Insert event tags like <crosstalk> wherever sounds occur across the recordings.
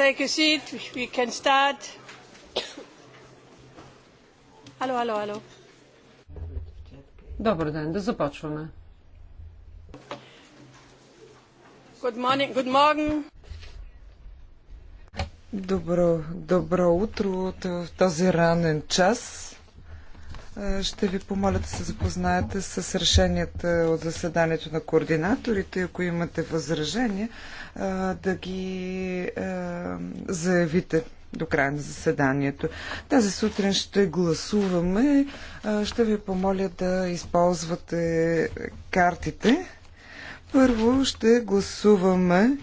take a seat. We can start. Алло, алло, алло. Добър ден, да започваме. Good morning, good morning. Добро, добро утро от този ранен час. Е, ще ви помоля да се запознаете с решенията от заседанието на координаторите. Ако имате възражения, е, да ги е, заявите до края на заседанието. Тази сутрин ще гласуваме. Ще ви помоля да използвате картите. Първо ще гласуваме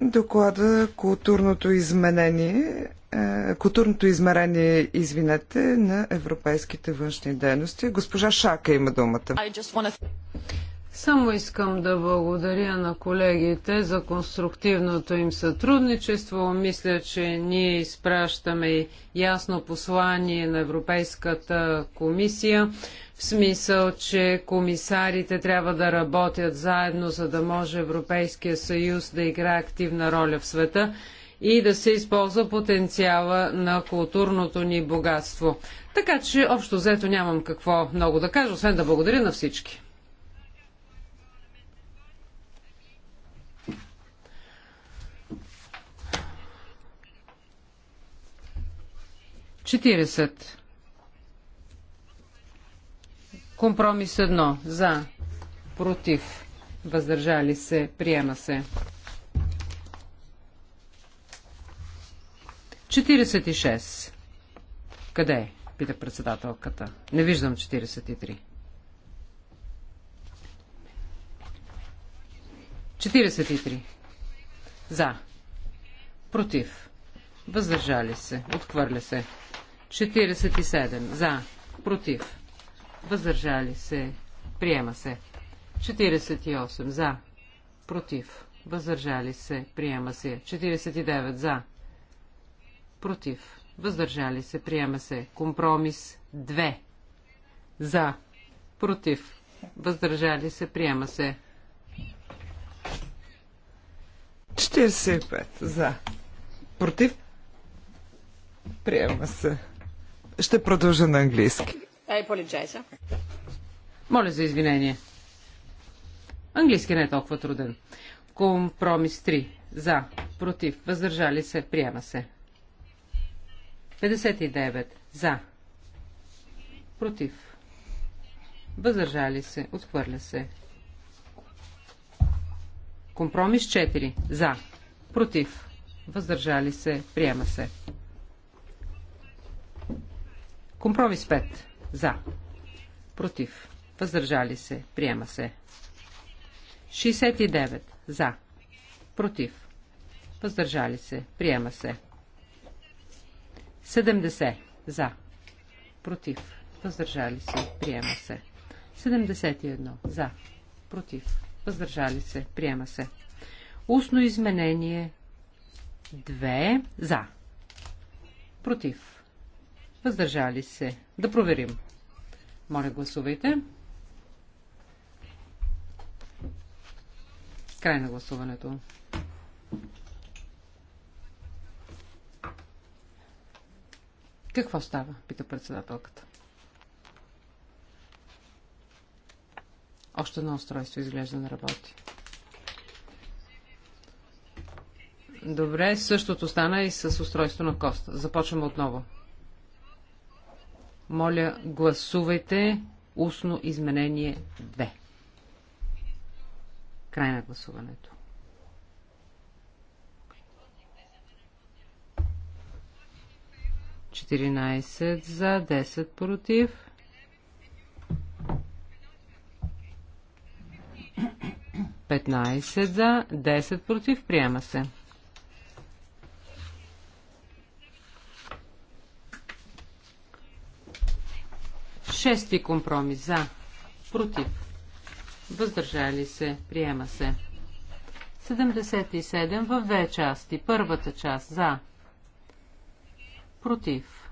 доклада Културното изменение е, културното измерение, извинете, на европейските външни дейности. Госпожа Шака има думата. Само искам да благодаря на колегите за конструктивното им сътрудничество. Мисля, че ние изпращаме ясно послание на Европейската комисия, в смисъл, че комисарите трябва да работят заедно, за да може Европейския съюз да играе активна роля в света и да се използва потенциала на културното ни богатство. Така че, общо взето, нямам какво много да кажа, освен да благодаря на всички. Четиридесет. Компромис едно. За. Против. Въздържали се. Приема се. 46. Къде е? Пита председателката. Не виждам 43. 43. За. Против. Въздържали се. Отхвърля се. 47. За. Против. Въздържали се. Приема се. 48. За. Против. Въздържали се. Приема се. 49. За против, въздържали се, приема се. Компромис 2 за, против, въздържали се, приема се. 45 за, против, приема се. Ще продължа на английски. Моля за извинение. Английски не е толкова труден. Компромис 3. За. Против. Въздържали се. Приема се. 59. За. Против. Въздържали се. Отхвърля се. Компромис 4. За. Против. Въздържали се. Приема се. Компромис 5. За. Против. Въздържали се. Приема се. 69. За. Против. Въздържали се. Приема се. 70 за. Против. Въздържали се. Приема се. 71 за. Против. Въздържали се. Приема се. Устно изменение 2 за. Против. Въздържали се. Да проверим. Моля, гласувайте. Край на гласуването. Какво става? Пита председателката. Още едно устройство изглежда на работи. Добре, същото стана и с устройство на Коста. Започваме отново. Моля, гласувайте устно изменение 2. Край на гласуването. 14 за, 10 против. Петнайсет за, 10 против, приема се. Шести компромис за, против, въздържали се, приема се. 77 в две части. Първата част за, против,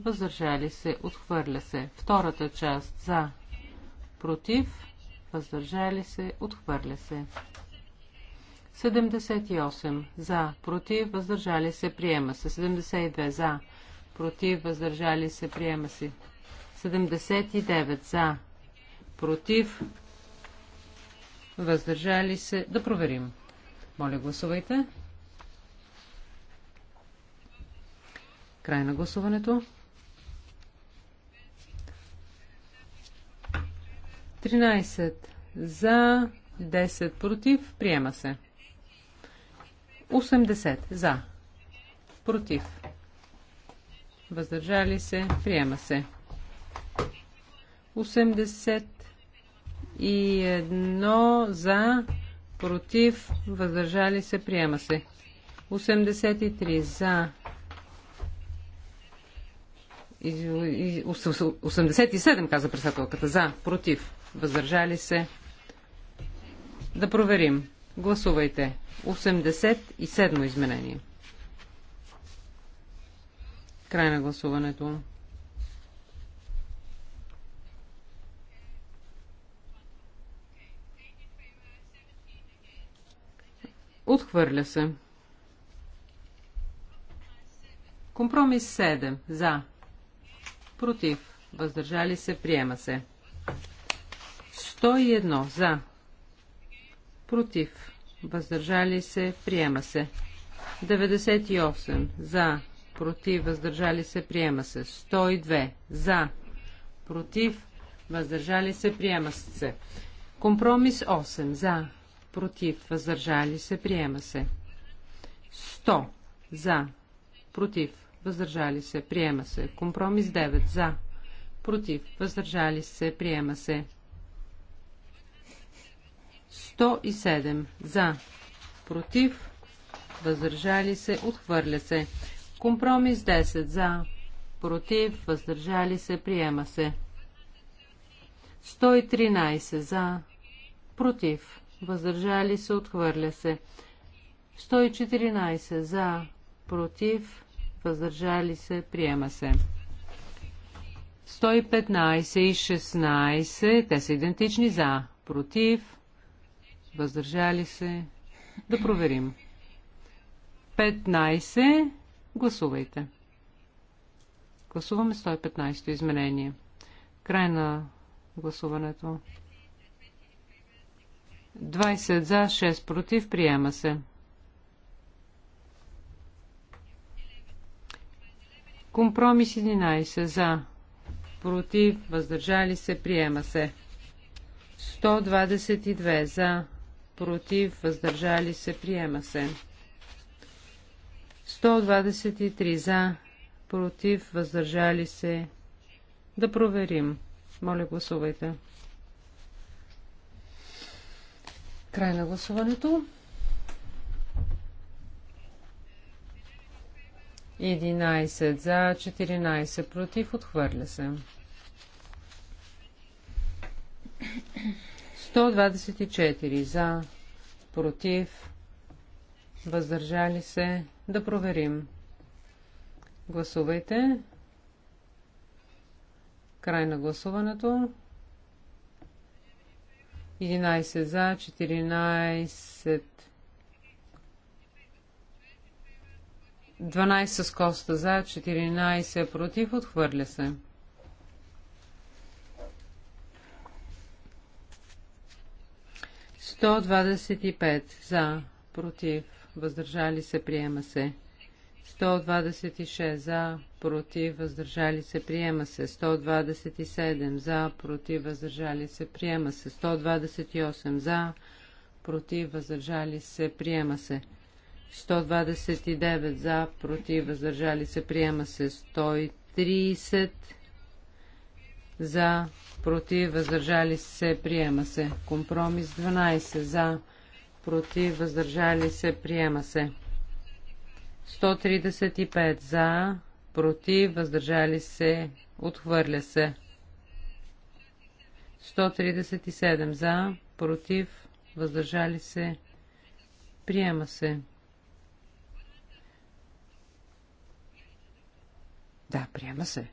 въздържали се, отхвърля се. Втората част за, против, въздържали се, отхвърля се. 78 за, против, въздържали се, приема се. 72 за, против, въздържали се, приема се. 79 за, против, въздържали се. Да проверим. Моля, гласувайте. Край на гласуването. 13 за, 10 против, приема се. 80 за, против, въздържали се, приема се. 80 и 1 за, против, въздържали се, приема се. 83 за, 87, каза председателката. За, против, въздържали се. Да проверим. Гласувайте. 87 изменение. Край на гласуването. Отхвърля се. Компромис 7. За против, въздържали се, приема се. 101 за, против, въздържали се, приема се. 98 за, против, въздържали се, приема се. 102 за, против, въздържали се, приема се. Компромис 8 за, против, въздържали се, приема се. 100 за, против, въздържали се, приема се. Компромис 9 за, против, въздържали се, приема се. 107 за, против, въздържали се, отхвърля се. Компромис 10 за, против, въздържали се, приема се. 113 за, против, въздържали се, отхвърля се. 114 за, против, въздържали се, приема се. 115 и 16, те са идентични за, против, въздържали се. Да проверим. 15, гласувайте. Гласуваме 115 изменение. Край на гласуването. 20 за, 6 против, приема се. Компромис 11 за. Против. Въздържали се. Приема се. 122 за. Против. Въздържали се. Приема се. 123 за. Против. Въздържали се. Да проверим. Моля, гласувайте. Край на гласуването. 11 за, 14 против, отхвърля се. 124 за, против, въздържали се. Да проверим. Гласувайте. Край на гласуването. 11 за, 14 12 с коста за, 14 против, отхвърля се. Сто двадесет и пет за, против, въздържали се, приема се. 126 за, против, въздържали се, приема се. 127 за, против, въздържали се, приема се. 128 за, против, въздържали се, приема се. 129 за, против, въздържали се, приема се 130 за, против, въздържали се, приема се. Компромис 12 за, против, въздържали се, приема се. 135 за, против, въздържали се, отхвърля се. 137 за, против, въздържали се, приема се. Да, приема се.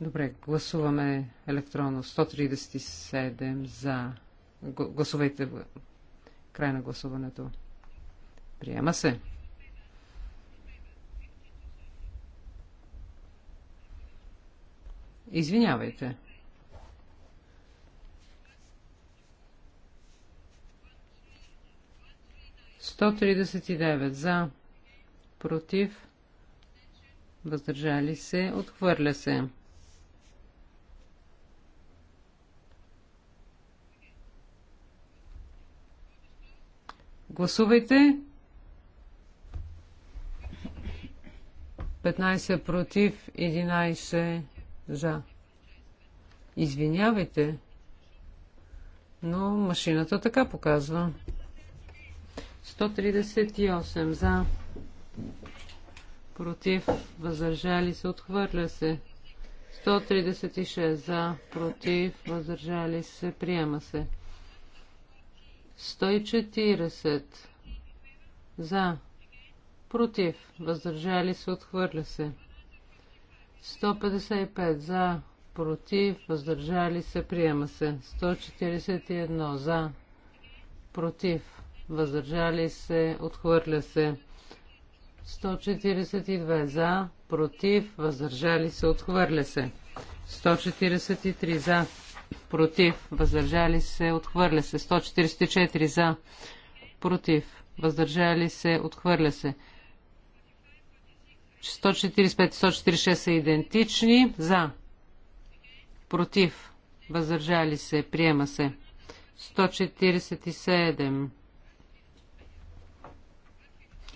Добре, гласуваме електронно. 137 за. Гласувайте край на гласуването. Приема се. Извинявайте. 139 за, против, въздържали се, отхвърля се. Гласувайте. 15 против, 11 за. Извинявайте, но машината така показва. 138 за. Против. Въздържали се. Отхвърля се. 136 за. Против. Въздържали се. Приема се. 140 за. Против. Въздържали се. Отхвърля се. 155 за. Против. Въздържали се. Приема се. 141 за. Против въздържали се, отхвърля се. 142 за, против, въздържали се, отхвърля се. 143 за, против, въздържали се, отхвърля се. 144 за, против, въздържали се, отхвърля се. 145 и 146 са идентични. За. Против. Въздържали се. Приема се. 147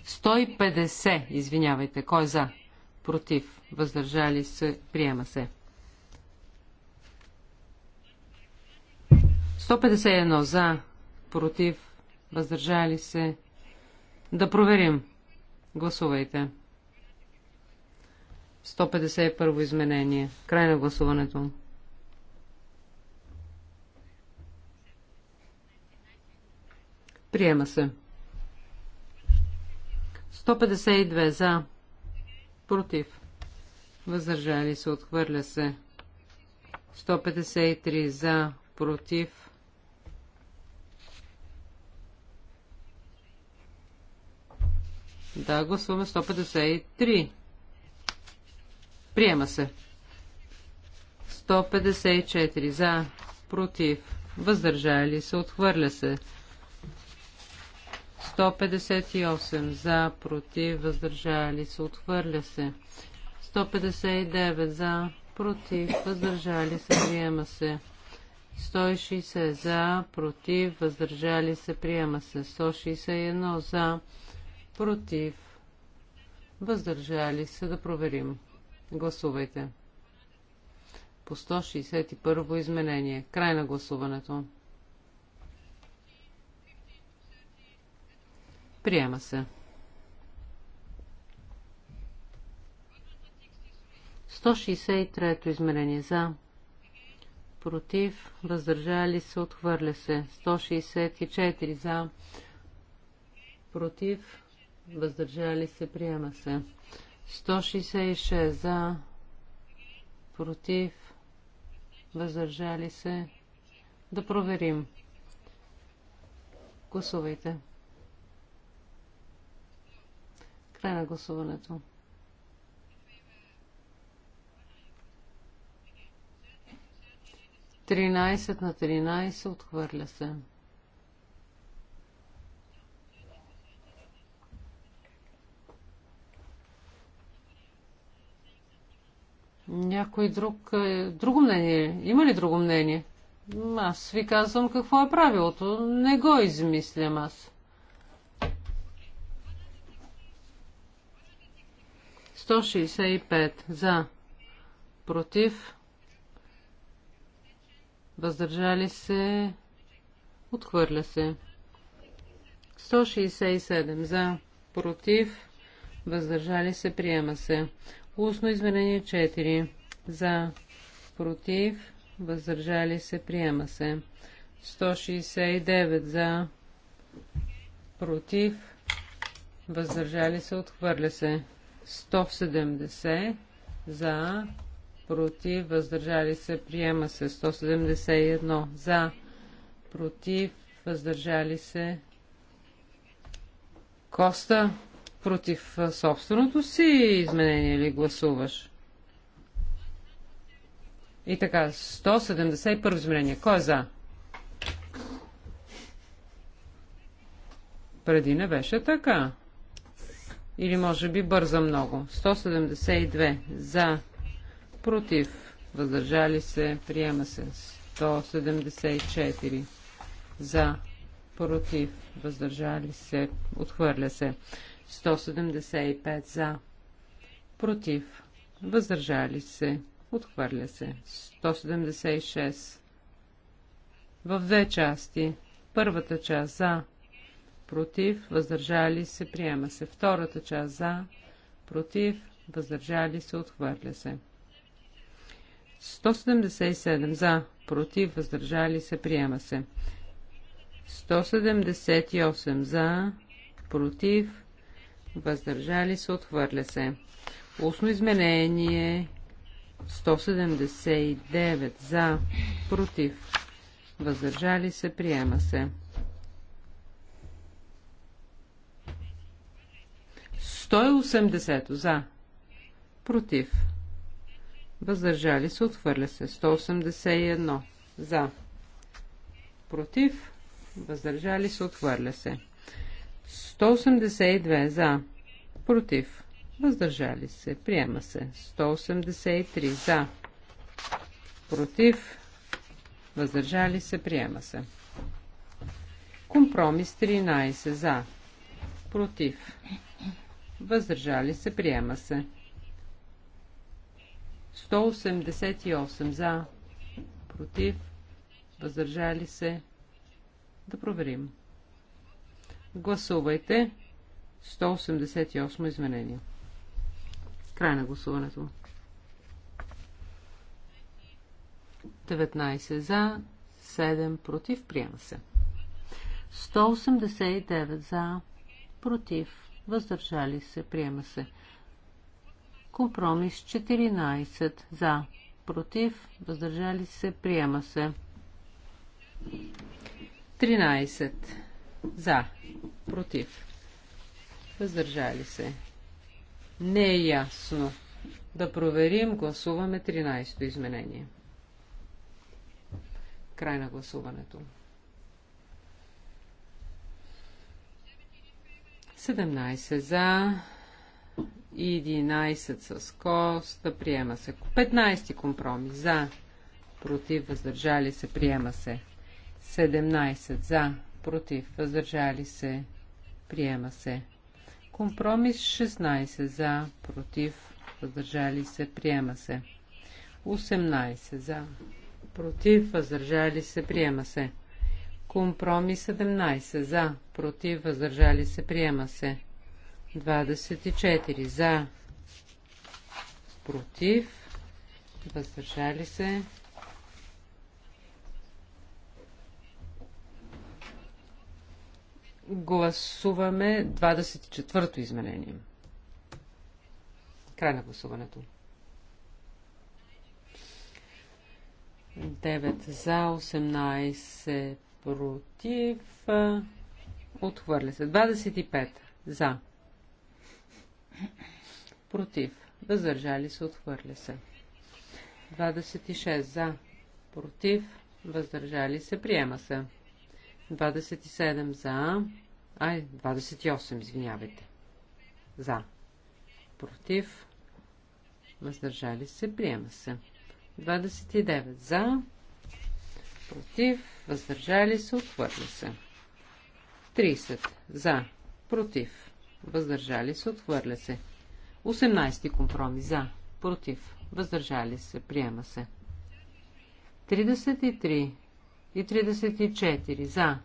150, извинявайте, кой е за? Против, въздържали се, приема се. 151 за, против, въздържали се. Да проверим. Гласувайте. 151 изменение. Край на гласуването. Приема се. 152 за. Против. Въздържали се. Отхвърля се. 153 за. Против. Да, гласуваме 153. Приема се. 154 за. Против. Въздържали се. Отхвърля се. 158 за, против, въздържали се, отхвърля се. 159 за, против, въздържали се, приема се. 160 за, против, въздържали се, приема се. 161 за, против, въздържали се, да проверим. Гласувайте. По 161 изменение. Край на гласуването. Приема се. 163-то измерение за. Против. Въздържали се. Отхвърля се. 164 за. Против. Въздържали се. Приема се. 166 за. Против. Въздържали се. Да проверим. Гласувайте. Край на гласуването. Тринайсет на 13 отхвърля се. Някой друг... Е, друго мнение? Има ли друго мнение? Аз ви казвам какво е правилото. Не го измислям аз. 165 за, против, въздържали се, отхвърля се. 167 за, против, въздържали се, приема се. Устно изменение 4 за, против, въздържали се, приема се. 169 за, против, въздържали се, отхвърля се. 170 за, против, въздържали се, приема се 171 за, против, въздържали се. Коста, против собственото си изменение ли гласуваш? И така, 171 изменение. Кой е за? Преди не беше така или може би бърза много. 172 за, против, въздържали се, приема се. 174 за, против, въздържали се, отхвърля се. 175 за, против, въздържали се, отхвърля се. 176 в две части. Първата част за, против, въздържали се, приема се. Втората част за, против, въздържали се, отхвърля се. 177 за, против, въздържали се, приема се. 178 за, против, въздържали се, отхвърля се. Устно изменение 179 за, против, въздържали се, приема се. 180 за. Против. Въздържали се, отхвърля се. 181 за. Против. Въздържали се, отхвърля се. 182 за. Против. Въздържали се. Приема се. 183 за. Против. Въздържали се. Приема се. Компромис 13 за. Против въздържали се, приема се. 188 за, против, въздържали се. Да проверим. Гласувайте 188 изменение. Край на гласуването. 19 за, 7 против, приема се. 189 за, против, въздържали се, приема се. Компромис 14 за, против, въздържали се, приема се. 13 за, против, въздържали се. Не е ясно. Да проверим, гласуваме 13-то изменение. Край на гласуването. 17 за, 11 с коста, приема се. 15 компромис за, против, въздържали се, приема се. 17 за, против, въздържали се, приема се. Компромис 16 за, против, въздържали се, приема се. 18 за, против, въздържали се, приема се. Компромис 17. За. Против. Въздържали се. Приема се. 24. За. Против. Въздържали се. Гласуваме 24-то изменение. Край на гласуването. 9 за, 18 против, отхвърля се. 25 за, против, въздържали се, отхвърля се. 26 за, против, въздържали се, приема се. 27 за, ай, 28, извинявайте. За, против, въздържали се, приема се. 29 за, против, въздържали се, отхвърля се. 30. За, против, въздържали се, отхвърля се. 18 компромис. За, против, въздържали се, приема се. 33 и 34. За,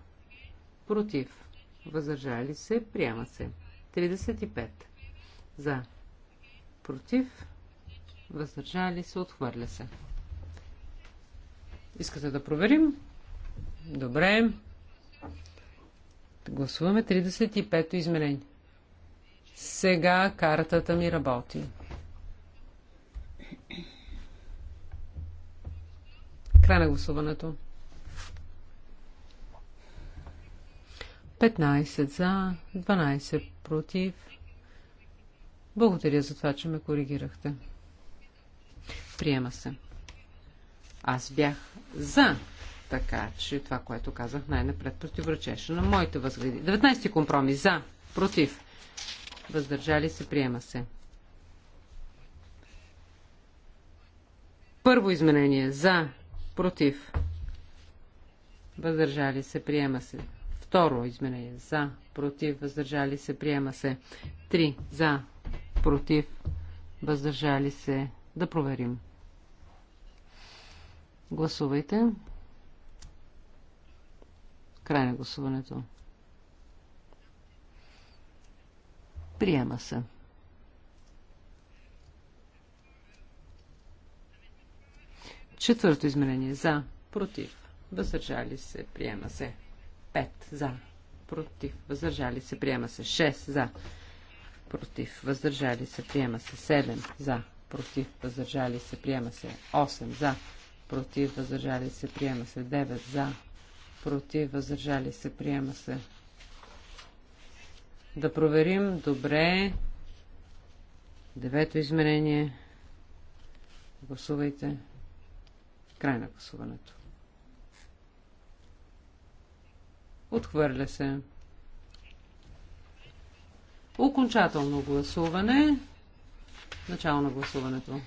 против, въздържали се, приема се. 35. За, против, въздържали се, отхвърля се. Искате да проверим? Добре. Гласуваме 35-то измерение. Сега картата ми работи. Край на гласуването. 15 за, 12 против. Благодаря за това, че ме коригирахте. Приема се. Аз бях за така че това, което казах най-напред, противоречеше на моите възгледи. 19-ти компромис. За. Против. Въздържали се. Приема се. Първо изменение. За. Против. Въздържали се. Приема се. Второ изменение. За. Против. Въздържали се. Приема се. Три. За. Против. Въздържали се. Да проверим. Гласувайте. Край на гласуването. Приема се. Четвърто изменение. За. Против. Въздържали се. Приема се. 5. За. Против. Въздържали се. Приема се. 6. За. Против. Въздържали се. Приема се. 7. За. Против. Въздържали се. Приема се. 8. За. Против. Въздържали се. Приема се. 9. За против, въздържали се, приема се. Да проверим. Добре. Девето изменение. Гласувайте. Край на гласуването. Отхвърля се. Окончателно гласуване. Начало на гласуването.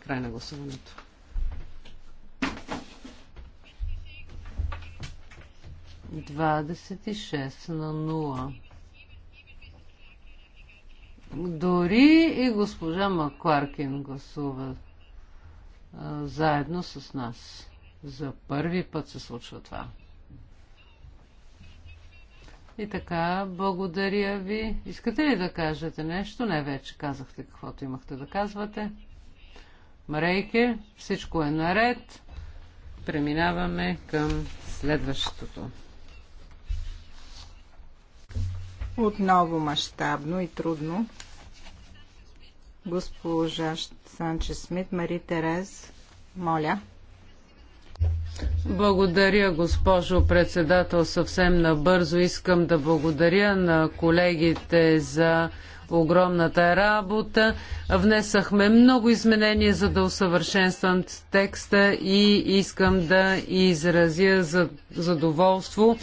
Край на гласуването. 26 на 0. Дори и госпожа Макларкин гласува а, заедно с нас. За първи път се случва това. И така, благодаря ви. Искате ли да кажете нещо? Не, вече казахте каквото имахте да казвате. Марейке, всичко е наред. Преминаваме към следващото. Отново мащабно и трудно. Госпожа Санче Смит, Мари Терез, моля. Благодаря, госпожо председател. Съвсем набързо искам да благодаря на колегите за огромната работа. Внесахме много изменения, за да усъвършенствам текста и искам да изразя задоволство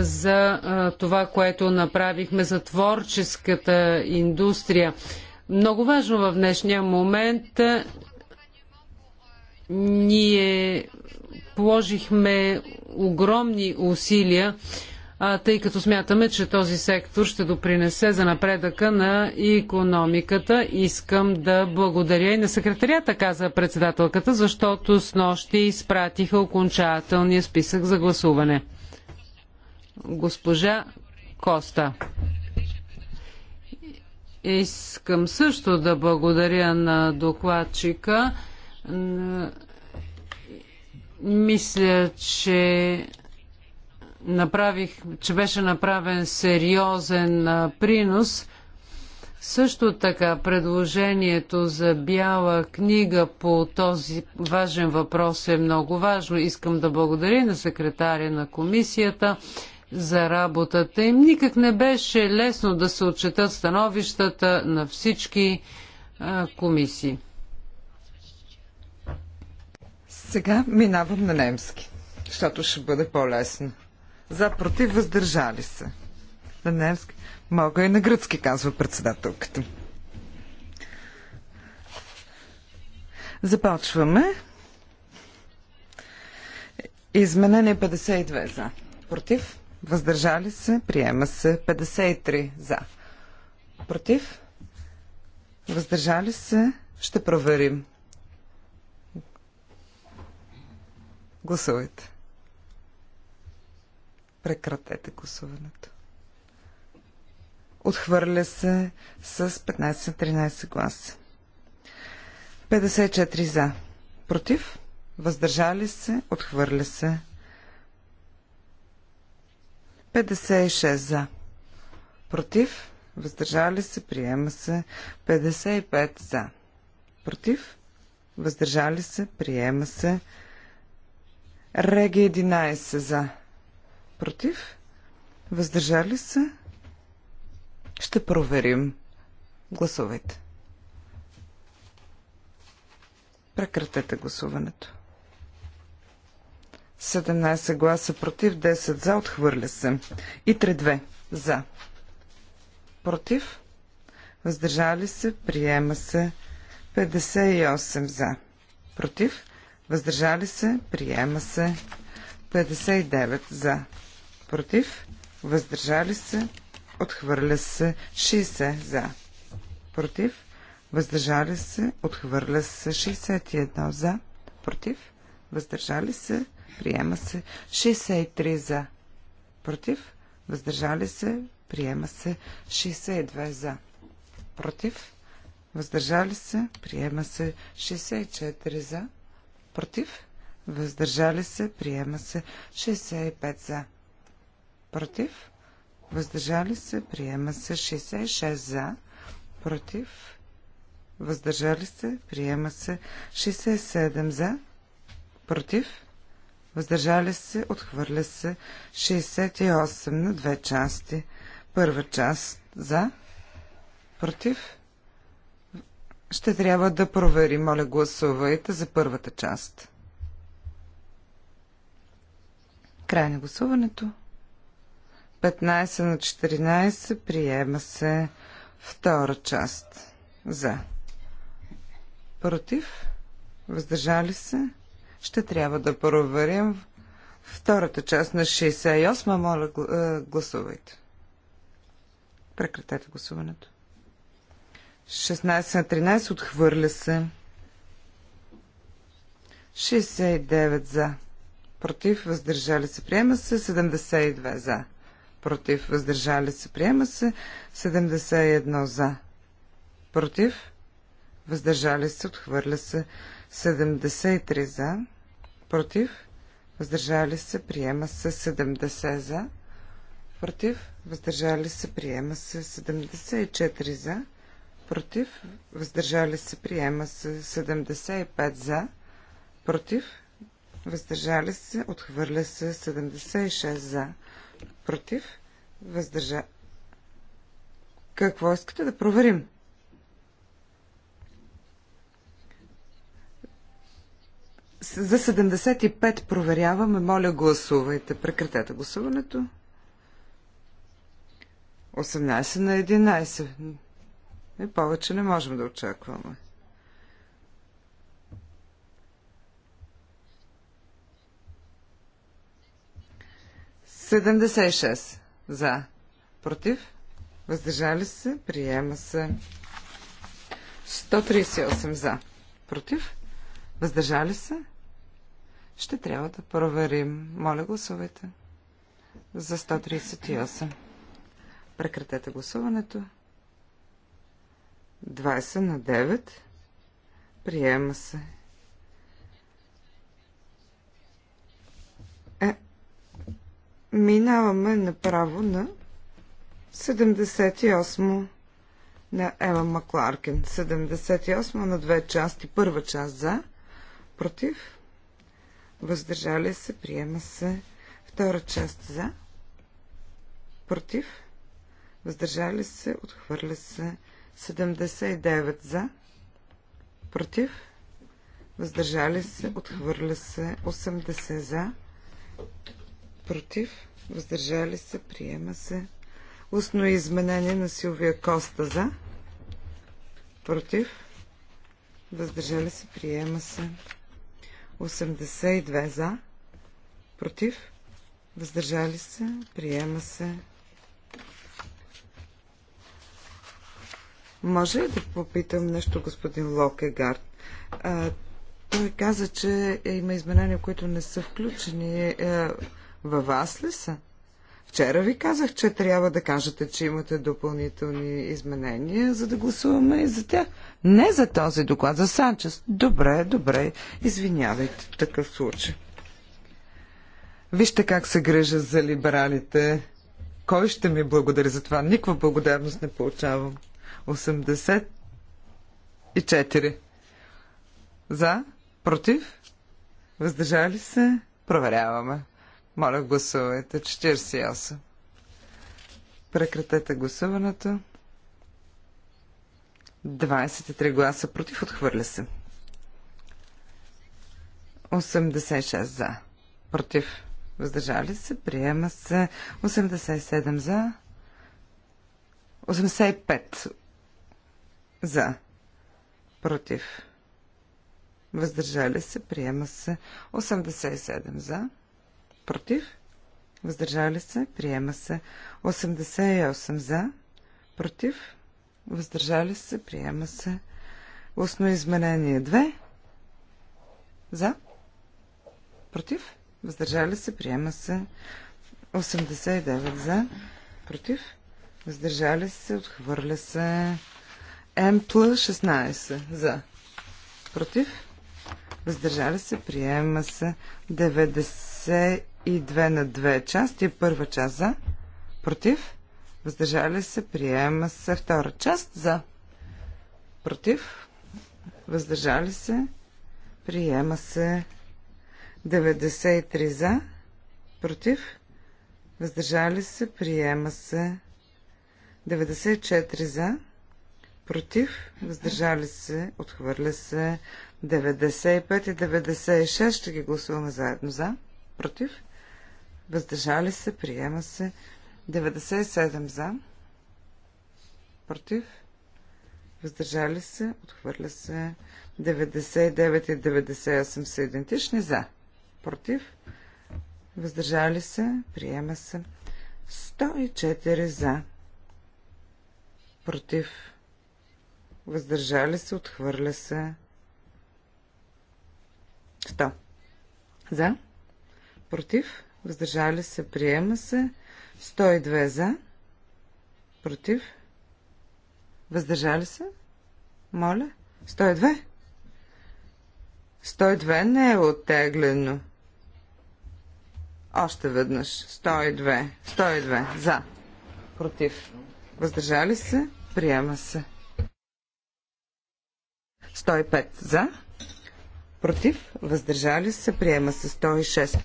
за това, което направихме за творческата индустрия. Много важно в днешния момент ние положихме огромни усилия, тъй като смятаме, че този сектор ще допринесе за напредъка на економиката. Искам да благодаря и на секретарията, каза председателката, защото с нощи изпратиха окончателния списък за гласуване. Госпожа Коста. Искам също да благодаря на докладчика. Мисля, че направих, че беше направен сериозен принос. Също така предложението за бяла книга по този важен въпрос е много важно. Искам да благодаря на секретаря на комисията за работата им. Никак не беше лесно да се отчетат становищата на всички а, комисии. Сега минавам на немски, защото ще бъде по-лесно. За против въздържали се. На немски. Мога и на гръцки, казва председателката. Започваме. Изменение 52 за. Против? Въздържали се? Приема се. 53 за. Против? Въздържали се? Ще проверим. Гласувайте. Прекратете гласуването. Отхвърля се с 15-13 гласа. 54 за. Против? Въздържали се? Отхвърля се. 56 за. Против. Въздържали се. Приема се. 55 за. Против. Въздържали се. Приема се. Реги 11 за. Против. Въздържали се. Ще проверим. Гласувайте. Прекратете гласуването. 17 гласа против, 10 за, отхвърля се. И 3-2 за. Против. Въздържали се, приема се. 58 за. Против. Въздържали се, приема се. 59 за. Против. Въздържали се, отхвърля се. 60 за. Против. Въздържали се, отхвърля се. 61 за. Против. Въздържали се, приема се. 63 за, против, въздържали се, приема се. 62 за, против, въздържали се, приема се. 64 за, против, въздържали се, приема се. 65 за, против, въздържали се, приема се. 66 за, против, въздържали се, приема се 67 за, против, въздържали се, отхвърля се 68 на две части. Първа част за, против. Ще трябва да провери, Моля, гласувайте за първата част. Край на гласуването. 15 на 14 приема се втора част. За. Против. Въздържали се. Ще трябва да проверим втората част на 68. Моля, е, гласувайте. Прекратете гласуването. 16 на 13 отхвърля се. 69 за. Против, въздържали се, приема се. 72 за. Против, въздържали се, приема се. 71 за. Против, въздържали се, отхвърля се. 73 за, против, въздържали се, приема се 70 за, против, въздържали се, приема се 74 за, против, въздържали се, приема се 75 за, против, въздържали се, отхвърля се 76 за, против, въздържа... Какво искате да проверим? За 75 проверяваме. Моля, гласувайте. Прекратете гласуването. 18 на 11. И повече не можем да очакваме. Седемдесет и шест. За. Против. Въздържали се. Приема се. 138 за. Против. Въздържали се? Ще трябва да проверим. Моля, гласувайте. За 138. Прекратете гласуването. 20 на 9. Приема се. Е, минаваме направо на 78 на Ева Макларкин. 78 на две части. Първа част за против, въздържали се, приема се. Втора част за, против, въздържали се, отхвърля се. 79 за, против, въздържали се, отхвърля се. 80 за, против, въздържали се, приема се. Устно изменение на Силвия Коста за, против, въздържали се, приема се. 82 за, против, въздържали се, приема се. Може ли да попитам нещо, господин Локегард? А, той каза, че има изменения, които не са включени. А, е, във вас ли са? Вчера ви казах, че трябва да кажете, че имате допълнителни изменения, за да гласуваме и за тях. Не за този доклад, за Санчес. Добре, добре. Извинявайте такъв случай. Вижте как се грижа за либералите. Кой ще ми благодари за това? Никаква благодарност не получавам. 84. За? Против? Въздържали се? Проверяваме. Моля, гласувайте. 48. Прекратете гласуването. 23 гласа против. Отхвърля се. 86 за. Против. Въздържали се. Приема се. 87 за. 85 за. Против. Въздържали се. Приема се. 87 за против, въздържали се, приема се. 88 за, против, въздържали се, приема се. Устно изменение 2, за, против, въздържали се, приема се. 89 за, против, въздържали се, отхвърля се. плюс 16 за, против, въздържали се, приема се 90 и две на две части. Първа част за, против, въздържали се, приема се. Втора част за, против, въздържали се, приема се. 93 за, против, въздържали се, приема се. 94 за, против, въздържали се, отхвърля се. 95 и 96 ще ги гласуваме заедно за, против, въздържали се, приема се 97 за, против, въздържали се, отхвърля се 99 и 98 са идентични за, против, въздържали се, приема се 104 за, против, въздържали се, отхвърля се 100 за, против, въздържали се, приема се. 102 за, против, въздържали се. Моля, 102. 102 не е оттеглено. Още веднъж. 102. 102. За. Против. Въздържали се? Приема се. 105. За. Против. Въздържали се? Приема се. 106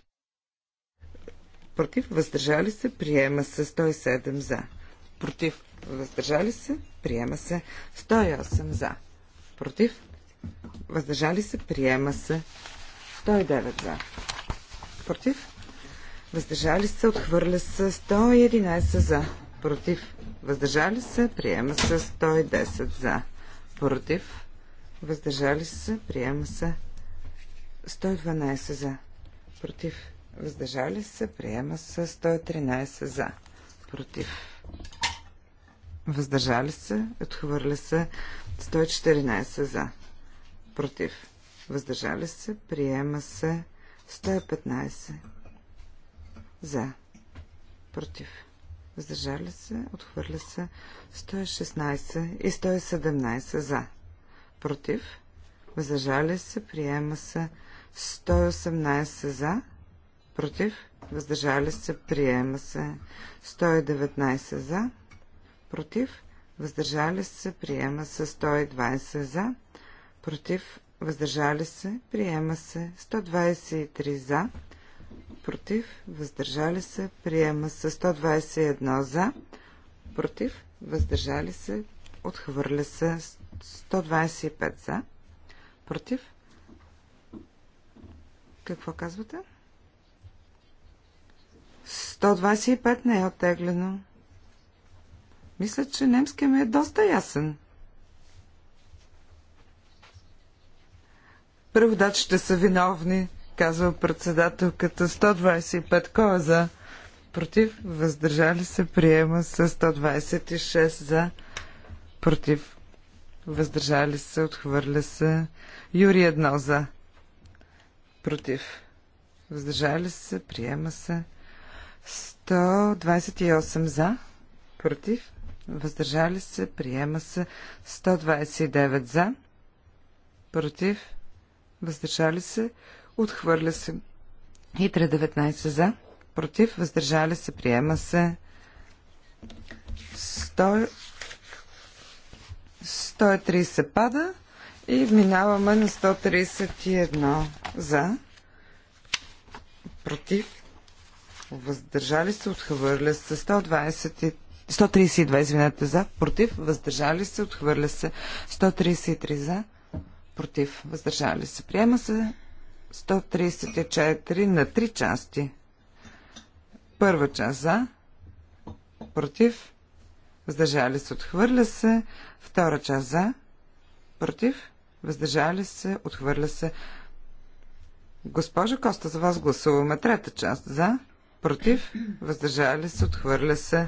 против, въздържали се, приема се 107 за, против, въздържали се, приема се 108 за, против, въздържали се, приема се 109 за, против, въздържали се, отхвърля се 111 за, против, въздържали се, приема се 110 за, против, въздържали се, приема се 112 за, против, въздържали се, приема се 113 за, против, въздържали се, отхвърля се 114 за, против, въздържали се, приема се 115 за, против, въздържали се, отхвърля се 116 и 117 за, против, въздържали се, приема се 118 за, против, въздържали се, приема се. 119 за, против, въздържали се, приема се. 120 за, против, въздържали се, приема се. 123 за, против, въздържали се, приема се. 121 за, против, въздържали се, отхвърля се. 125 за, против. Какво казвате? 125 не е оттеглено. Мисля, че немския ми е доста ясен. Преводачите са виновни, казва председателката. 125 кой е за? Против? Въздържали се приема с 126 за. Против? Въздържали се, отхвърля се. Юри едно за. Против? Въздържали се, приема се. 128 за, против, въздържали се, приема се 129 за, против, въздържали се, отхвърля се и 319 за, против, въздържали се, приема се 100, 130 пада и минаваме на 131 за, против, въздържали се, отхвърля се 120, 132, извинете, за, против, въздържали се, отхвърля се 133 за, против, въздържали се. Приема се 134 на 3 части. Първа част за, против, въздържали се, отхвърля се. Втора част за, против, въздържали се, отхвърля се. Госпожа Коста, за вас гласуваме трета част. За, против, въздържали се, отхвърля се.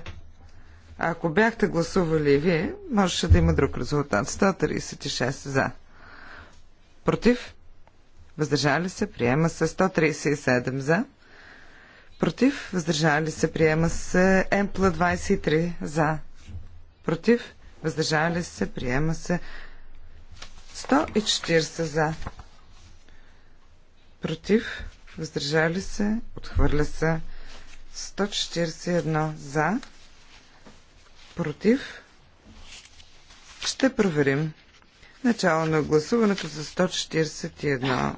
Ако бяхте гласували и вие, можеше да има друг резултат. 136 за. Против, въздържали се, приема се 137 за. Против, въздържали се, приема се Емпла 23 за. Против, въздържали се, приема се 140 за. Против, въздържали се, отхвърля се 141 за, против. Ще проверим. Начало на гласуването за 141.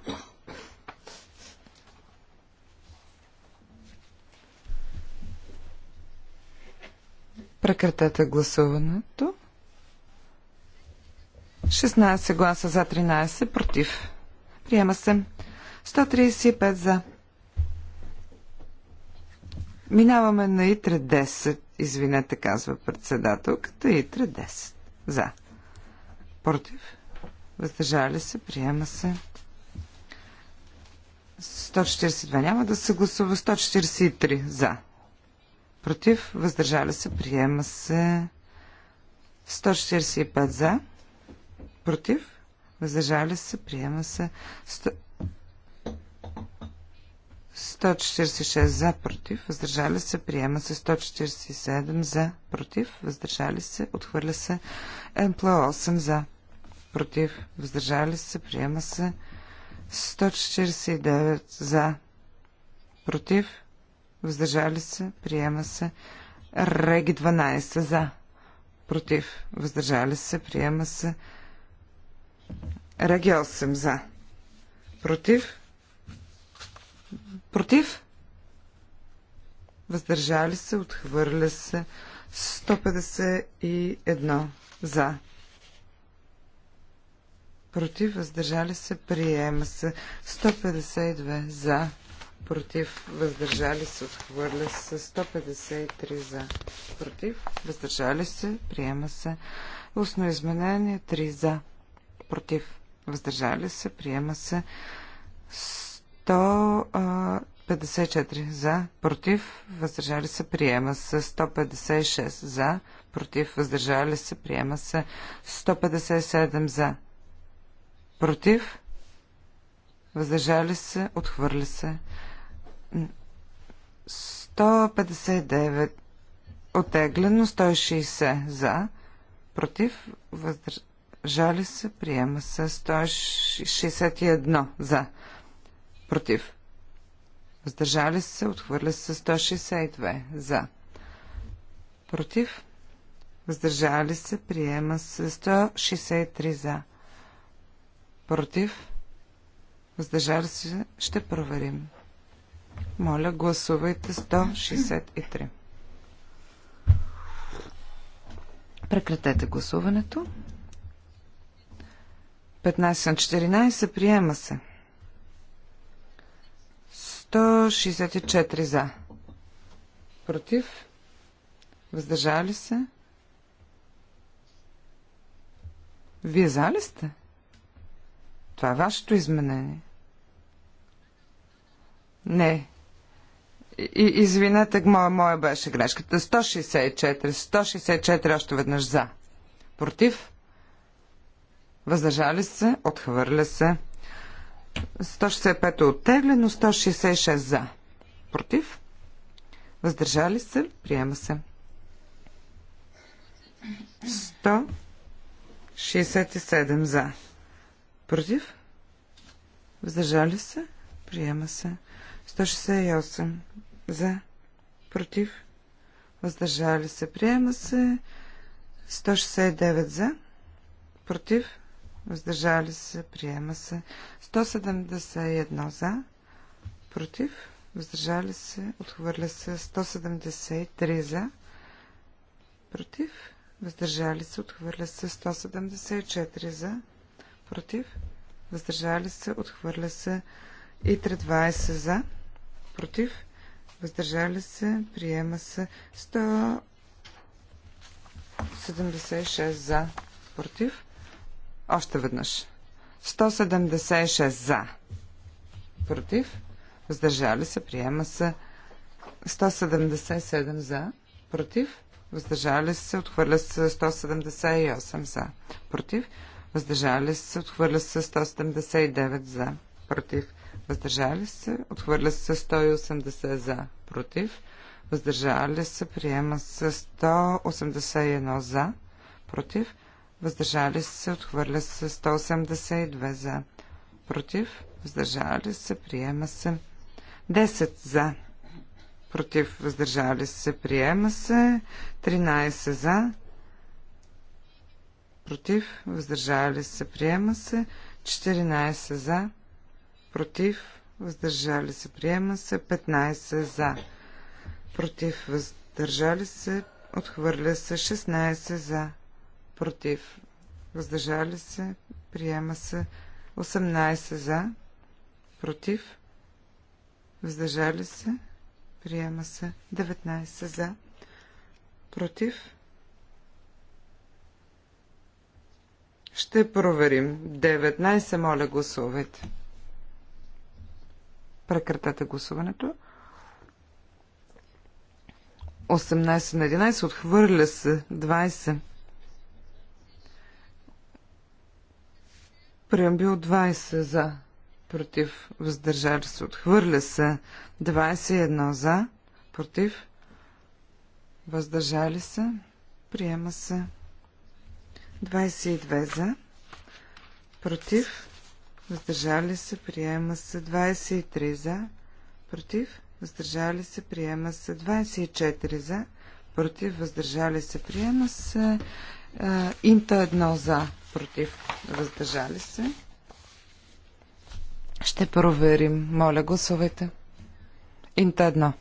Прекратете гласуването. 16 гласа за 13 против. Приема се. 135 за. Минаваме на ИТРЕ 10. Извинете, казва председателката. ИТРЕ 10. За. Против. Въздържали се. Приема се. 142 няма да се гласува. 143 за. Против. Въздържали се. Приема се. 145 за. Против. Въздържали се. Приема се. 100... 146 за, против, въздържали се, приема се 147 за, против, въздържали се, отхвърля се МПЛ 8 за, против, въздържали се, приема се 149 за, против, въздържали се, приема се Реги 12 за, против, въздържали се, приема се РЕГ 8 за, против, Против? Въздържали се, отхвърля се. 151 за. Против, въздържали се, приема се. 152 за. Против, въздържали се, отхвърля се. 153 за. Против, въздържали се, приема се. Устно изменение 3 за. Против, въздържали се, приема се. 154 за, против, въздържали се, приема се. 156 за, против, въздържали се, приема се. 157 за, против, въздържали се, отхвърли се. 159 отеглено, 160 за, против, въздържали се, приема се. 161 за, Против. Въздържали се. Отхвърля се 162. За. Против. Въздържали се. Приема се 163 за. Против. Въздържали се. Ще проверим. Моля, гласувайте 163. Прекратете гласуването. 15 на 14 приема се. 164 за. Против. Въздържали се. Вие за ли сте? Това е вашето изменение. Не. И, извинете, моя, моя беше грешката. 164. 164 още веднъж за. Против. Въздържали се. Отхвърля се. 165 е оттеглено, 166 за. Против? Въздържали се? Приема се. 167 за. Против? Въздържали се? Приема се. 168 за. Против? Въздържали се? Приема се. 169 за. Против? въздържали се, приема се. 171 за, против, въздържали се, отхвърля се. 173 за, против, въздържали се, отхвърля се. 174 за, против, въздържали се, отхвърля се. И 320 за, против, въздържали се, приема се. 176 за, против, още веднъж. 176 за. Против. Въздържали се. Приема се. 177 за. Против. Въздържали се. Отхвърля се 178 за. Против. Въздържали се. Отхвърля се 179 за. Против. Въздържали се. Отхвърля се 180 за. Против. Въздържали се. Приема се 181 за. Против въздържали се, отхвърля се 182 за, против, въздържали се, приема се 10 за, против, въздържали се, приема се 13 за, против, въздържали се, приема се 14 за, против, въздържали се, приема се 15 за, против, въздържали се, отхвърля се 16 за против, въздържали се, приема се 18 за, против, въздържали се, приема се 19 за, против. Ще проверим. 19, моля, гласувайте. Прекратете гласуването. 18 на 11, отхвърля се 20 Преамбил 20 за, против, въздържали се, отхвърля се. 21 за, против, въздържали се, приема се. 22 за, против, въздържали се, приема се. 23 за, против, въздържали се, приема се. 24 за, против, въздържали се, приема се. Е, Инта едно за, против, въздържали се. Ще проверим. Моля, гласувайте. Инта едно.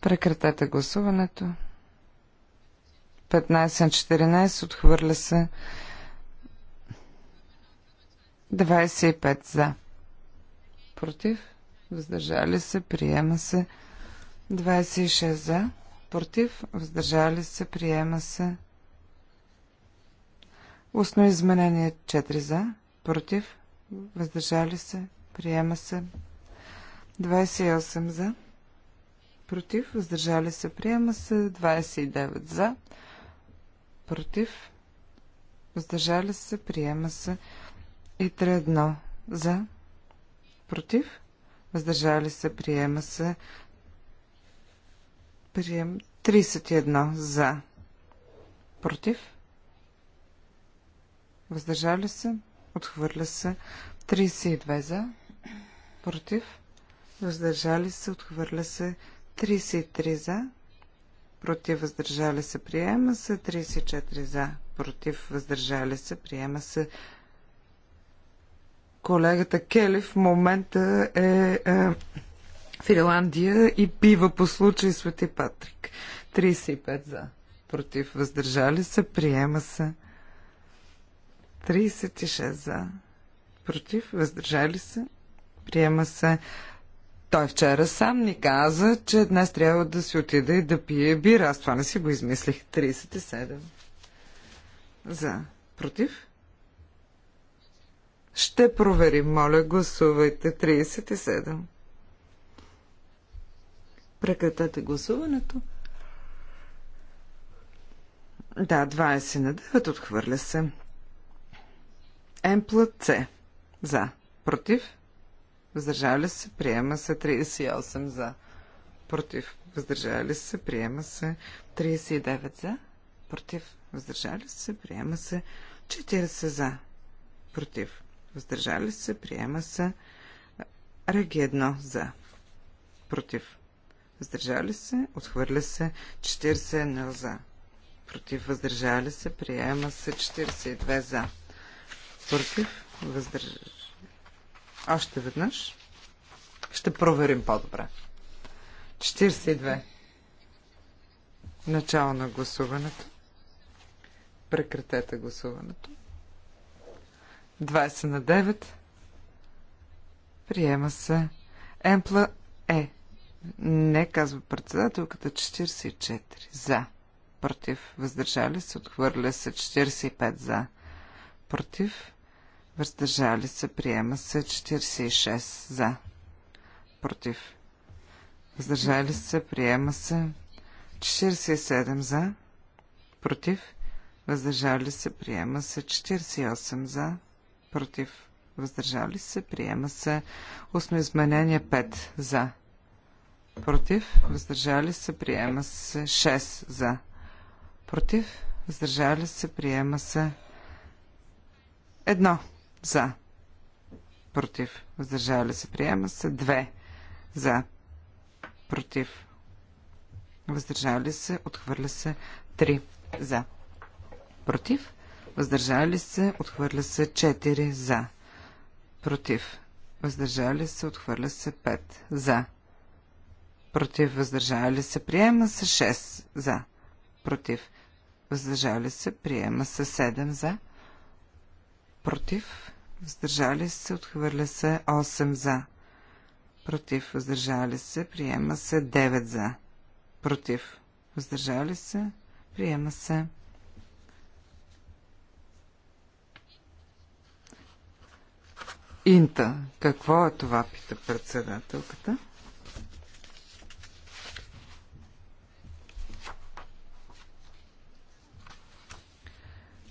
Прекратете гласуването. 15 14 отхвърля се 25 за. Против. Въздържали се. Приема се 26 за. Против. Въздържали се. Приема се Устно изменение 4 за, против, въздържали се, приема се. 28 за, против, въздържали се, приема се. 29 за, против, въздържали се, приема се. И 3-1 за, против, въздържали се, приема се. Прием 31 за, против, въздържали се, отхвърля се. 32 за, против, въздържали се, отхвърля се. 33 за, против, въздържали се, приема се. 34 за, против, въздържали се, приема се. Колегата Кели в момента е, е Финландия и пива по случай Свети Патрик. 35 за. Против въздържали се, приема се. 36 за, против, въздържали се, приема се. Той вчера сам ни каза, че днес трябва да си отида и да пие бира. Аз това не си го измислих. 37. За. Против? Ще проверим. Моля, гласувайте. 37. Прекратете гласуването. Да, 20 на 9 отхвърля се. Емпла С. За. Против. Въздържали се. Приема се 38 за. Против. Въздържали се. Приема се 39 за. Против. Въздържали се. Приема се 40 за. Против. Въздържали се. Приема се. Реги 1 за. Против. Въздържали се. Отхвърля се 41 за. Против. Въздържали се. Приема се 42 за против, въздържали. Още веднъж. Ще проверим по-добре. 42. Начало на гласуването. Прекратете гласуването. 20 на 9. Приема се. Емпла е. Не, казва председателката. 44. За. Против. Въздържали се. Отхвърля се. 45. За. Против въздържали се, приема се 46 за, против, въздържали се, приема се 47 за, против, въздържали се, приема се 48 за, против, въздържали се, приема се устно изменение 5 за, против, въздържали се, приема се 6 за, против, въздържали се, приема се 1 за. Против. Въздържали се. Приема се. 2. За. Против. Въздържали се. Отхвърля се. Три За. Против. Въздържали се. Отхвърля се. 4. За. Против. Въздържали се. Отхвърля се. 5. За. Против. Въздържали се. Приема се. 6. За. Против. Въздържали се. Приема се. Седем. За против, въздържали се, отхвърля се 8 за, против, въздържали се, приема се 9 за, против, въздържали се, приема се. Инта, какво е това, пита председателката?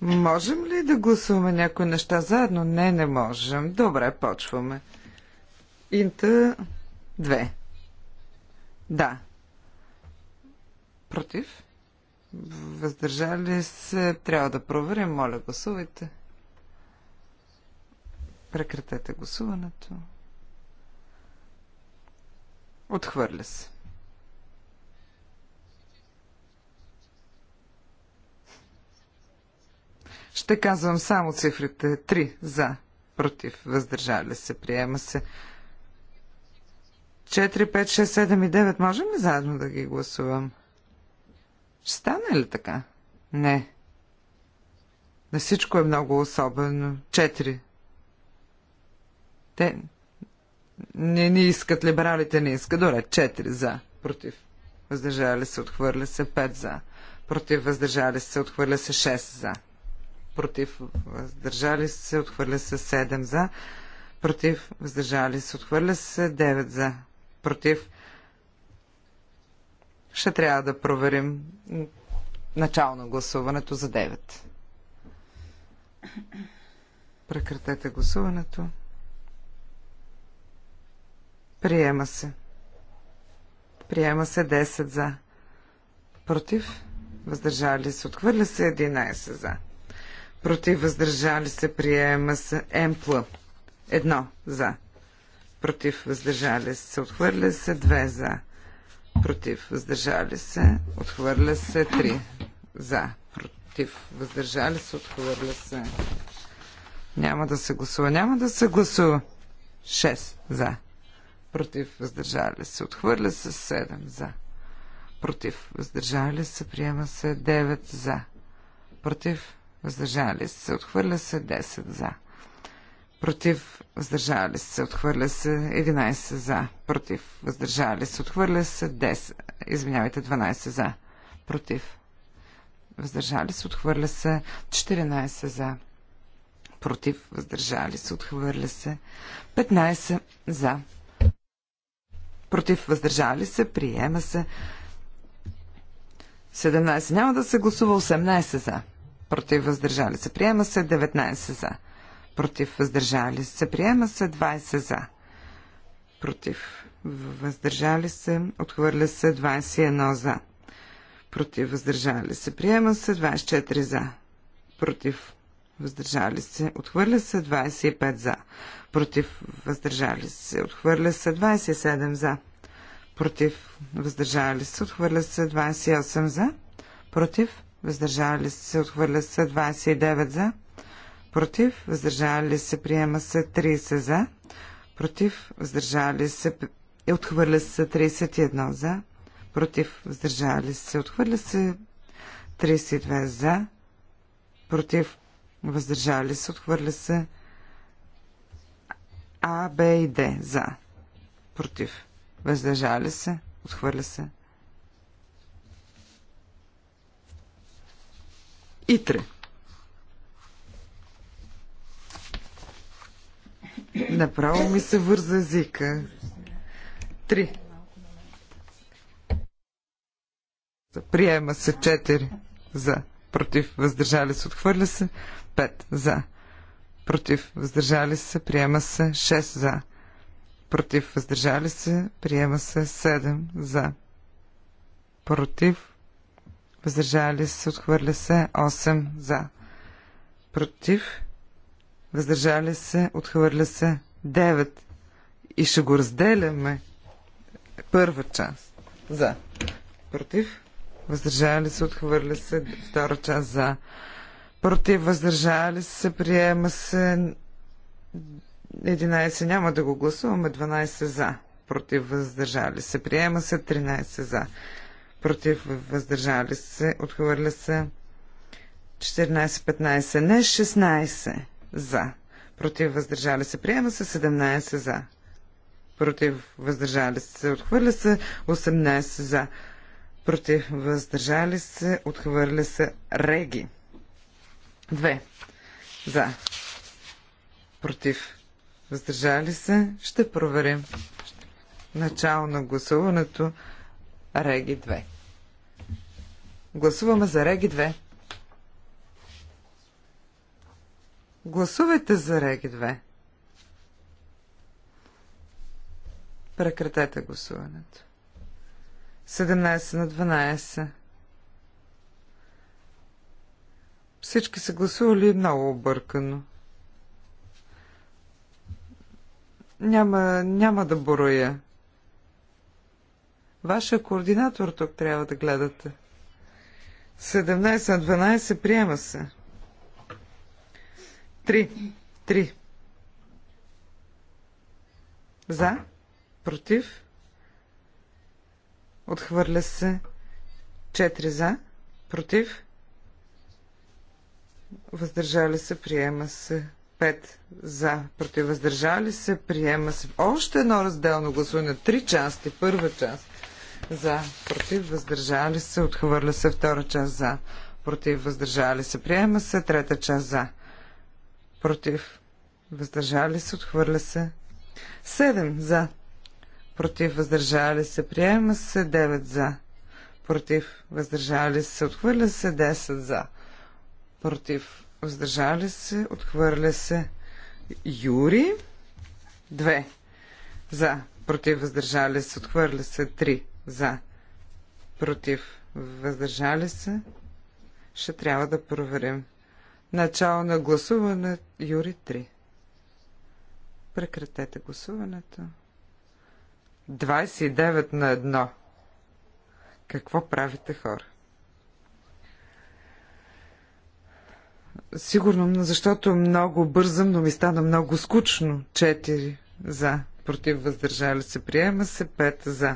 Можем ли да гласуваме някои неща заедно? Не, не можем. Добре, почваме. Инта 2. Да. Против? Въздържали се? Трябва да проверим. Моля, гласувайте. Прекратете гласуването. Отхвърля се. Ще казвам само цифрите 3 за, против, въздържали се, приема се. 4, 5, 6, 7 и 9 можем ли заедно да ги гласувам? Ще стане ли така? Не. На всичко е много особено. 4. Те не, не искат, либералите не искат. Добре, 4 за, против. Въздържали се, отхвърля се 5 за. Против въздържали се, отхвърля се 6 за против, въздържали се, отхвърля се 7 за, против, въздържали се, отхвърля се 9 за, против. Ще трябва да проверим начало на гласуването за 9. Прекратете гласуването. Приема се. Приема се 10 за. Против. Въздържали се. Отхвърля се 11 за против въздържали се приема се Емпла. Едно за. Против въздържали се отхвърля се. Две за. Против въздържали се отхвърля се. Три за. Против въздържали се отхвърля се. Няма да се гласува. Няма да се гласува. Шест за. Против въздържали се. Отхвърля се Седем за. Против въздържали се. Приема се Девет за. Против въздържали се, отхвърля се 10 за. Против, въздържали се, отхвърля се 11 за. Против, въздържали се, отхвърля се 10, извинявайте, 12 за. Против, въздържали се, отхвърля се 14 за. Против, въздържали се, отхвърля се 15 за. Против, въздържали се, приема се 17. Няма да се гласува 18 за против въздържали се. Приема се 19 за, против въздържали се. Приема се 20 за, против въздържали се. Отхвърля се 21 за, против въздържали се. Приема се 24 за, против въздържали се. Отхвърля се 25 за, против въздържали се. Отхвърля се 27 за, против въздържали се. Отхвърля се 28 за, против въздържали се, отхвърля се 29 за, против, въздържали се, приема се 30 е, за, против, въздържали се, отхвърля се 31 за, против, въздържали се, отхвърля се 32 за, против, въздържали се, отхвърля се А, Б и Д за, против, въздържали се, отхвърля се ИТРЕ. Направо ми се върза езика. Три. Приема се 4 за. Против. Въздържали се. Отхвърля се. 5 за. Против. Въздържали се. Приема се. 6 за. Против. Въздържали се. Приема се. 7 за. Против въздържали се, отхвърля се 8 за, против, въздържали се, отхвърля се 9 и ще го разделяме първа част за, против, въздържали се, отхвърля се втора част за, против, въздържали се, приема се 11 няма да го гласуваме, 12 за, против, въздържали се, приема се 13 за против, въздържали се, отхвърля се 14-15, не 16 за, против, въздържали се, приема се 17 за, против, въздържали се, отхвърля се 18 за, против, въздържали се, отхвърля се реги. 2 за, против, въздържали се, ще проверим. Начало на гласуването Реги 2. Гласуваме за Реги 2. Гласувайте за Реги 2. Прекратете гласуването. 17 на 12. Всички са гласували много объркано. Няма, няма да броя. Вашия координатор тук трябва да гледате. 17 на 12 приема се. 3. 3. За. Против. Отхвърля се. 4 за. Против. Въздържали се. Приема се. 5 за. Против. Въздържали се. Приема се. Още едно разделно гласуване. Три части. Първа част за, против, въздържали се, отхвърля се втора част за, против, въздържали се, приема се трета част за, против, въздържали се, отхвърля се. Седем за, против, въздържали се, приема се 9 за, против, въздържали се, отхвърля се 10 за, против, въздържали се, отхвърля се. Юри 2 за, против, въздържали се, отхвърля се Три за, против, въздържали се, ще трябва да проверим. Начало на гласуване Юри 3. Прекратете гласуването. 29 на 1. Какво правите хора? Сигурно, защото много бързам, но ми стана много скучно. 4 за, против въздържали се, приема се 5 за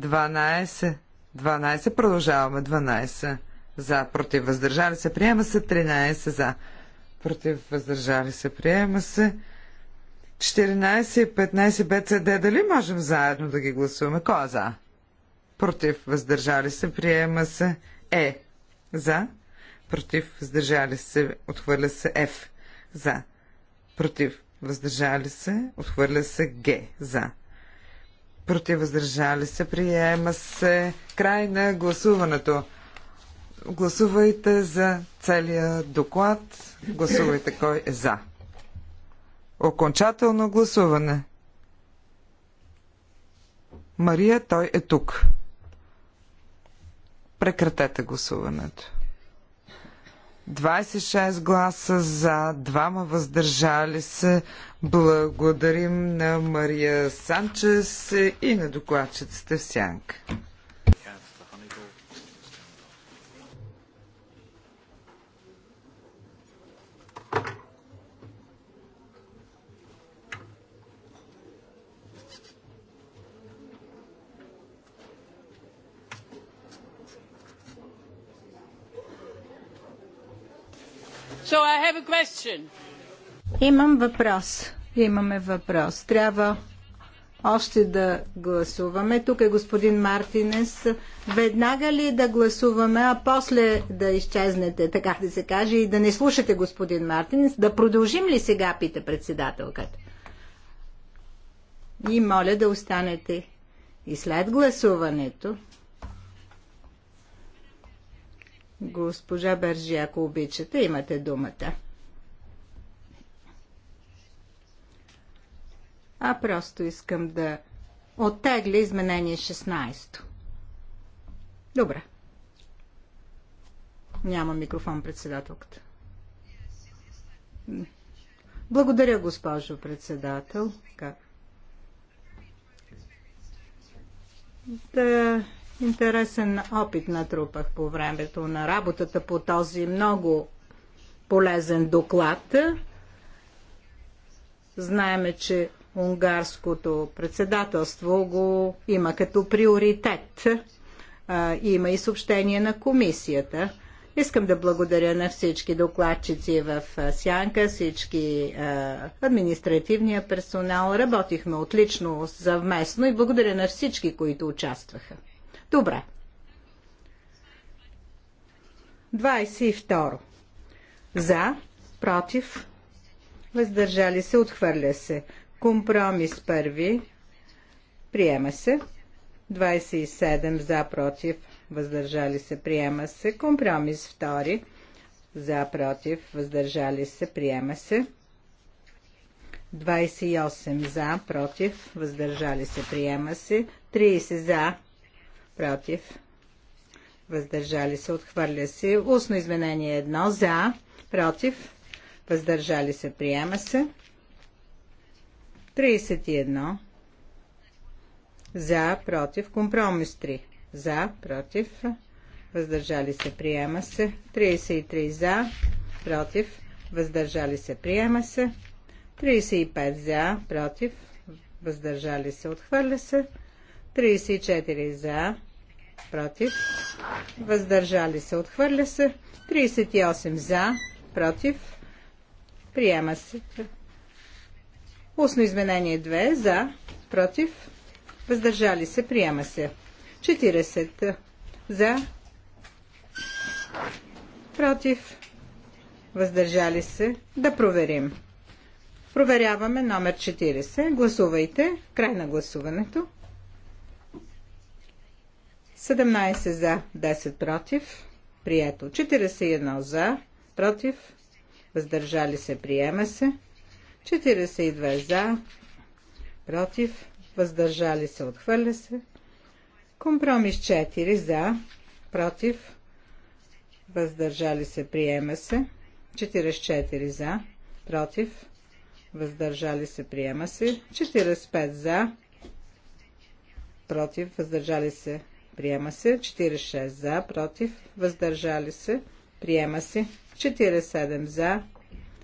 12. 12. Продължаваме. 12. За. Против. Въздържали се. Приема се. 13. За. Против. Въздържали се. Приема се. 14 и 15 БЦД. Дали можем заедно да ги гласуваме? Кой е за? Против. Въздържали се. Приема се. Е. За. Против. Въздържали се. Отхвърля се. Ф. За. Против. Въздържали се. Отхвърля се. Г. За против въздържали се, приема се. Край на гласуването. Гласувайте за целия доклад. Гласувайте кой е за. Окончателно гласуване. Мария, той е тук. Прекратете гласуването. 26 гласа за, двама въздържали се. Благодарим на Мария Санчес и на докладчицата в Сянка. So I have a question. Имам въпрос. Имаме въпрос. Трябва още да гласуваме. Тук е господин Мартинес. Веднага ли да гласуваме, а после да изчезнете, така да се каже, и да не слушате господин Мартинес? Да продължим ли сега, пита председателката? И моля да останете и след гласуването. Госпожа Бържи, ако обичате, имате думата. А просто искам да оттегля изменение 16. Добре. Няма микрофон председателката. Благодаря, госпожо председател. Да, Интересен опит натрупах по времето на работата по този много полезен доклад. Знаеме, че унгарското председателство го има като приоритет. Има и съобщение на комисията. Искам да благодаря на всички докладчици в Сянка, всички административния персонал. Работихме отлично съвместно и благодаря на всички, които участваха. Добре. 22. За, против, въздържали се, отхвърля се. Компромис първи, приема се. 27 за, против, въздържали се, приема се. Компромис втори, за, против, въздържали се, приема се. 28 за, против, въздържали се, приема се. 30 за, против, въздържали се, отхвърля се. Устно изменение 1 за, против, въздържали се, приема се. 31 за, против, компромис 3 за, против, въздържали се, приема се. 33 за, против, въздържали се, приема се. 35 за, против, въздържали се, отхвърля се. 34 за, против, въздържали се, отхвърля се, 38 за, против, приема се. Устно изменение 2 за, против, въздържали се, приема се. 40 за, против, въздържали се, да проверим. Проверяваме номер 40. Гласувайте. Край на гласуването. 17 за, 10 против. Прието. 41 за, против. Въздържали се, приема се. 42 за, против. Въздържали се, отхвърля се. Компромис 4 за, против. Въздържали се, приема се. 44 за, против. Въздържали се, приема се. 45 за, против. Въздържали се, Приема се. 46 за, против, въздържали се. Приема се. 47 за,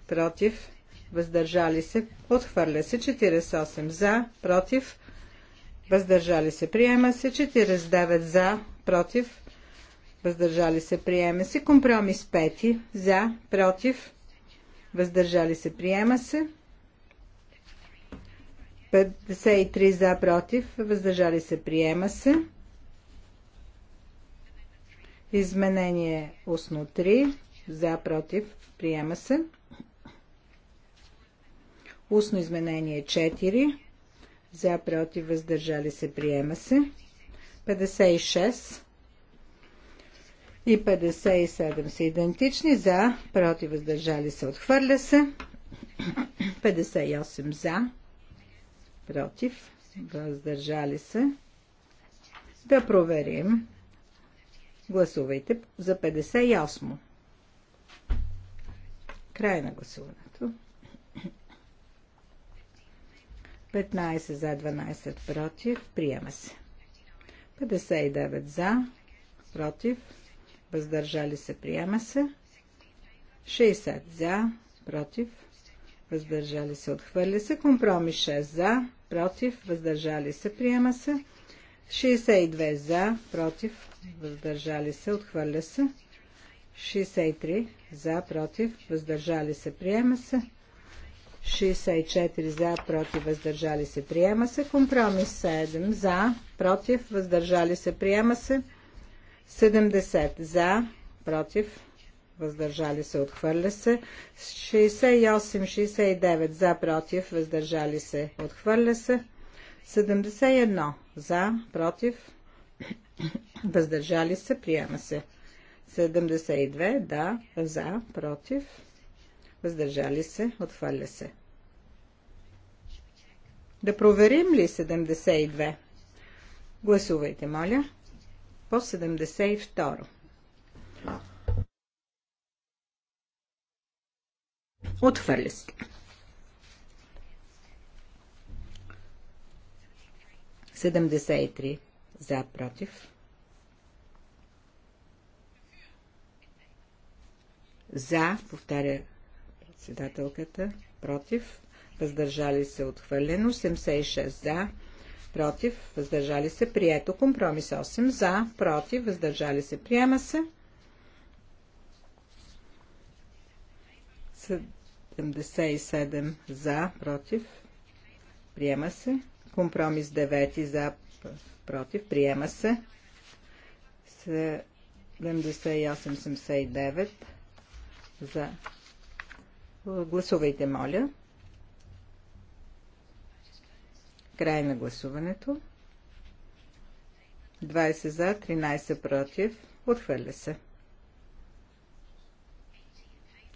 против, въздържали се. Отхвърля се. 48 за, против, въздържали се. Приема се. 49 за, против, въздържали се. Приема се. Компромис 5 за, против, въздържали се. Приема се. 53 за, против, въздържали се. Приема се. Изменение устно 3. За, против, приема се. Устно изменение 4. За, против, въздържали се, приема се. 56 и 57 са идентични. За, против, въздържали се, отхвърля се. 58 за, против, въздържали се. Да проверим. Гласувайте за 58. Край на гласуването. 15 за 12 против. Приема се. 59 за, против, въздържали се, приема се. 60 за, против, въздържали се, отхвърля се. Компромис 6 за, против, въздържали се, приема се. 62 за, против, въздържали се, отхвърля се. 63 за, против, въздържали се, приема се. 64 за, против, въздържали се, приема се. Компромис 7 за, против, въздържали се, приема се. 70 за, против, въздържали се, отхвърля се. 68-69 за, против, въздържали се, отхвърля се. 71 за, против, въздържали се, приема се. 72, да, за, против, въздържали се, отхвърля се. Да проверим ли 72? Гласувайте, моля, по 72. Отхвърля се. Седемдесет и три за против. За, повтаря председателката, против, въздържали се отхвърлено, 76 за, против, въздържали се, прието, компромис 8 за, против, въздържали се, приема се. 77 за, против, приема се. Компромис 9 за, против, приема се. 78-79 за. Гласувайте, моля. Край на гласуването. 20 за, 13 против. Отхвърля се.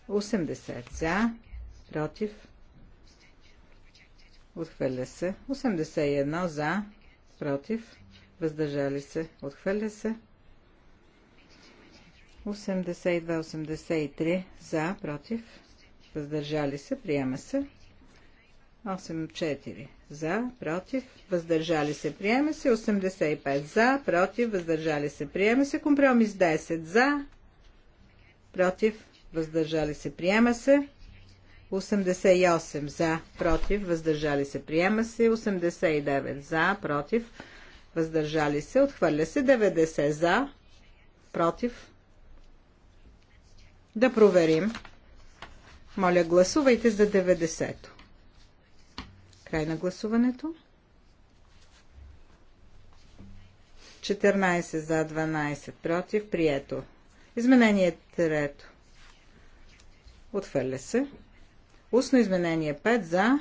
80 за, против. Отхвърля се. 81 за, против. Въздържали се. Отхвърля се. 82-83 за, против, въздържали се, приема се. 84 за, против, въздържали се, приема се. 85 за, против, въздържали се, приема се. Компромис 10 за, против, въздържали се, приема се. 88 за, против, въздържали се, приема се. 89 за, против, въздържали се, отхвърля се. 90 за, против, да проверим. Моля, гласувайте за 90-то. Край на гласуването. 14 за 12 против. Прието. Изменение 3. Отхвърля се. Устно изменение 5 за.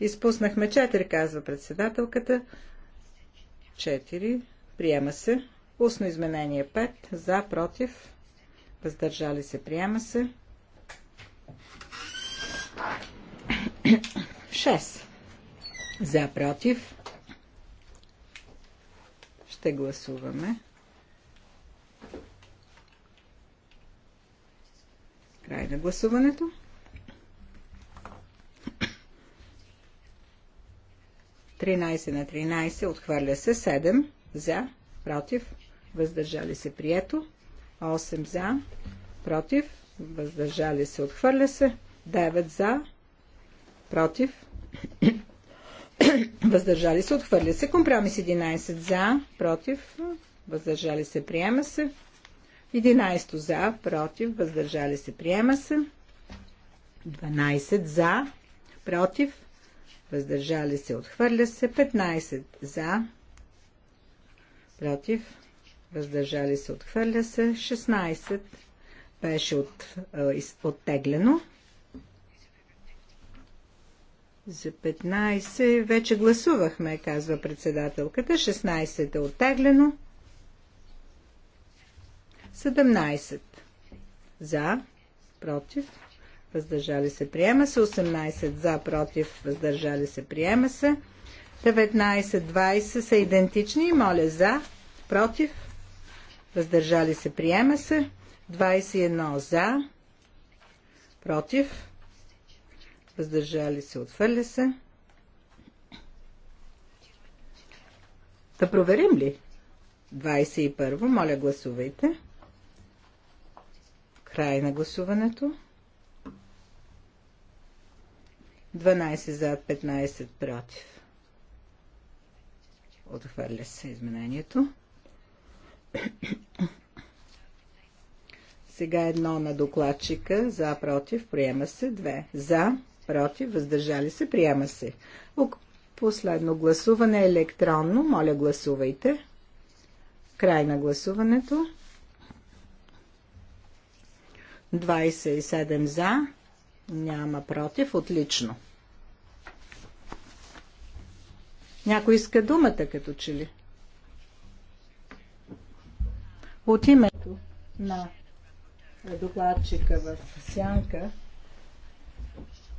Изпуснахме 4, казва председателката. 4. Приема се. Устно изменение 5. За, против. Въздържали се. Приема се. 6. За, против. Ще гласуваме. Край на гласуването. 13 на 13 отхвърля се 7 за, против, въздържали се прието, 8 за, против, въздържали се отхвърля се, 9 за, против, <coughs> въздържали се отхвърля се, компромис 11 за, против, въздържали се приема се, 11 за, против, въздържали се приема се, 12 за, против, въздържали се, отхвърля се, 15 за, против, въздържали се, отхвърля се, 16 беше от, оттеглено. За 15 вече гласувахме, казва председателката. 16 е оттеглено. 17 за, против, въздържали се, приема се. 18 за, против, въздържали се, приема се. 19, 20 са идентични. Моля за, против, въздържали се, приема се. 21 за, против, въздържали се, отвърли се. Да проверим ли? 21. Моля, гласувайте. Край на гласуването. 12 за, 15 против. Отхвърля се изменението. Сега едно на докладчика. За, против, приема се. Две. За, против, въздържали се, приема се. Последно гласуване електронно. Моля, гласувайте. Край на гласуването. 27 за, няма против. Отлично. Някой иска думата, като че ли? От името на докладчика в Сянка,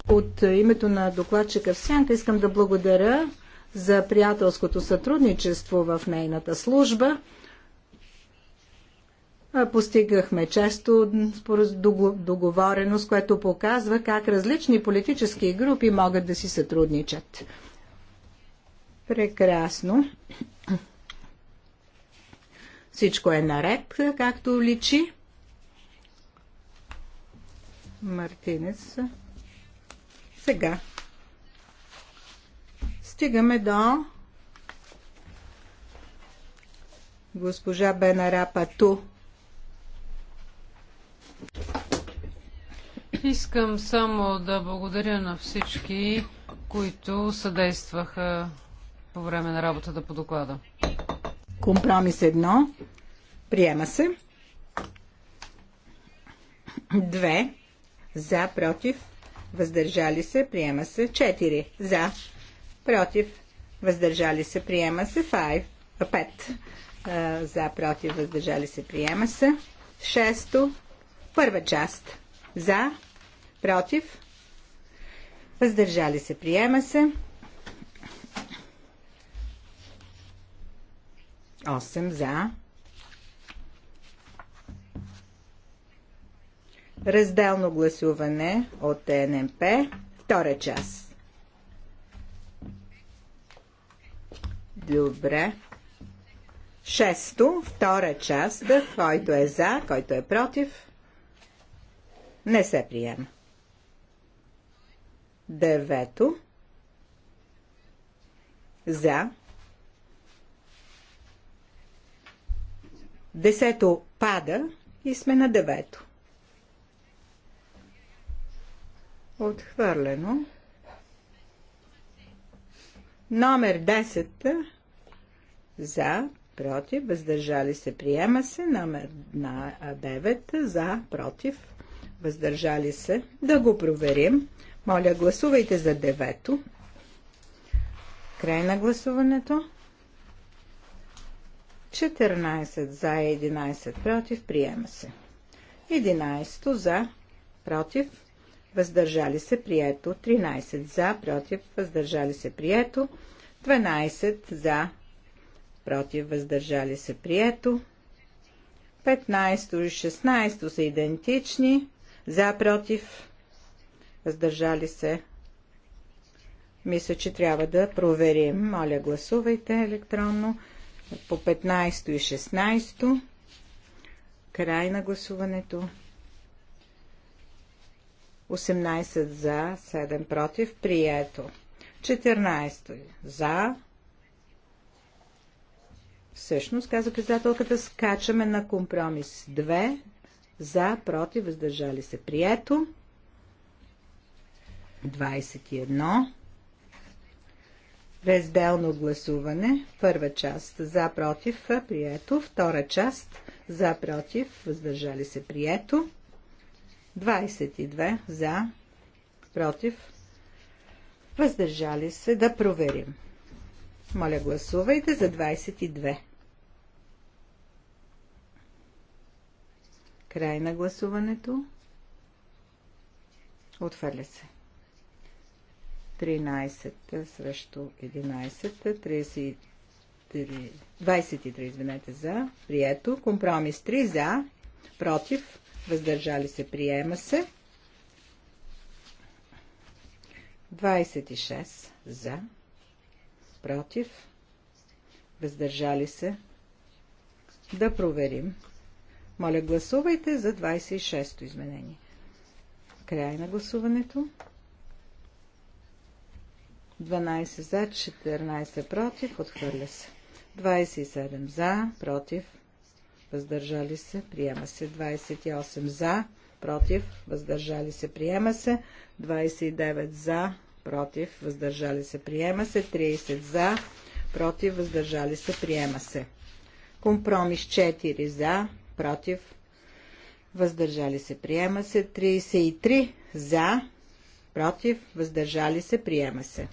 от името на докладчика в Сянка искам да благодаря за приятелското сътрудничество в нейната служба. Постигахме често договореност, което показва как различни политически групи могат да си сътрудничат. Прекрасно. Всичко е наред, както личи. Мартинес. Сега. Стигаме до госпожа Бенара Пату Искам само да благодаря на всички, които съдействаха по време на работата по доклада. Компромис едно. Приема се. Две. За, против, въздържали се, приема се. Четири. За, против, въздържали се, приема се. Файв. Пет За, против, въздържали се, приема се. Шесто. Първа част. За, против, въздържали се, приема се. 8 за. Разделно гласуване от ТНП. Втора част. Добре. Шесто, втора част, който е за, който е против. Не се приема. Девето. За. Десето пада и сме на девето. Отхвърлено. Номер 10. За, против, въздържали се, приема се. Номер 9. За, против, въздържали се, да го проверим. Моля, гласувайте за девето. Край на гласуването. 14 за и 11 против. Приема се. 11 за, против, въздържали се, прието. 13 за, против, въздържали се, прието. 12 за, против, въздържали се, прието. 15 и 16 са идентични. За, против, въздържали се. Мисля, че трябва да проверим. Моля, гласувайте електронно по 15 и 16. Край на гласуването. 18 за, 7 против, прието. 14 за. Всъщност, каза председателката, скачаме на компромис 2 за, против, въздържали се, прието. 21. Разделно гласуване. Първа част за, против, прието. Втора част за, против, въздържали се, прието. 22 за, против, въздържали се, да проверим. Моля гласувайте за 22. Край на гласуването. Отвърля се. 13 срещу 11, 23, извинете, за, прието, компромис 3 за, против, въздържали се, приема се, 26 за, против, въздържали се, да проверим. Моля, гласувайте за 26-то изменение. Край на гласуването. 12 за, 14 против, отхвърля се. 27 за, против, въздържали се, приема се. 28 за, против, въздържали се, приема се. 29 за, против, въздържали се, приема се. 30 за, против, въздържали се, приема се. Компромис 4 за, против, въздържали се, приема се. 33 за, против, въздържали се, приема се.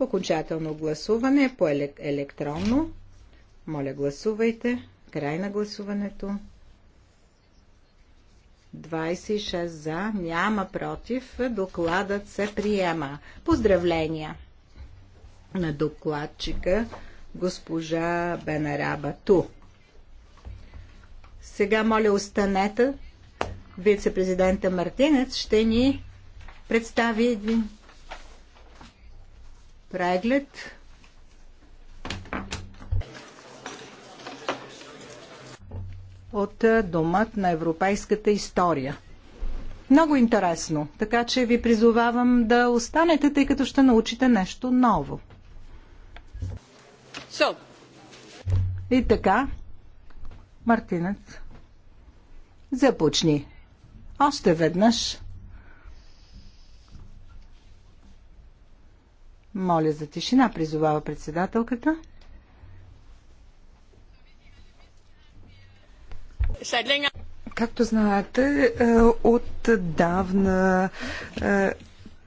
Окончателно гласуване по електронно. Моля, гласувайте. Край на гласуването. 26 за, няма против. Докладът се приема. Поздравления на докладчика госпожа Ту. Сега, моля, останете. Вице-президента Мартинец ще ни представи един преглед. от е, Домът на европейската история. Много интересно, така че ви призовавам да останете, тъй като ще научите нещо ново. So. И така, Мартинец, започни. Още веднъж. Моля за тишина, призовава председателката. Както знаете, е, отдавна е,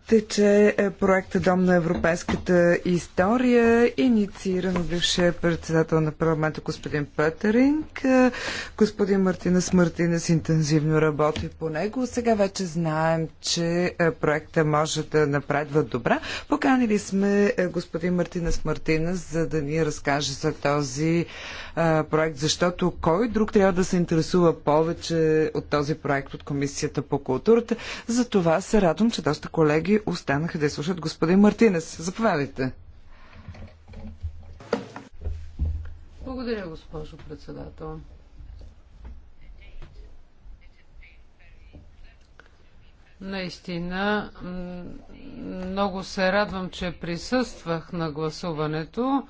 Знаете, че е, проектът Дом на европейската история, иницииран от бившия председател на парламента господин Петеринг, е, господин Мартинес Мартинес интензивно работи по него. Сега вече знаем, че е, проекта може да напредва добра. Поканили сме господин Мартинес Мартинес, за да ни разкаже за този проект, защото кой друг трябва да се интересува повече от този проект от Комисията по културата. За това се радвам, че доста колеги останаха да слушат господин Мартинес. Заповядайте. Благодаря, госпожо председател. Наистина, много се радвам, че присъствах на гласуването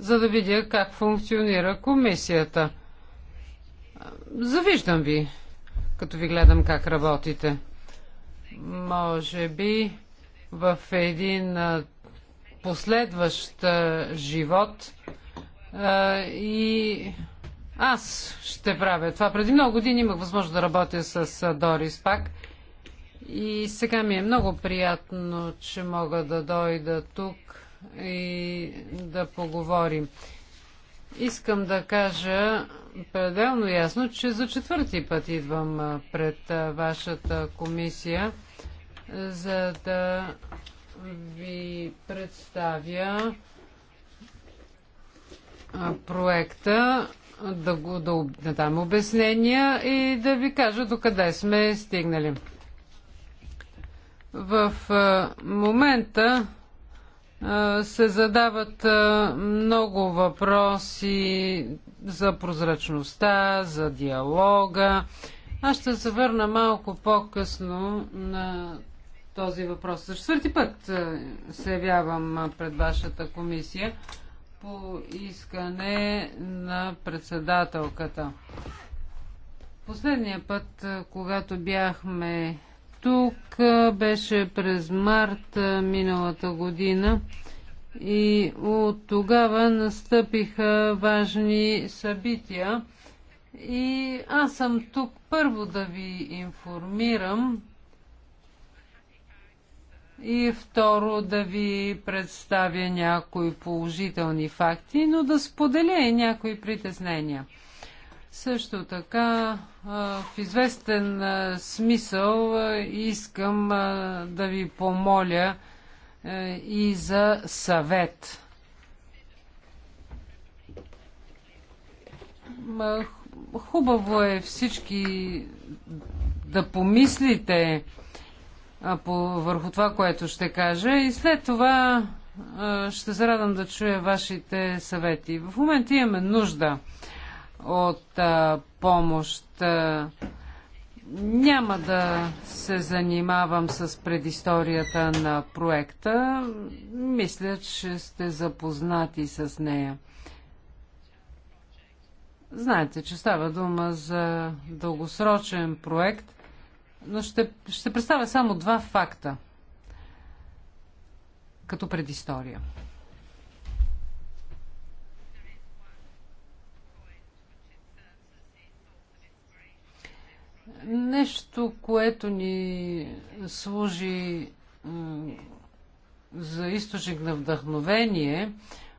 за да видя как функционира комисията. Завиждам ви, като ви гледам как работите. Може би в един последващ живот и аз ще правя това. Преди много години имах възможност да работя с Дорис пак. И сега ми е много приятно, че мога да дойда тук и да поговорим. Искам да кажа пределно ясно, че за четвърти път идвам пред вашата комисия, за да ви представя проекта, да, го, да, да дам обяснения и да ви кажа докъде сме стигнали. В момента се задават много въпроси за прозрачността, за диалога. Аз ще се върна малко по-късно на този въпрос. За четвърти път се явявам пред вашата комисия по искане на председателката. Последния път, когато бяхме тук беше през март миналата година и от тогава настъпиха важни събития. И аз съм тук първо да ви информирам и второ да ви представя някои положителни факти, но да споделя и някои притеснения. Също така, в известен смисъл искам да ви помоля и за съвет. Хубаво е всички да помислите по, върху това, което ще кажа и след това ще зарадам да чуя вашите съвети. В момента имаме нужда от а, помощ. Няма да се занимавам с предисторията на проекта. Мисля, че сте запознати с нея. Знаете, че става дума за дългосрочен проект, но ще, ще представя само два факта като предистория. Нещо, което ни служи за източник на вдъхновение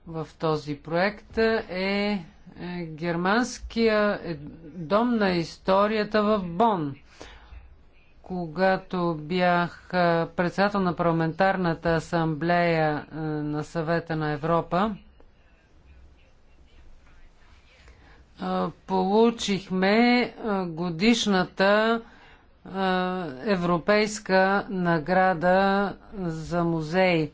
в този проект е, е германския е, дом на историята в Бон. Когато бях председател на парламентарната асамблея на съвета на Европа, получихме годишната европейска награда за музеи.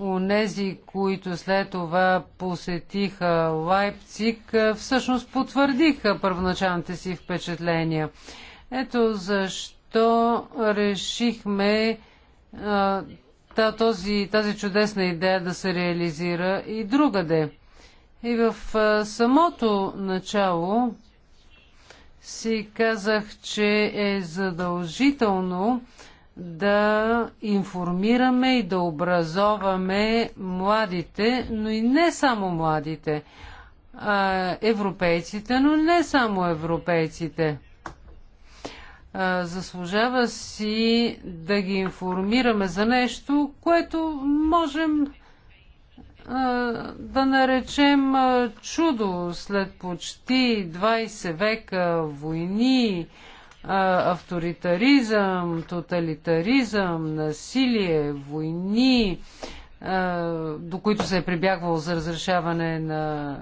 Онези, които след това посетиха Лайпциг, всъщност потвърдиха първоначалните си впечатления. Ето защо решихме този, тази чудесна идея да се реализира и другаде. И в самото начало си казах, че е задължително да информираме и да образоваме младите, но и не само младите, а европейците, но не само европейците. заслужава си да ги информираме за нещо, което можем да наречем чудо след почти 20 века войни, авторитаризъм, тоталитаризъм, насилие, войни, до които се е прибягвало за разрешаване на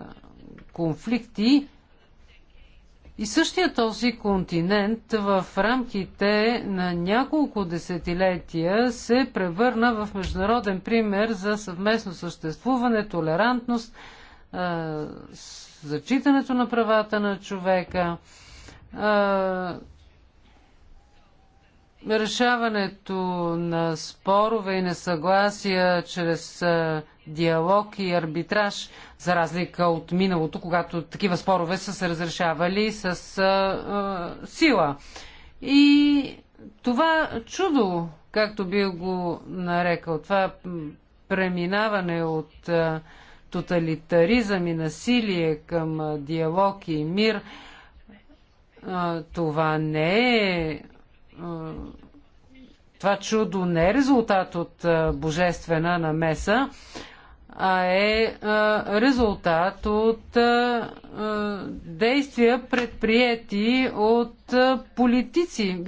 конфликти, и същия този континент в рамките на няколко десетилетия се превърна в международен пример за съвместно съществуване, толерантност, зачитането на правата на човека, решаването на спорове и несъгласия чрез диалог и арбитраж, за разлика от миналото, когато такива спорове са се разрешавали с а, сила. И това чудо, както би го нарекал, това преминаване от а, тоталитаризъм и насилие към а, диалог и мир, а, това не е това чудо не е резултат от божествена намеса, а е резултат от действия предприяти от политици.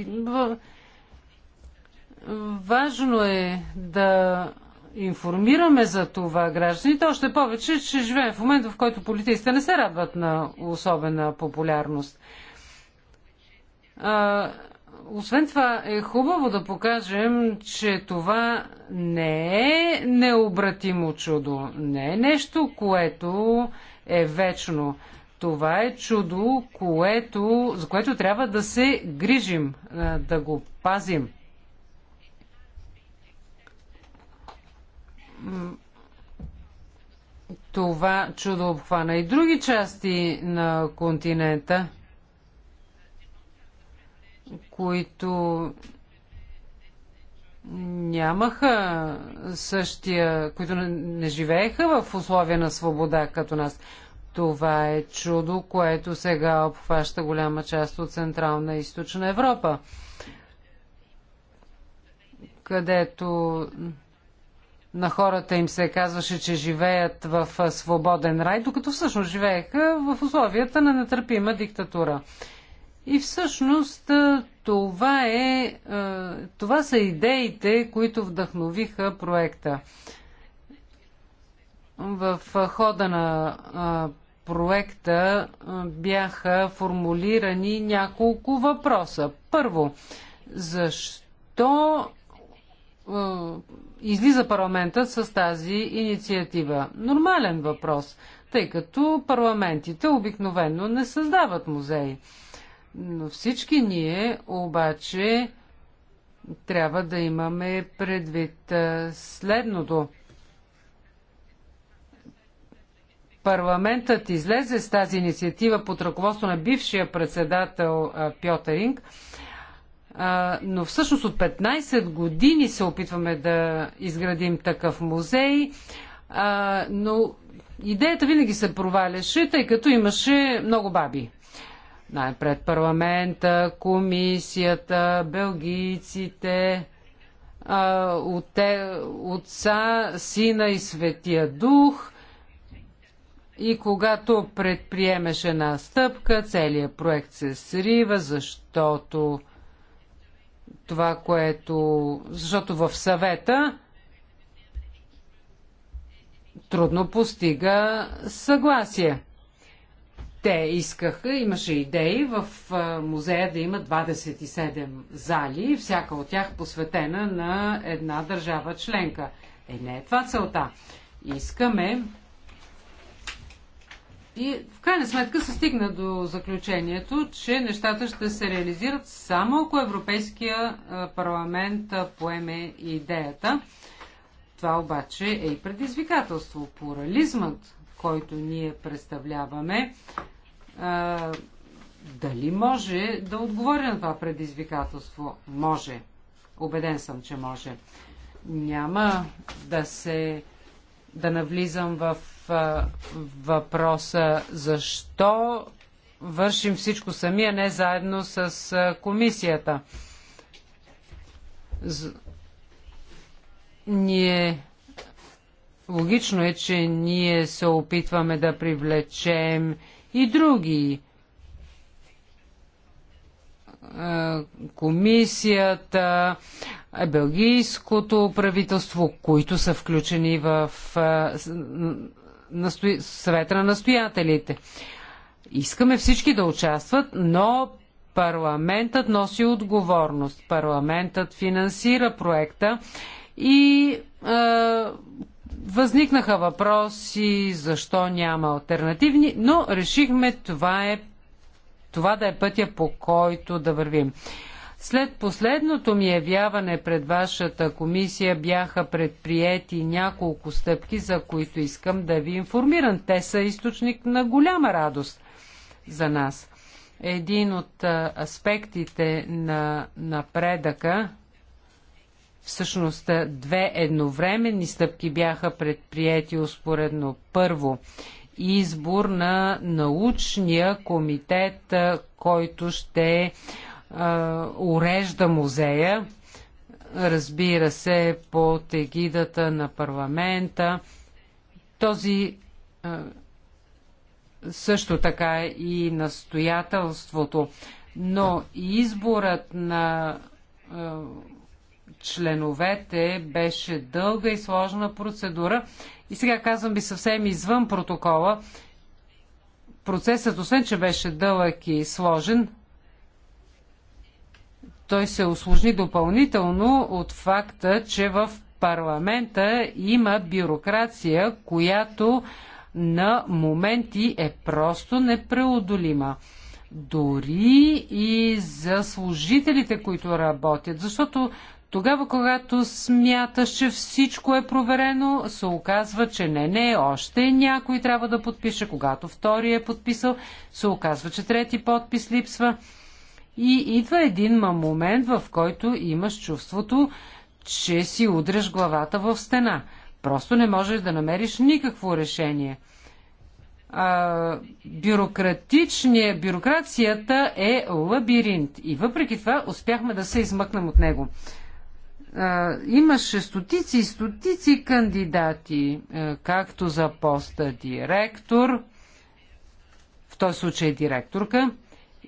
Важно е да информираме за това гражданите, още повече, че живеем в момент, в който политиците не се радват на особена популярност. Освен това е хубаво да покажем, че това не е необратимо чудо, не е нещо, което е вечно. Това е чудо, което, за което трябва да се грижим, да го пазим. Това чудо обхвана и други части на континента – които нямаха същия, които не живееха в условия на свобода като нас. Това е чудо, което сега обхваща голяма част от Централна и Източна Европа, където на хората им се казваше, че живеят в свободен рай, докато всъщност живееха в условията на нетърпима диктатура. И всъщност това, е, това са идеите, които вдъхновиха проекта. В хода на проекта бяха формулирани няколко въпроса. Първо, защо излиза парламентът с тази инициатива? Нормален въпрос, тъй като парламентите обикновено не създават музеи. Но всички ние обаче трябва да имаме предвид следното. Парламентът излезе с тази инициатива под ръководство на бившия председател Пьотеринг, но всъщност от 15 години се опитваме да изградим такъв музей, но идеята винаги се проваляше, тъй като имаше много баби. Най-пред парламента, комисията, белгийците, от, отца, сина и светия дух. И когато предприемеш една стъпка, целият проект се срива, защото това, което... Защото в съвета трудно постига съгласие. Те искаха, имаше идеи в музея да има 27 зали, всяка от тях посветена на една държава членка. Е, не е това целта. Искаме. И в крайна сметка се стигна до заключението, че нещата ще се реализират само ако Европейския парламент поеме идеята. Това обаче е и предизвикателство. Плурализмът който ние представляваме, дали може да отговори на това предизвикателство? Може. Обеден съм, че може. Няма да се да навлизам в въпроса защо вършим всичко сами, а не заедно с комисията. Ние Логично е, че ние се опитваме да привлечем и други. Комисията, Белгийското правителство, които са включени в съвета на настоятелите. Искаме всички да участват, но парламентът носи отговорност. Парламентът финансира проекта и Възникнаха въпроси, защо няма альтернативни, но решихме това, е, това да е пътя по който да вървим. След последното ми явяване пред вашата комисия бяха предприети няколко стъпки, за които искам да ви информирам. Те са източник на голяма радост за нас. Един от аспектите на напредъка Всъщност две едновременни стъпки бяха предприяти успоредно. Първо, избор на научния комитет, който ще е, урежда музея, разбира се, под егидата на парламента. Този е, също така и настоятелството, но изборът на е, членовете беше дълга и сложна процедура. И сега казвам би съвсем извън протокола. Процесът, освен че беше дълъг и сложен, той се осложни допълнително от факта, че в парламента има бюрокрация, която на моменти е просто непреодолима. Дори и за служителите, които работят. Защото тогава, когато смяташ, че всичко е проверено, се оказва, че не, не, още някой трябва да подпише. Когато втори е подписал, се оказва, че трети подпис липсва. И идва един момент, в който имаш чувството, че си удреш главата в стена. Просто не можеш да намериш никакво решение. А, бюрократичния, бюрокрацията е лабиринт и въпреки това успяхме да се измъкнем от него имаше стотици и стотици кандидати, е, както за поста директор, в този случай директорка,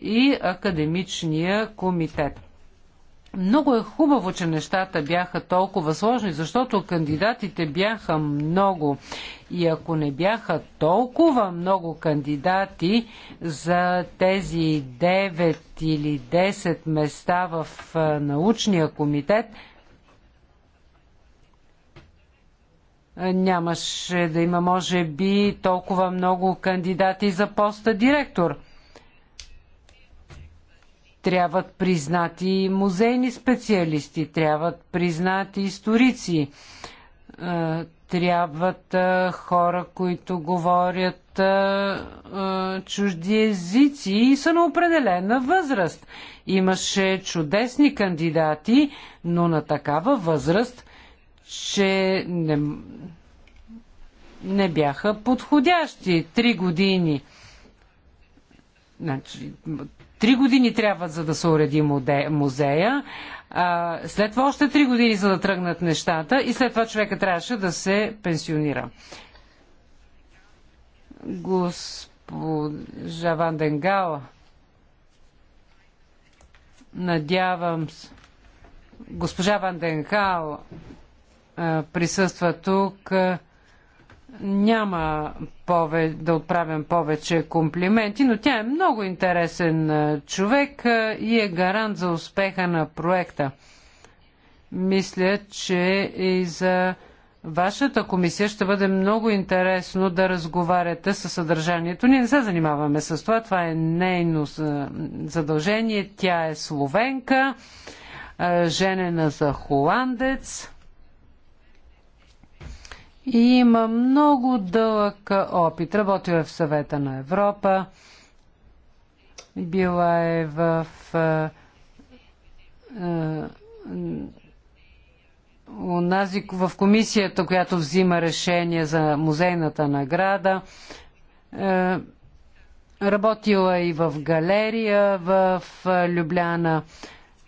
и академичния комитет. Много е хубаво, че нещата бяха толкова сложни, защото кандидатите бяха много. И ако не бяха толкова много кандидати за тези 9 или 10 места в е, научния комитет – Е, нямаше да има, може би, толкова много кандидати за поста директор. Трябват признати музейни специалисти, трябват признати историци, е, трябват е, хора, които говорят чужди езици и са на определена възраст. Имаше чудесни кандидати, но на такава възраст – че не, не бяха подходящи. Три години. Значи, три години трябва за да се уреди музея, а, след това още три години за да тръгнат нещата и след това човека трябваше да се пенсионира. Госпожа Ван Денгала, надявам се, госпожа Ван Денгала, присъства тук. Няма пове, да отправям повече комплименти, но тя е много интересен човек и е гарант за успеха на проекта. Мисля, че и за вашата комисия ще бъде много интересно да разговаряте с съдържанието. Ние не се занимаваме с това. Това е нейно задължение. Тя е словенка, женена за холандец и има много дълъг опит. Работила в съвета на Европа, била е в унази, в комисията, която взима решение за музейната награда. Работила и в галерия в Любляна.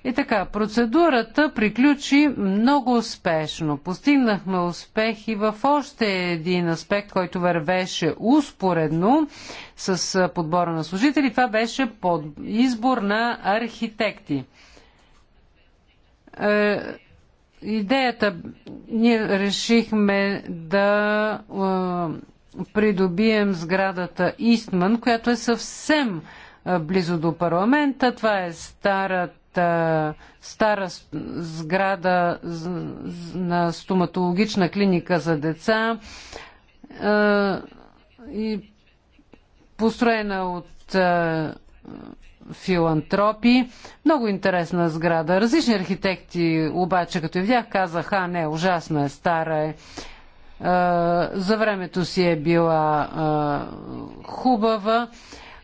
И така, процедурата приключи много успешно. Постигнахме успех и в още един аспект, който вървеше успоредно с подбора на служители. Това беше под избор на архитекти. Е, идеята, ние решихме да е, придобием сградата Истман, която е съвсем близо до парламента. Това е старата а, стара сграда на стоматологична клиника за деца и построена от филантропи. Много интересна сграда. Различни архитекти обаче, като я видях, казаха, а не, ужасна е, стара е. За времето си е била хубава.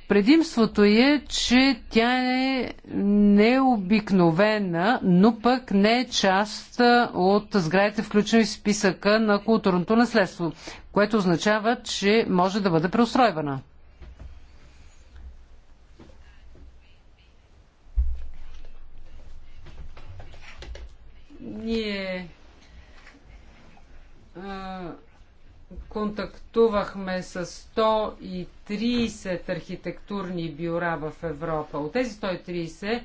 Предимството е, че тя е необикновена, но пък не е част от сградите, включени в списъка на културното наследство, което означава, че може да бъде преустройвана. Ние. Yeah контактувахме с 130 архитектурни бюра в Европа. От тези 130,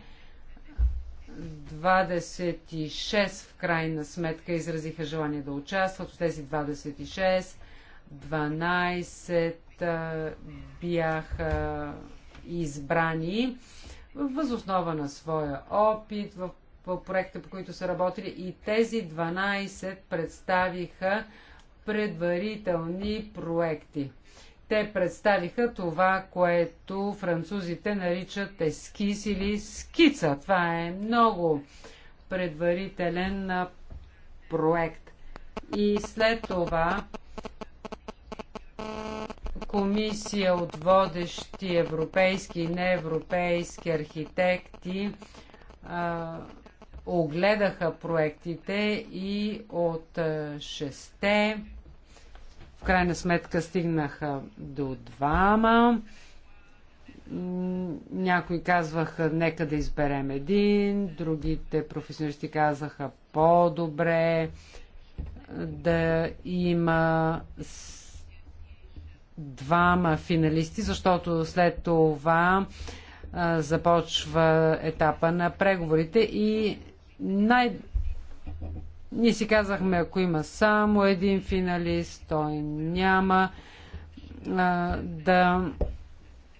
26 в крайна сметка изразиха желание да участват. От тези 26, 12 бяха избрани възоснова на своя опит в, проекта, по които са работили и тези 12 представиха предварителни проекти. Те представиха това, което французите наричат ескиз или скица. Това е много предварителен проект. И след това комисия от водещи европейски и неевропейски архитекти а, огледаха проектите и от е, шесте в крайна сметка стигнаха до двама. Някои казваха, нека да изберем един, другите професионалисти казаха, по-добре да има двама финалисти, защото след това а, започва етапа на преговорите и най... Ние си казахме, ако има само един финалист, той няма а, да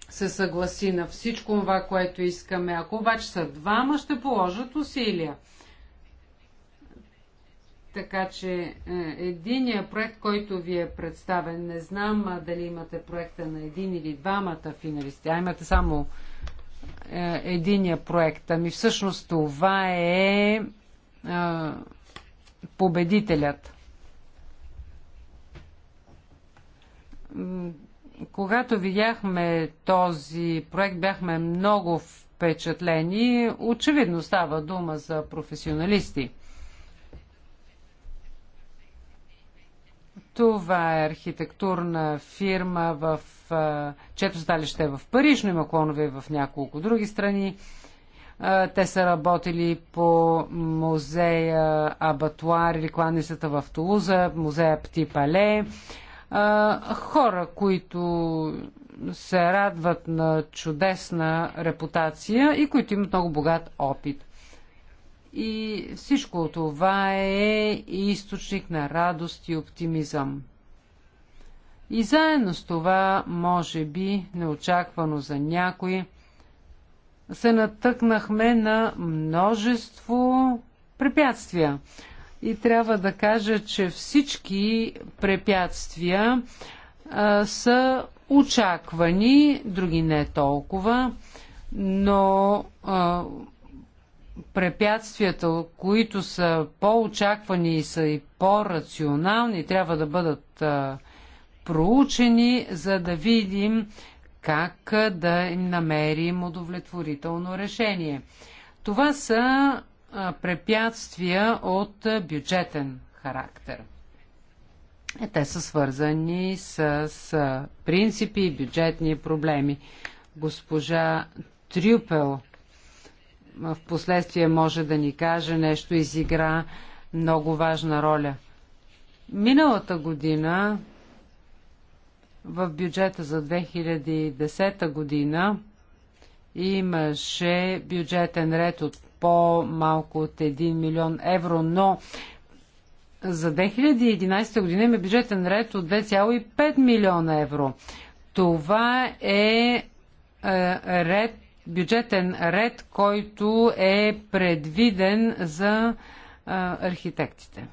се съгласи на всичко това, което искаме. Ако обаче са двама, ще положат усилия. Така че е, единия проект, който ви е представен, не знам дали имате проекта на един или двамата финалисти, а имате само е, единия проект. Ами всъщност това е, е победителят. Когато видяхме този проект, бяхме много впечатлени. Очевидно става дума за професионалисти. Това е архитектурна фирма в чето сталище е в Париж, но има клонове в няколко други страни. Те са работили по музея Абатуар или кланицата в Тулуза, музея Пти Пале. Хора, които се радват на чудесна репутация и които имат много богат опит. И всичко това е източник на радост и оптимизъм. И заедно с това, може би, неочаквано за някои, се натъкнахме на множество препятствия. И трябва да кажа, че всички препятствия а, са очаквани, други не толкова, но а, препятствията, които са по-очаквани и са и по-рационални, трябва да бъдат а, проучени, за да видим как да им намерим удовлетворително решение. Това са препятствия от бюджетен характер. Е, те са свързани с принципи и бюджетни проблеми. Госпожа Трюпел в последствие може да ни каже нещо, изигра много важна роля. Миналата година в бюджета за 2010 година имаше бюджетен ред от по-малко от 1 милион евро, но за 2011 година има бюджетен ред от 2,5 милиона евро. Това е, е ред, бюджетен ред, който е предвиден за е, архитектите.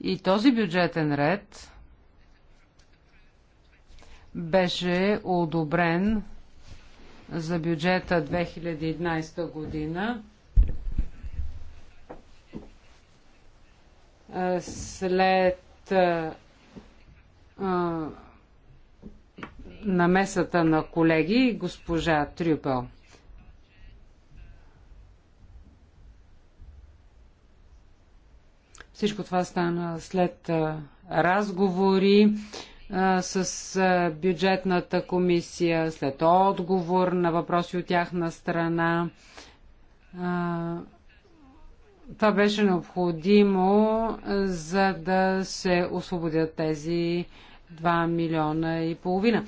И този бюджетен ред беше одобрен за бюджета 2011 година. След а, намесата на колеги госпожа Трюпел. Всичко това стана след разговори с бюджетната комисия, след отговор на въпроси от тяхна страна. Това беше необходимо, за да се освободят тези 2 милиона и половина.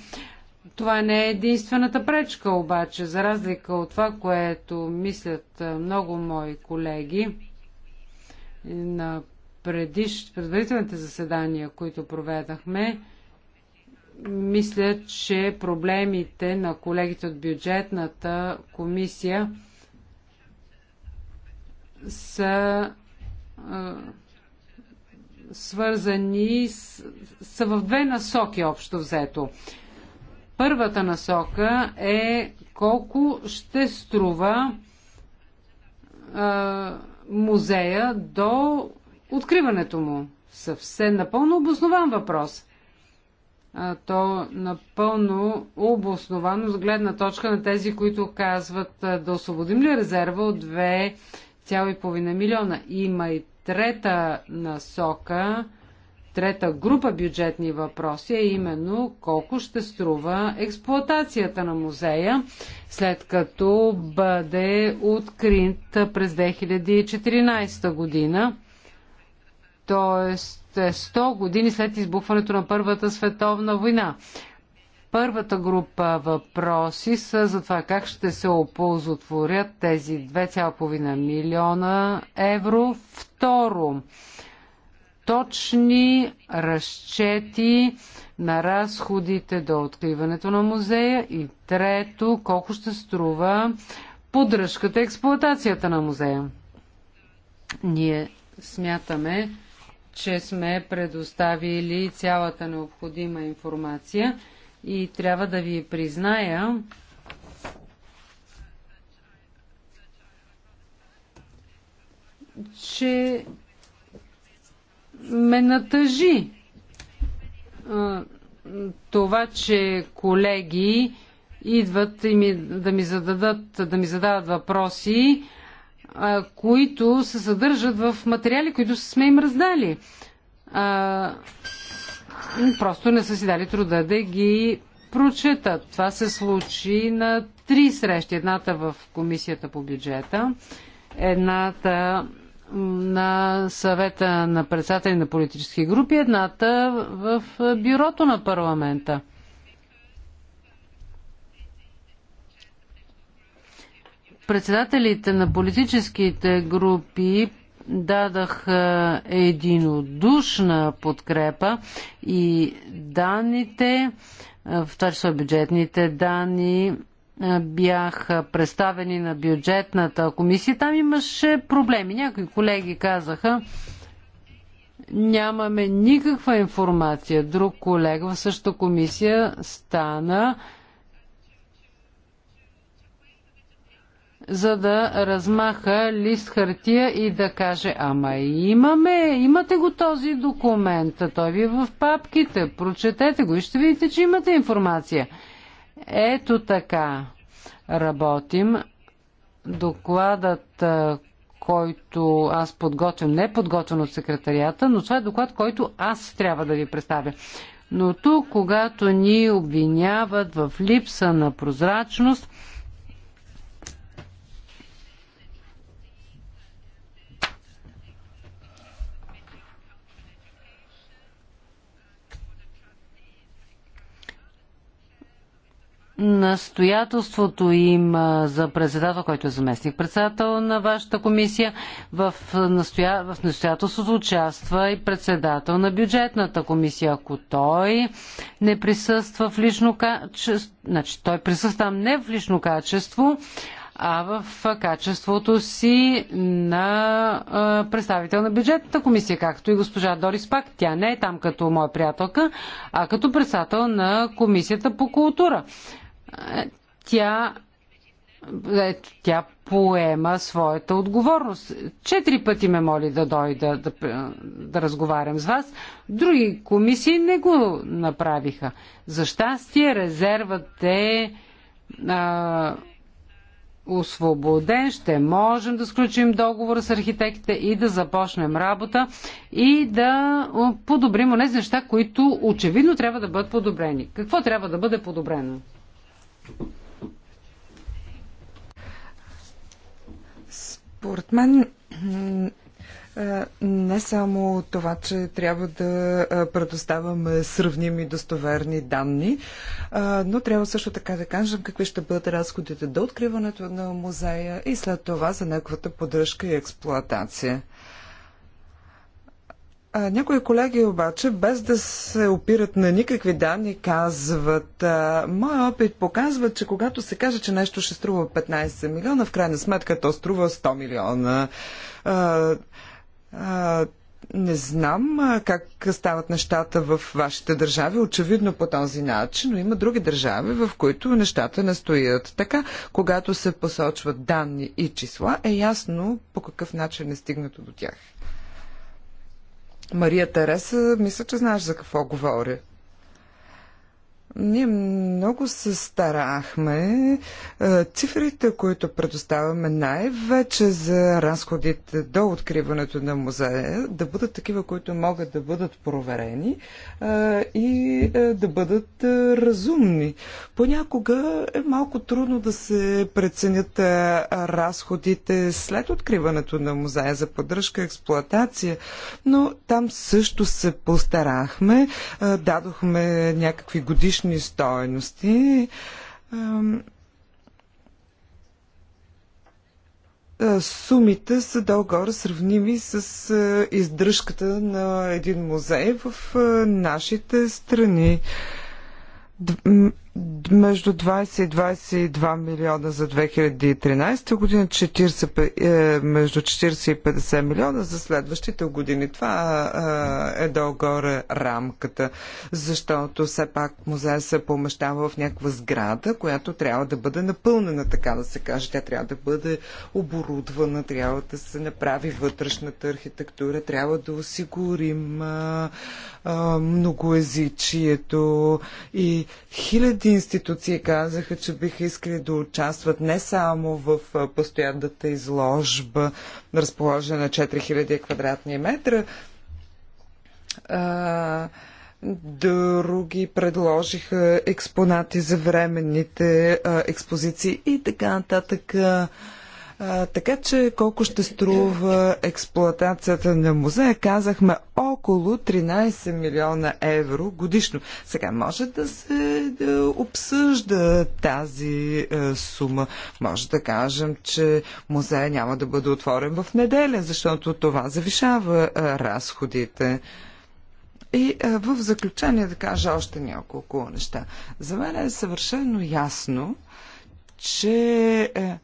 Това не е единствената пречка, обаче, за разлика от това, което мислят много мои колеги на предиш, предварителните заседания, които проведахме, мисля, че проблемите на колегите от бюджетната комисия са а, свързани с, са в две насоки общо взето. Първата насока е колко ще струва а, музея до откриването му? Съвсем напълно обоснован въпрос. А, то напълно обосновано с гледна точка на тези, които казват да освободим ли резерва от 2,5 милиона. Има и трета насока, трета група бюджетни въпроси е именно колко ще струва експлоатацията на музея, след като бъде открит през 2014 година. Тоест 100 е, години след избухването на Първата световна война. Първата група въпроси са за това как ще се оползотворят тези 2,5 милиона евро. Второ, точни разчети на разходите до откриването на музея. И трето, колко ще струва поддръжката, експлуатацията на музея. Ние смятаме, че сме предоставили цялата необходима информация и трябва да ви призная, че ме натъжи това, че колеги идват и ми, да, ми зададат, да ми задават въпроси, които се съдържат в материали, които сме им раздали. А, просто не са си дали труда да ги прочетат. Това се случи на три срещи. Едната в комисията по бюджета, едната на съвета на председатели на политически групи, едната в бюрото на парламента. Председателите на политическите групи дадах е, единодушна подкрепа и данните, е, в това число бюджетните данни, е, бяха представени на бюджетната комисия. Там имаше проблеми. Някои колеги казаха, нямаме никаква информация. Друг колега в същата комисия стана за да размаха лист хартия и да каже, ама имаме, имате го този документ, той ви е в папките, прочетете го и ще видите, че имате информация. Ето така работим. Докладът, който аз подготвям, не е подготвен от секретарията, но това е доклад, който аз трябва да ви представя. Но тук, когато ни обвиняват в липса на прозрачност, настоятелството им за председател, който е заместник председател на вашата комисия, в, настоя... в настоятелството участва и председател на бюджетната комисия. Ако той не присъства в лично качество, значи той присъства не в лично качество, а в качеството си на представител на бюджетната комисия, както и госпожа Дорис Пак. Тя не е там като моя приятелка, а като председател на комисията по култура тя е, тя поема своята отговорност. Четири пъти ме моли да дойда да, да разговарям с вас. Други комисии не го направиха. За щастие резервът е а, освободен. Ще можем да сключим договор с архитектите и да започнем работа и да подобрим тези неща, които очевидно трябва да бъдат подобрени. Какво трябва да бъде подобрено? Според мен е, не само това, че трябва да е, предоставяме сравними достоверни данни, е, но трябва също така да кажем какви ще бъдат разходите до откриването на музея и след това за неговата поддръжка и експлоатация. А, някои колеги обаче, без да се опират на никакви данни, казват, а, моя опит показва, че когато се каже, че нещо ще струва 15 милиона, в крайна сметка то струва 100 милиона. А, а, не знам как стават нещата в вашите държави, очевидно по този начин, но има други държави, в които нещата не стоят така. Когато се посочват данни и числа, е ясно по какъв начин е стигнато до тях. Мария Тереса, мисля, че знаеш за какво говоря. Ние много се старахме е, цифрите, които предоставяме най-вече за разходите до откриването на музея, да бъдат такива, които могат да бъдат проверени е, и е, да бъдат разумни. Понякога е малко трудно да се преценят разходите след откриването на музея за поддръжка, експлоатация, но там също се постарахме, дадохме някакви годишни вътрешни стоености. Сумите са долу-горе сравними с издръжката на един музей в нашите страни между 20 и 22 милиона за 2013 година, 40, е, между 40 и 50 милиона за следващите години. Това е долу-горе рамката, защото все пак музея се помещава в някаква сграда, която трябва да бъде напълнена, така да се каже. Тя трябва да бъде оборудвана, трябва да се направи вътрешната архитектура, трябва да осигурим многоезичието и хиляди Другите институции казаха, че биха искали да участват не само в постоянната изложба, разположена на 4000 квадратни метра, а, други предложиха експонати за временните а, експозиции и така нататък. А, а, така че колко ще струва експлоатацията на музея, казахме около 13 милиона евро годишно. Сега може да се да обсъжда тази е, сума. Може да кажем, че музея няма да бъде отворен в неделя, защото това завишава е, разходите. И е, в заключение да кажа още няколко неща. За мен е съвършено ясно, че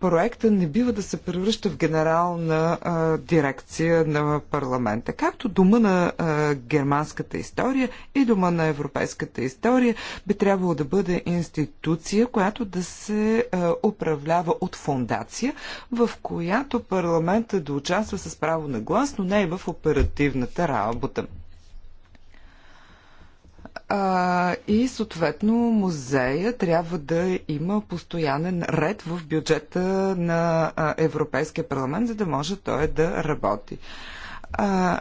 проекта не бива да се превръща в генерална а, дирекция на парламента. Както дома на а, германската история и дома на европейската история би трябвало да бъде институция, която да се а, управлява от фундация, в която парламента да участва с право на глас, но не и в оперативната работа а, и съответно музея трябва да има постоянен ред в бюджета на Европейския парламент, за да може той да работи. А,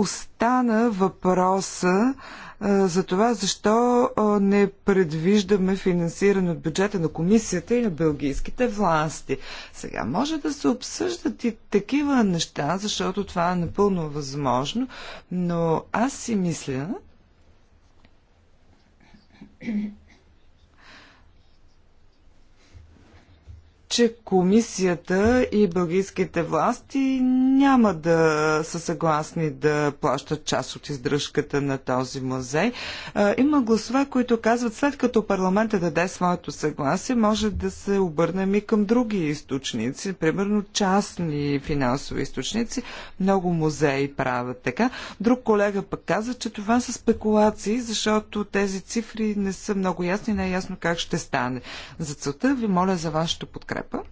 остана въпроса за това защо не предвиждаме финансиране от бюджета на комисията и на бългийските власти. Сега може да се обсъждат и такива неща, защото това е напълно възможно, но аз си мисля, че комисията и бългийските власти няма да са съгласни да плащат част от издръжката на този музей. Има гласове, които казват, след като парламентът даде своето съгласие, може да се обърнем и към други източници, примерно частни финансови източници. Много музеи правят така. Друг колега пък каза, че това са спекулации, защото тези цифри не са много ясни, не е ясно как ще стане. За целта ви моля за вашето подкрепа подкрепа.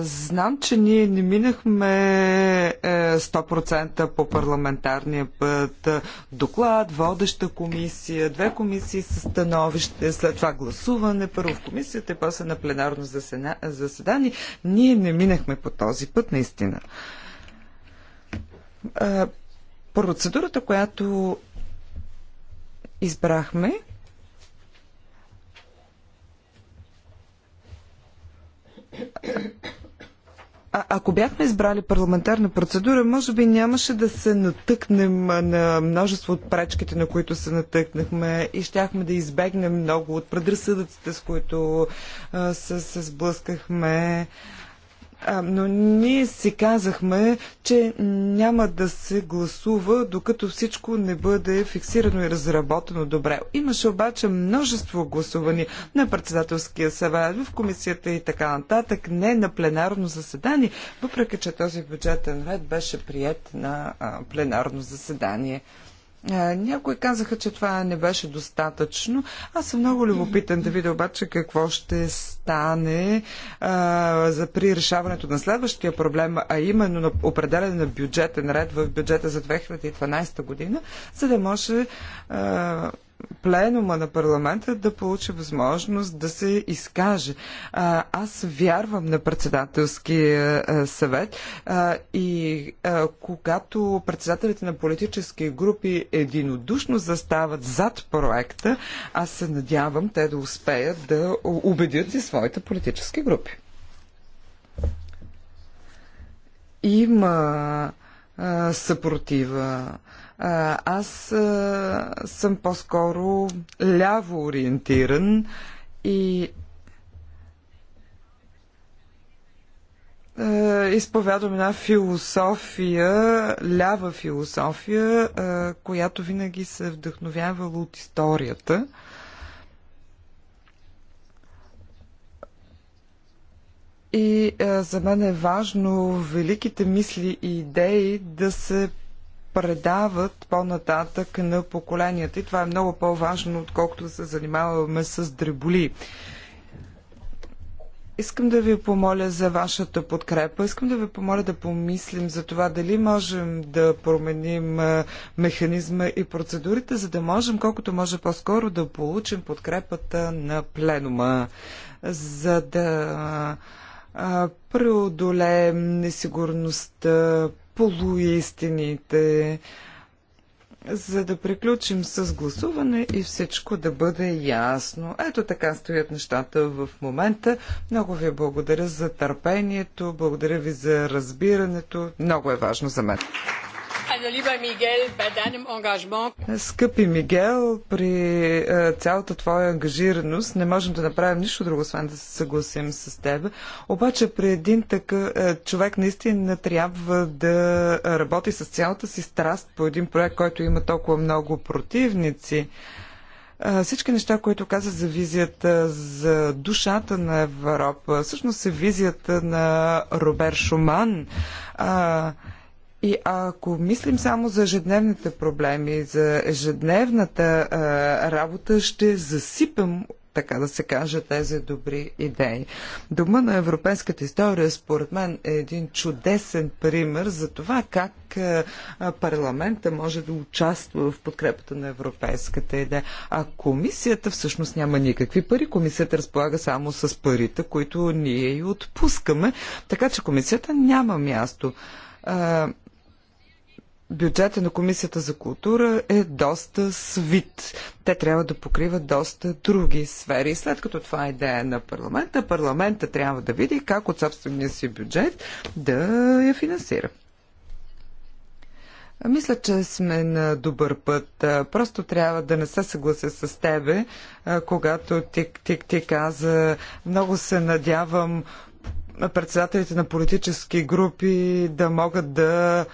знам, че ние не минахме 100% е, по парламентарния път. Доклад, водеща комисия, две комисии с становище, след това гласуване, първо в комисията и после на пленарно заседание. Ние не минахме по този път, наистина. Процедурата, която избрахме, А, ако бяхме избрали парламентарна процедура, може би нямаше да се натъкнем на множество от пречките, на които се натъкнахме и щяхме да избегнем много от предразсъдъците, с които а, се, се сблъскахме. А, а, но ние си казахме, че няма да се гласува, докато всичко не бъде фиксирано и разработено добре. Имаше обаче множество гласувани на председателския съвет, в комисията и така нататък, не на пленарно заседание, въпреки че този бюджетен ред беше прият на а, пленарно заседание. Някои казаха, че това не беше достатъчно. Аз съм много любопитен да видя обаче какво ще стане а, за при решаването на следващия проблем, а именно на определене на бюджетен ред в бюджета за 2012 година, за да може а, пленума на парламента да получи възможност да се изкаже. Аз вярвам на председателския съвет и когато председателите на политически групи единодушно застават зад проекта, аз се надявам те да успеят да убедят и своите политически групи. Има съпротива аз съм по-скоро ляво ориентиран и изповядвам една философия, лява философия, която винаги се вдъхновявала от историята. И за мен е важно великите мисли и идеи да се предават по-нататък на поколенията. И това е много по-важно, отколкото да се занимаваме с дреболи. Искам да ви помоля за вашата подкрепа. Искам да ви помоля да помислим за това дали можем да променим механизма и процедурите, за да можем колкото може по-скоро да получим подкрепата на пленума, за да преодолеем несигурността полуистините, за да приключим с гласуване и всичко да бъде ясно. Ето така стоят нещата в момента. Много ви благодаря за търпението, благодаря ви за разбирането. Много е важно за мен. Скъпи Мигел, при е, цялата твоя ангажираност не можем да направим нищо друго, освен да се съгласим с теб. Обаче при един такъв е, човек наистина трябва да работи с цялата си страст по един проект, който има толкова много противници е, всички неща, които каза за визията, за душата на Европа, всъщност е визията на Робер Шуман. А, и ако мислим само за ежедневните проблеми, за ежедневната а, работа, ще засипем така да се каже, тези добри идеи. Дома на европейската история, според мен, е един чудесен пример за това как парламента може да участва в подкрепата на европейската идея. А комисията всъщност няма никакви пари. Комисията разполага само с парите, които ние и отпускаме. Така че комисията няма място бюджета на Комисията за култура е доста свит. Те трябва да покриват доста други сфери. След като това е идея на парламента, парламента трябва да види как от собствения си бюджет да я финансира. Мисля, че сме на добър път. Просто трябва да не се съглася с тебе, когато ти, ти, ти каза много се надявам председателите на политически групи да могат да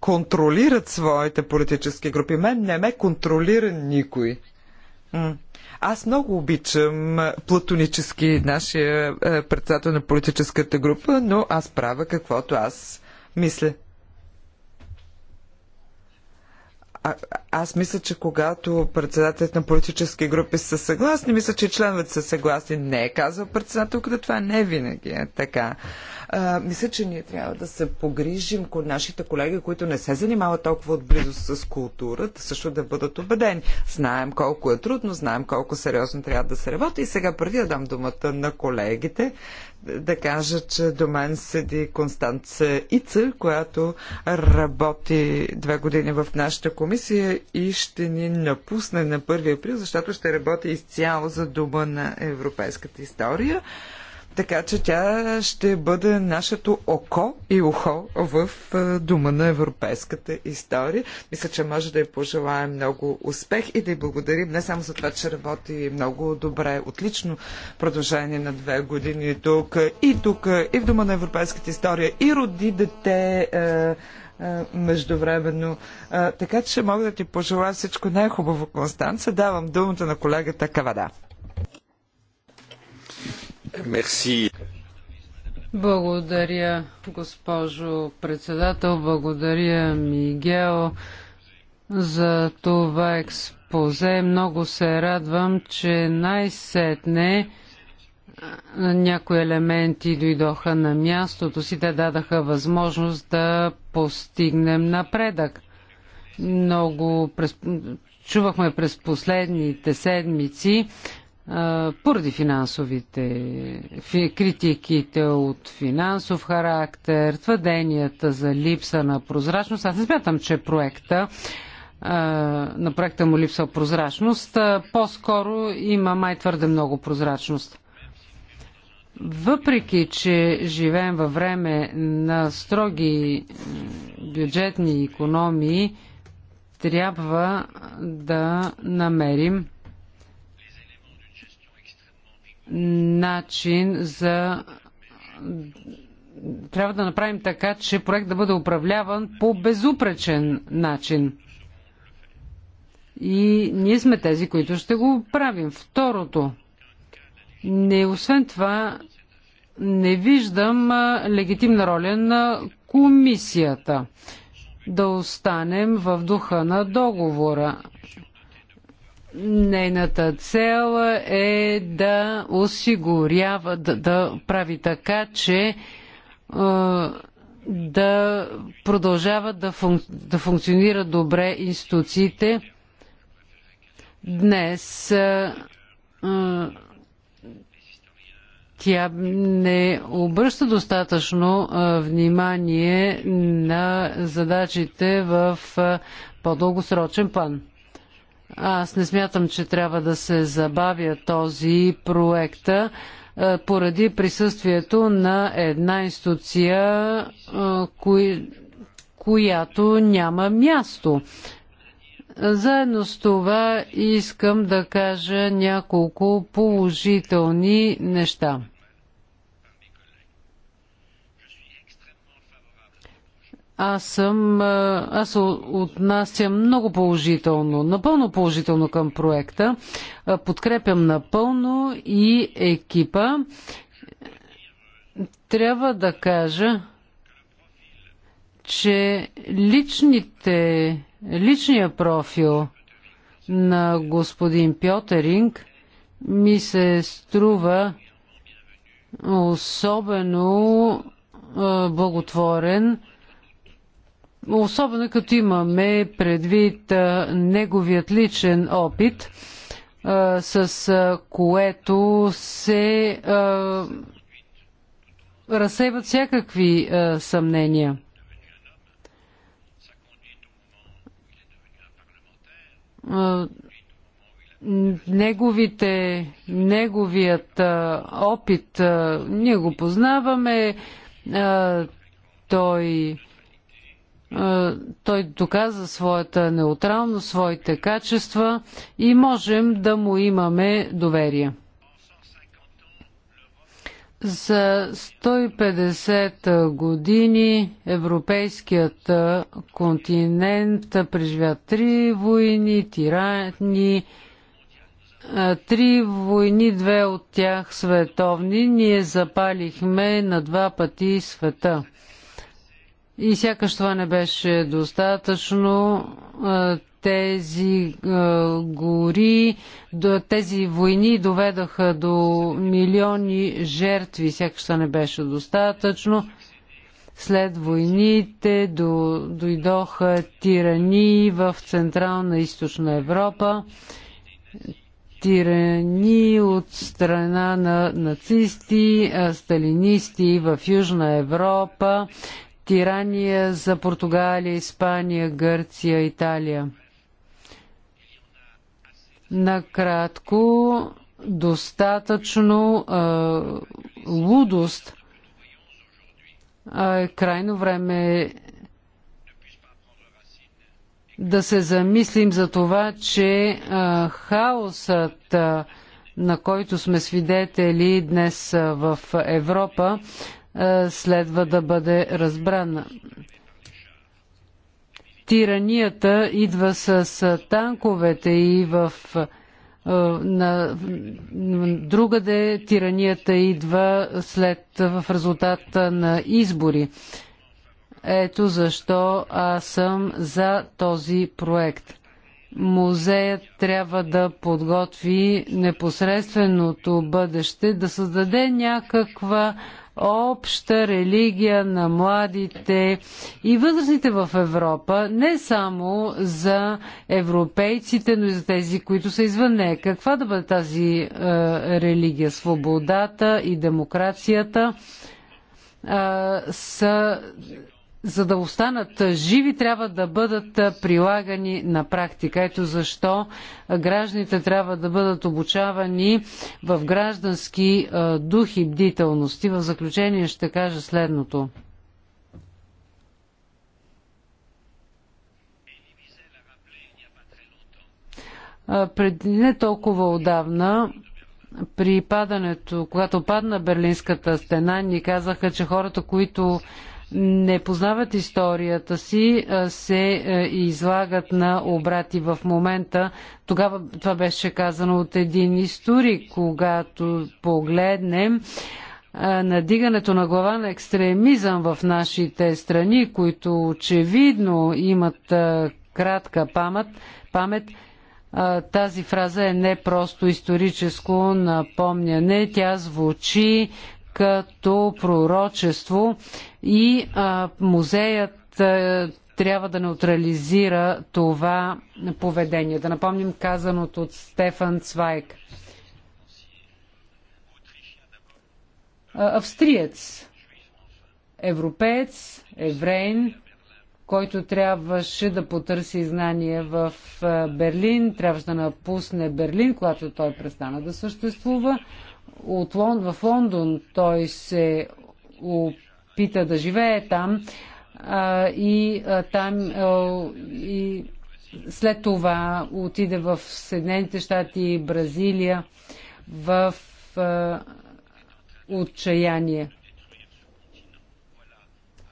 контролират своите политически групи. Мен не ме контролира никой. Аз много обичам платонически нашия е, председател на политическата група, но аз правя каквото аз мисля. А, аз мисля, че когато председателят на политически групи са съгласни, мисля, че членовете са съгласни. Не е казал председателката, това не е винаги е така. А, мисля, че ние трябва да се погрижим към нашите колеги, които не се занимават толкова отблизо с културата, също да бъдат убедени. Знаем колко е трудно, знаем колко сериозно трябва да се работи. И сега, преди да дам думата на колегите, да кажа, че до мен седи Констанция Ица, която работи две години в нашата комисия и ще ни напусне на 1 април, защото ще работи изцяло за дума на европейската история. Така че тя ще бъде нашето око и ухо в е, дума на европейската история. Мисля, че може да й пожелаем много успех и да й благодарим не само за това, че работи много добре, отлично продължение на две години тук и тук, и в дума на европейската история, и роди дете. Е, е, междувременно. така че мога да ти пожелая всичко най-хубаво, Констанца. Давам думата на колегата Кавада. Благодаря, госпожо председател. Благодаря, Мигел, за това експозе. Много се радвам, че най-сетне някои елементи дойдоха на мястото си. Те дадаха възможност да постигнем напредък. Много през, чувахме през последните седмици поради финансовите критиките от финансов характер, твърденията за липса на прозрачност. Аз не смятам, че проекта на проекта му липса прозрачност. По-скоро има май твърде много прозрачност. Въпреки, че живеем във време на строги бюджетни економии, трябва да намерим начин за трябва да направим така, че проект да бъде управляван по безупречен начин. И ние сме тези, които ще го правим. Второто. Не, освен това, не виждам легитимна роля на комисията. Да останем в духа на договора. Нейната цел е да осигурява, да, да прави така, че е, да продължава да, функ, да функционира добре институциите. Днес е, е тя не обръща достатъчно е, внимание на задачите в е, по-дългосрочен план. Аз не смятам, че трябва да се забавя този проект поради присъствието на една институция, кои, която няма място. Заедно с това искам да кажа няколко положителни неща. Аз съм, аз отнасям много положително, напълно положително към проекта. Подкрепям напълно и екипа. Трябва да кажа, че личните, личния профил на господин Пьотеринг ми се струва особено благотворен особено като имаме предвид неговият личен опит, с което се разсейват всякакви съмнения. Неговите, неговият опит, ние го познаваме, той е, той доказа своята неутралност, своите качества и можем да му имаме доверие. За 150 години европейският континент преживя три войни, тирани, е, три войни, две от тях световни. Ние запалихме на два пъти света. И сякаш това не беше достатъчно. Тези гори, тези войни доведаха до милиони жертви. Сякаш това не беше достатъчно. След войните до, дойдоха тирани в Централна и Източна Европа. Тирани от страна на нацисти, сталинисти в Южна Европа, тирания за Португалия, Испания, Гърция, Италия. Накратко, достатъчно а, лудост. А, е крайно време да се замислим за това, че а, хаосът, а, на който сме свидетели днес а, в Европа, е, следва да бъде разбрана. Тиранията идва с танковете и в е, на другаде тиранията идва след в резултата на избори. Ето защо аз съм за този проект. Музеят трябва да подготви непосредственото бъдеще, да създаде някаква обща религия на младите и възрастните в Европа, не само за европейците, но и за тези, които са извън нея. Каква да бъде тази е, религия? Свободата и демокрацията е, са за да останат живи, трябва да бъдат прилагани на практика. Ето защо гражданите трябва да бъдат обучавани в граждански дух и бдителност. И в заключение ще кажа следното. Пред не толкова отдавна при падането, когато падна Берлинската стена, ни казаха, че хората, които не познават историята си, се излагат на обрати в момента. Тогава това беше казано от един историк, когато погледнем надигането на глава на екстремизъм в нашите страни, които очевидно имат кратка памет, памет тази фраза е не просто историческо напомняне, тя звучи като пророчество и а, музеят а, трябва да неутрализира това поведение. Да напомним казаното от Стефан Цвайк. Австриец, европеец, еврейн, който трябваше да потърси знание в Берлин, трябваше да напусне Берлин, когато той престана да съществува от Лон, в Лондон. Той се опита да живее там а, и а, там а, и след това отиде в Съединените щати, и Бразилия, в а, отчаяние.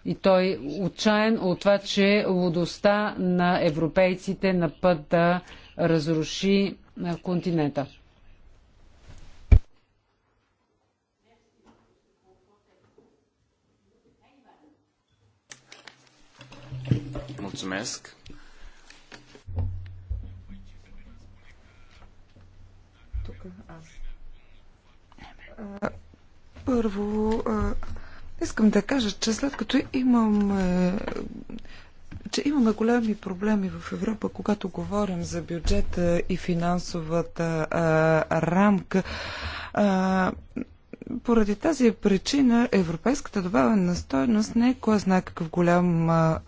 И той отчаян от това, че лудостта на европейците на път да разруши континента. Mulțumesc. Първо, искам да кажа, че след като имам че имаме големи проблеми в Европа, когато говорим за бюджета и финансовата рамка. Поради тази причина европейската добавена стойност не е кой знае какъв голям а,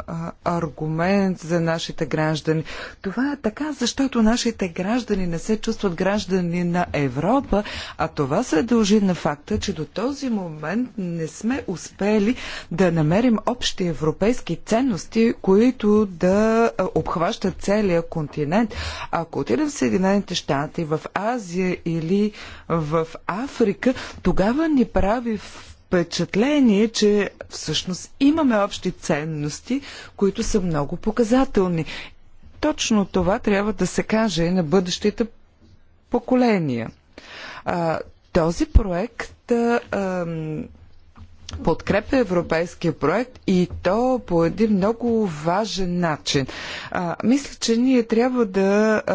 аргумент за нашите граждани. Това е така, защото нашите граждани не се чувстват граждани на Европа, а това се дължи на факта, че до този момент не сме успели да намерим общи европейски ценности, които да обхващат целия континент. Ако отидем в Съединените щати, в Азия или в Африка, тогава тогава ни прави впечатление, че всъщност имаме общи ценности, които са много показателни. Точно това трябва да се каже и на бъдещите поколения. А, този проект а, подкрепя европейския проект и то по един много важен начин. А, мисля, че ние трябва да а,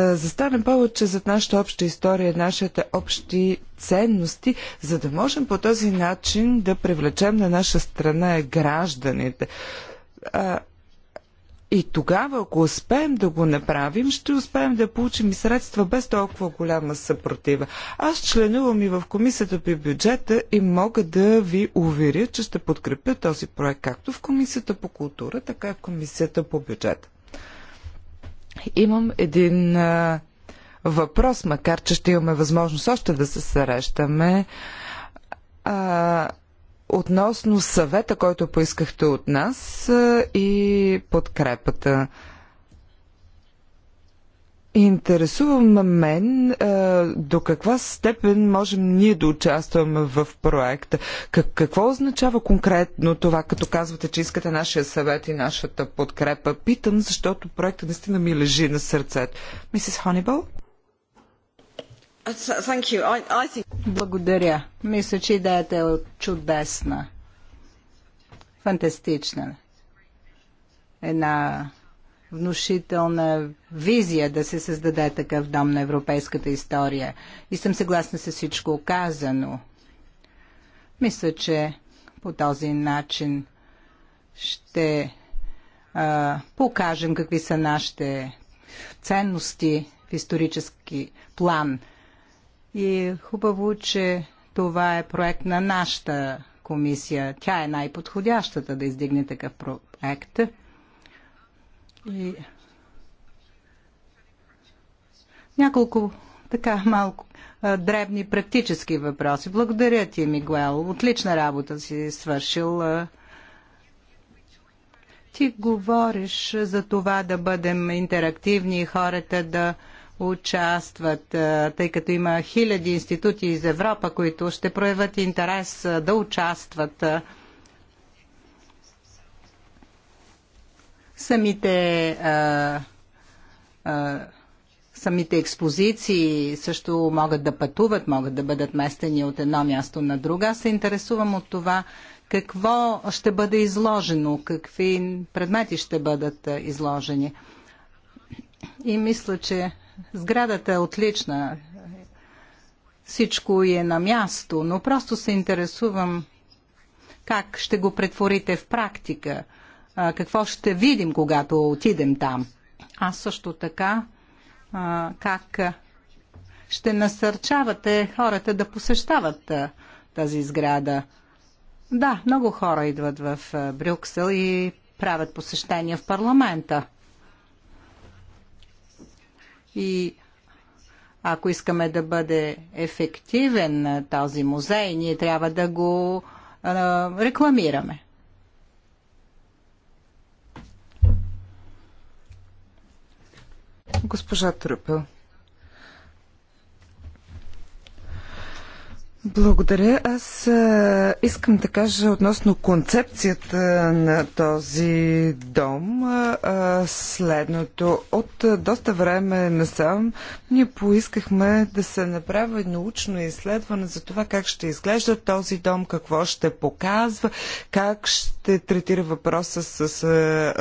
а, застанем повече зад нашата обща история, нашите общи ценности, за да можем по този начин да привлечем на наша страна гражданите. А, и тогава, ако успеем да го направим, ще успеем да получим и средства без толкова голяма съпротива. Аз членувам и в комисията по бюджета и мога да ви уверя, че ще подкрепя този проект както в комисията по култура, така и в комисията по бюджета. Имам един а, въпрос, макар че ще имаме възможност още да се срещаме. А, относно съвета, който поискахте от нас и подкрепата. Интересуваме мен до каква степен можем ние да участваме в проекта. какво означава конкретно това, като казвате, че искате нашия съвет и нашата подкрепа? Питам, защото проектът наистина ми лежи на сърцето. Мисис Ханибал? Благодаря. Мисля, че идеята е чудесна. Фантастична. Една внушителна визия да се създаде такъв дом на европейската история. И съм съгласна с всичко казано. Мисля, че по този начин ще а, покажем какви са нашите ценности в исторически план – и е хубаво, че това е проект на нашата комисия. Тя е най-подходящата да издигне такъв проект. И... Няколко така малко дребни практически въпроси. Благодаря ти, Мигуел. Отлична работа си свършил. Ти говориш за това да бъдем интерактивни и хората да участват, тъй като има хиляди институти из Европа, които ще проявят интерес да участват. Самите, а, а, самите експозиции също могат да пътуват, могат да бъдат местени от едно място на друго. Аз се интересувам от това какво ще бъде изложено, какви предмети ще бъдат изложени. И мисля, че Сградата е отлична. Всичко е на място, но просто се интересувам как ще го претворите в практика. Какво ще видим, когато отидем там. А също така как ще насърчавате хората да посещават тази сграда. Да, много хора идват в Брюксел и правят посещения в парламента. И ако искаме да бъде ефективен този музей, ние трябва да го а, рекламираме. Госпожа Трупел. Благодаря. Аз а, искам да кажа относно концепцията на този дом а, следното. От а, доста време насам ние поискахме да се направи научно изследване за това как ще изглежда този дом, какво ще показва, как ще третира въпроса с, а,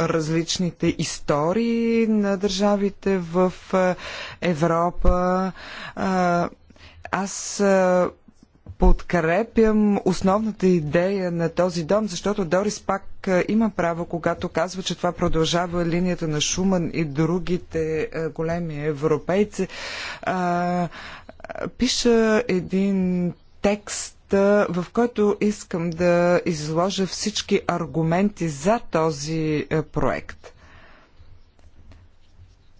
различните истории на държавите в а, Европа. А, аз а, подкрепям основната идея на този дом, защото Дорис пак е, има право, когато казва, че това продължава линията на Шуман и другите е, големи европейци. Пиша един текст е, в който искам да изложа всички аргументи за този проект.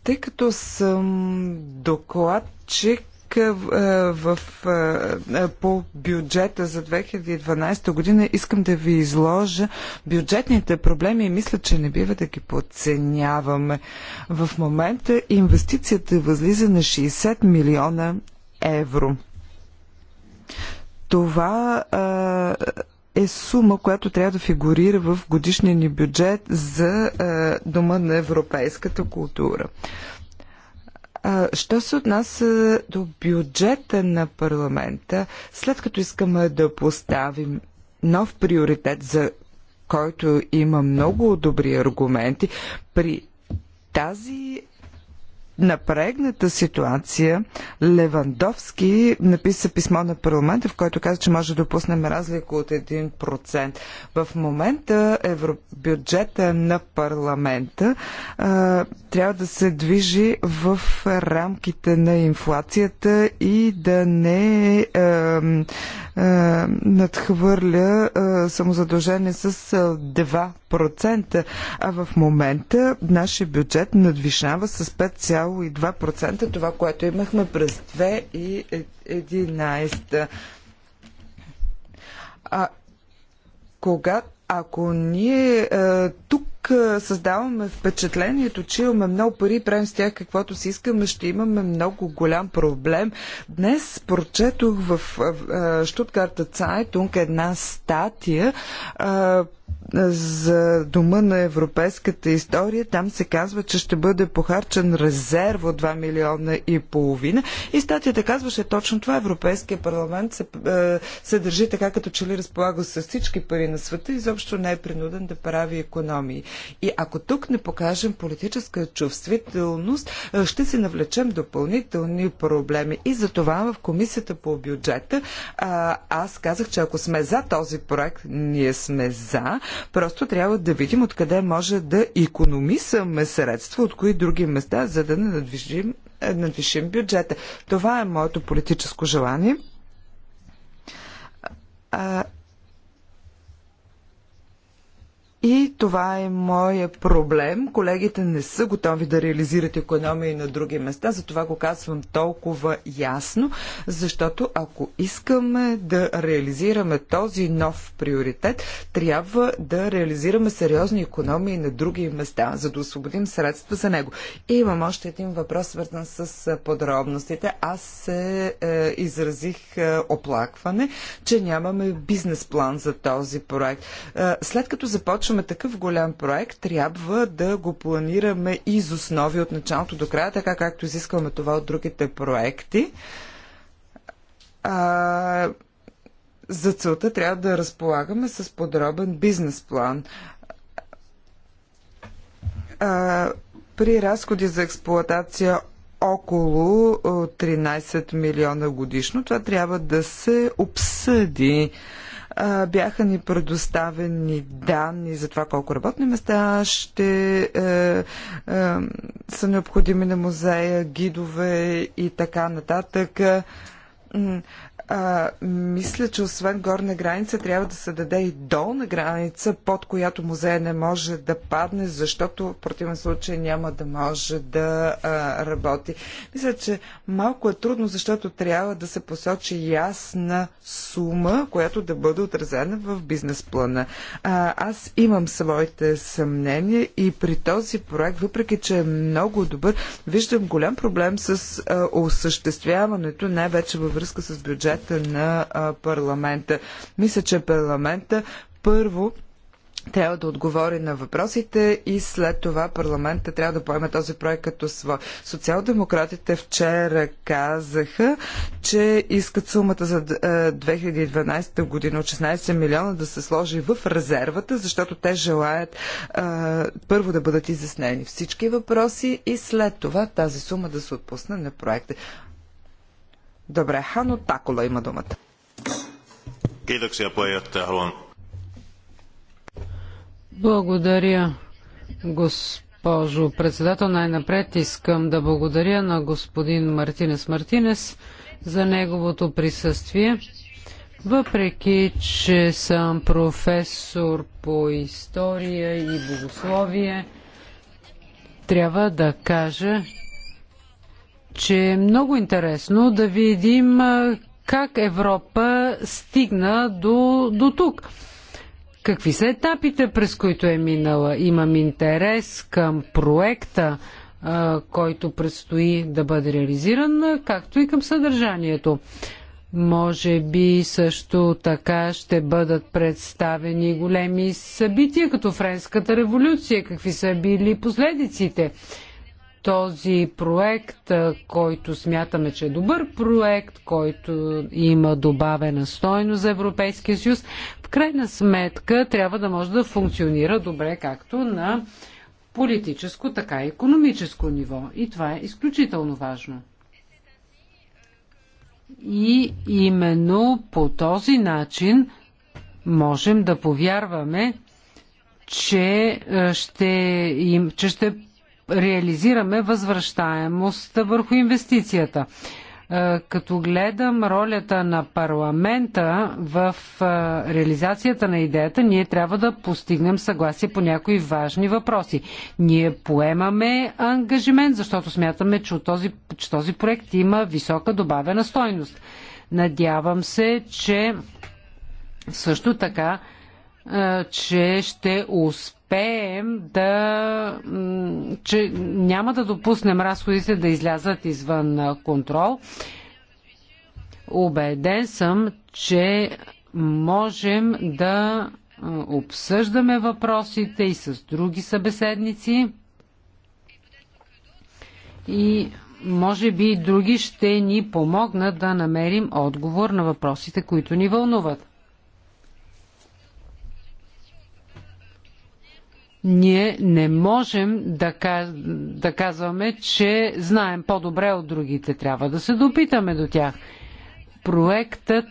Тъй като съм докладчик, в, по бюджета за 2012 година искам да ви изложа бюджетните проблеми и мисля, че не бива да ги подценяваме. В момента инвестицията възлиза на 60 милиона евро. Това а, е сума, която трябва да фигурира в годишния ни бюджет за а, Дома на европейската култура. А, Що се отнася до бюджета на парламента, след като искаме да поставим нов приоритет, за който има много добри аргументи, при тази напрегната ситуация Левандовски написа писмо на парламента, в който каза, че може да допуснем разлика от 1%. В момента бюджета на парламента а, трябва да се движи в рамките на инфлацията и да не а, е, надхвърля е, самозадължение с 2%, е, а в момента нашия бюджет надвишава с 5,2% това, което имахме през 2011. А, кога, ако ние тук създаваме впечатлението, че имаме много пари, правим с тях каквото си искаме, ще имаме много голям проблем. Днес прочетох в Штутгарта Цайтунг една статия за Дома на европейската история. Там се казва, че ще бъде похарчен резерв от 2 милиона и половина. И статията казваше точно това. Европейския парламент се, се държи така, като че ли разполага с всички пари на света и изобщо не е принуден да прави економии. И ако тук не покажем политическа чувствителност, ще си навлечем допълнителни проблеми. И за това в комисията по бюджета аз казах, че ако сме за този проект, ние сме за. Просто трябва да видим откъде може да економисаме средства, от кои други места, за да не надвижим е, надвишим бюджета. Това е моето политическо желание. А, И това е моя проблем. Колегите не са готови да реализират економии на други места, затова го казвам толкова ясно, защото ако искаме да реализираме този нов приоритет, трябва да реализираме сериозни економии на други места, за да освободим средства за него. И имам още един въпрос, свързан с подробностите. Аз се е, изразих е, оплакване, че нямаме бизнес план за този проект. Е, след като започваме разглеждаме такъв голям проект, трябва да го планираме из основи от началото до края, така както изискваме това от другите проекти. А, за целта трябва да разполагаме с подробен бизнес план. А, при разходи за експлоатация около 13 милиона годишно, това трябва да се обсъди. А, бяха ни предоставени данни за това колко работни места ще е, е, са необходими на музея, гидове и така нататък а, мисля, че освен горна граница трябва да се даде и долна граница, под която музея не може да падне, защото в противен случай няма да може да а, работи. Мисля, че малко е трудно, защото трябва да се посочи ясна сума, която да бъде отразена в бизнес плана. А, аз имам своите съмнения и при този проект, въпреки че е много добър, виждам голям проблем с а, осъществяването, най-вече във връзка с бюджет бюджета на парламента. Мисля, че парламента първо трябва да отговори на въпросите и след това парламента трябва да поеме този проект като свой. Социалдемократите вчера казаха, че искат сумата за 2012 година от 16 милиона да се сложи в резервата, защото те желаят а, първо да бъдат изяснени всички въпроси и след това тази сума да се отпусне на проекта. Добре, Хано Такола има думата. Благодаря, госпожо председател. Най-напред искам да благодаря на господин Мартинес Мартинес за неговото присъствие. Въпреки, че съм професор по история и богословие, трябва да кажа, че е много интересно да видим как Европа стигна до, до тук. Какви са етапите, през които е минала? Имам интерес към проекта, който предстои да бъде реализиран, както и към съдържанието. Може би също така ще бъдат представени големи събития, като Френската революция. Какви са били последиците? този проект, който смятаме, че е добър проект, който има добавена стойност за Европейския съюз, в крайна сметка трябва да може да функционира добре както на политическо, така и економическо ниво. И това е изключително важно. И именно по този начин можем да повярваме, че ще, им, че ще реализираме възвръщаемост върху инвестицията. Е, като гледам ролята на парламента в е, реализацията на идеята, ние трябва да постигнем съгласие по някои важни въпроси. Ние поемаме ангажимент, защото смятаме, че този, че този проект има висока добавена стойност. Надявам се, че също така че ще успеем да. че няма да допуснем разходите да излязат извън контрол. Обеден съм, че можем да обсъждаме въпросите и с други събеседници. И може би и други ще ни помогнат да намерим отговор на въпросите, които ни вълнуват. Ние не можем да, да казваме, че знаем по-добре от другите. Трябва да се допитаме до тях. Проектът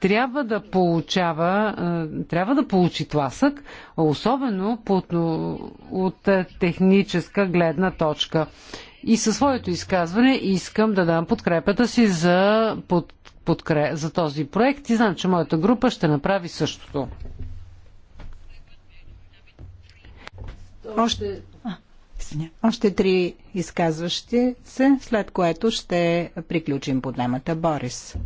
трябва да получава, трябва да получи тласък, особено по, от техническа гледна точка. И със своето изказване искам да дам подкрепата си за, под, подкреп, за този проект и знам, че моята група ще направи същото. Още, а, още три изказващи се, след което ще приключим по темата. Борис.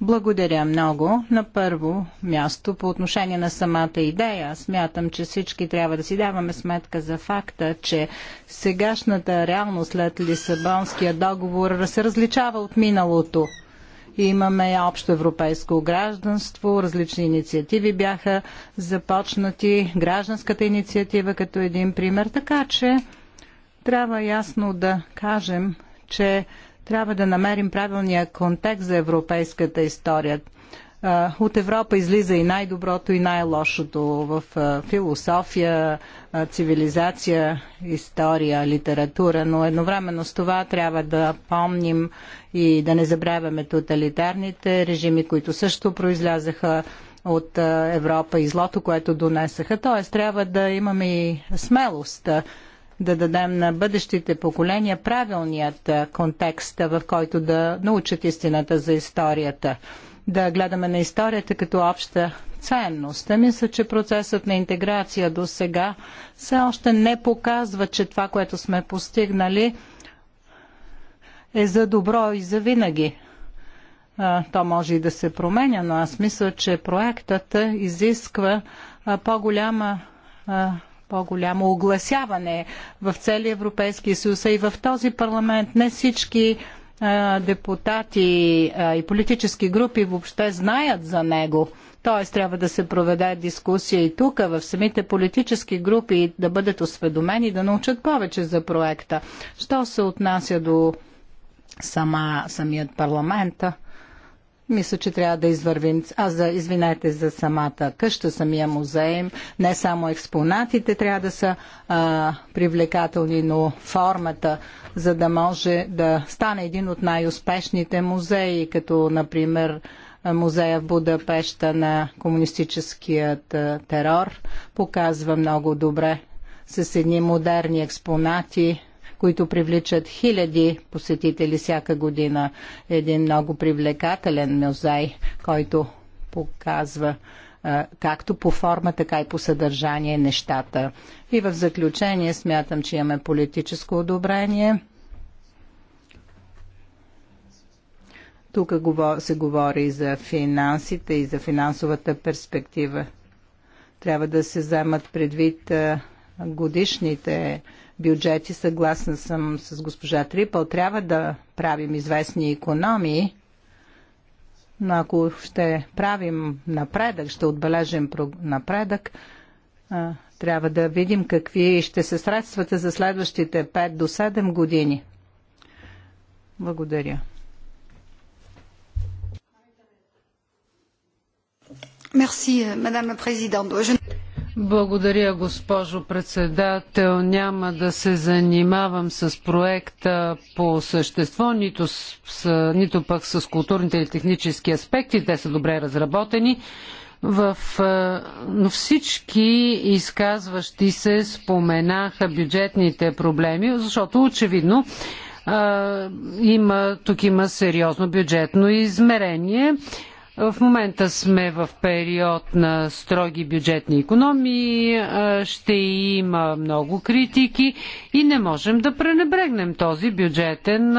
Благодаря много. На първо място, по отношение на самата идея, смятам, че всички трябва да си даваме сметка за факта, че сегашната реалност след Лисабонския договор се различава от миналото. Имаме общо европейско гражданство, различни инициативи бяха започнати, гражданската инициатива като един пример, така че трябва ясно да кажем, че трябва да намерим правилния контекст за европейската история от Европа излиза и най-доброто и най-лошото в философия, цивилизация, история, литература, но едновременно с това трябва да помним и да не забравяме тоталитарните режими, които също произлязаха от Европа и злото, което донесаха. Т.е. трябва да имаме и смелост да дадем на бъдещите поколения правилният контекст, в който да научат истината за историята да гледаме на историята като обща ценност. Те мисля, че процесът на интеграция до сега все още не показва, че това, което сме постигнали, е за добро и за винаги. То може и да се променя, но аз мисля, че проектът изисква по-голяма по-голямо огласяване в целия Европейски съюз и в този парламент не всички депутати и политически групи въобще знаят за него. Т.е. трябва да се проведе дискусия и тук, в самите политически групи, да бъдат осведомени, да научат повече за проекта. Що се отнася до сама, самият парламента? Мисля, че трябва да извървим. Аз да извинете за самата къща, самия музей. Не само експонатите трябва да са а, привлекателни, но формата, за да може да стане един от най-успешните музеи, като например музея в Будапешта на комунистическият терор. Показва много добре с едни модерни експонати които привличат хиляди посетители всяка година. Един много привлекателен музей, който показва както по форма, така и по съдържание нещата. И в заключение смятам, че имаме политическо одобрение. Тук се говори и за финансите и за финансовата перспектива. Трябва да се вземат предвид годишните бюджети, съгласна съм с госпожа Трипъл, трябва да правим известни економии, но ако ще правим напредък, ще отбележим напредък, трябва да видим какви ще са средствата за следващите 5 до 7 години. Благодаря. Merci, euh, Madame la Présidente. Благодаря, госпожо председател. Няма да се занимавам с проекта по същество, нито, с, нито пък с културните или технически аспекти. Те са добре разработени. В е, но всички изказващи се споменаха бюджетните проблеми, защото очевидно а, е, има, тук има сериозно бюджетно измерение. В момента сме в период на строги бюджетни економии, ще има много критики и не можем да пренебрегнем този бюджетен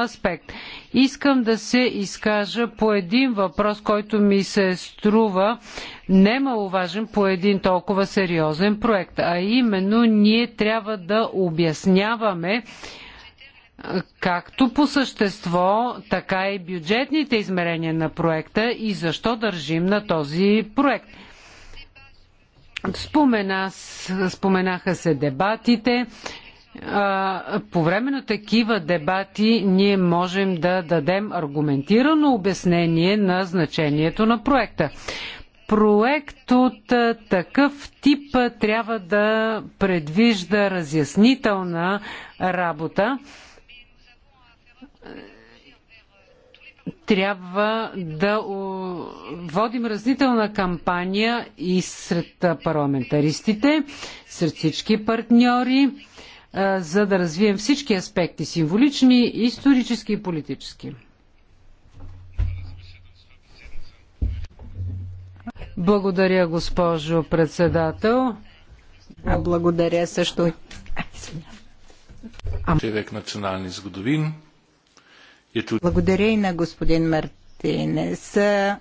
аспект. Искам да се изкажа по един въпрос, който ми се струва немаловажен по един толкова сериозен проект, а именно ние трябва да обясняваме както по същество, така и бюджетните измерения на проекта и защо държим на този проект. Спомена, споменаха се дебатите. По време на такива дебати ние можем да дадем аргументирано обяснение на значението на проекта. Проект от такъв тип трябва да предвижда разяснителна работа трябва да водим разнителна кампания и сред парламентаристите, сред всички партньори, за да развием всички аспекти символични, исторически и политически. Благодаря, госпожо председател. Благодаря също. Човек национални сгодовин. Благодаря и на господин Мартинес.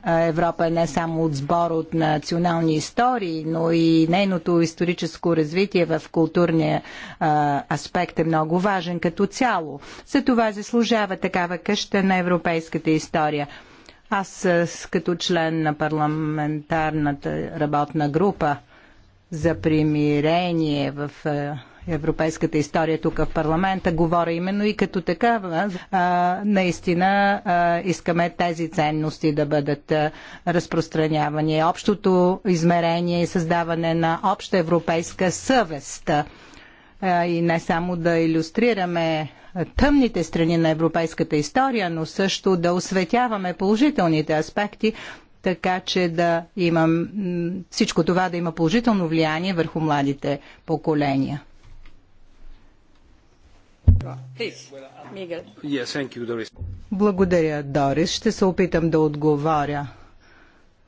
Европа е не само от сбор от национални истории, но и нейното историческо развитие в културния а, аспект е много важен като цяло. За това заслужава такава къща на европейската история. Аз като член на парламентарната работна група за примирение в европейската история тук в парламента. Говоря именно и като такава. наистина а, искаме тези ценности да бъдат а, разпространявани. Общото измерение и създаване на обща европейска съвест. А, и не само да иллюстрираме тъмните страни на европейската история, но също да осветяваме положителните аспекти, така че да имам всичко това да има положително влияние върху младите поколения. Благодаря, Дорис. Ще се опитам да отговоря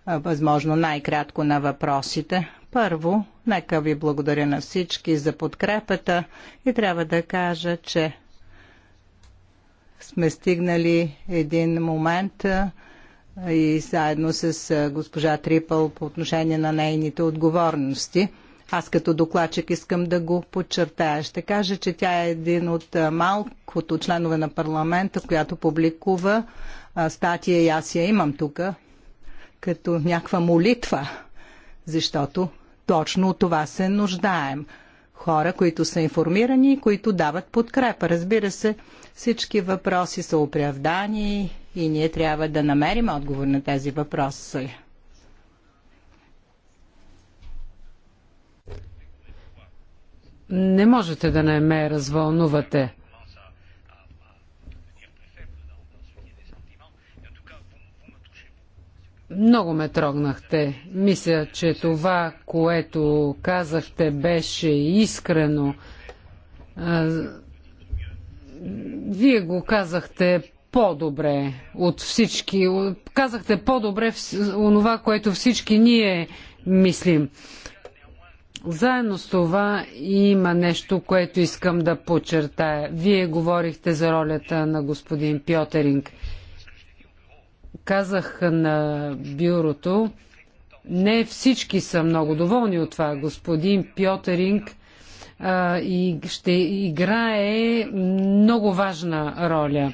възможно най-кратко на въпросите. Първо, нека ви благодаря на всички за подкрепата и трябва да кажа, че сме стигнали един момент и заедно с госпожа Трипъл по отношение на нейните отговорности – аз като докладчик искам да го подчертая. Ще кажа, че тя е един от малкото членове на парламента, която публикува статия и аз я имам тук, като някаква молитва, защото точно от това се нуждаем. Хора, които са информирани и които дават подкрепа. Разбира се, всички въпроси са оправдани и ние трябва да намерим отговор на тези въпроси. не можете да не ме развълнувате. Много ме трогнахте. Мисля, че това, което казахте, беше искрено. Вие го казахте по-добре от всички. Казахте по-добре онова, което всички ние мислим. Заедно с това има нещо, което искам да подчертая. Вие говорихте за ролята на господин Пьотеринг. Казах на бюрото, не всички са много доволни от това. Господин Пьотеринг а, и ще играе много важна роля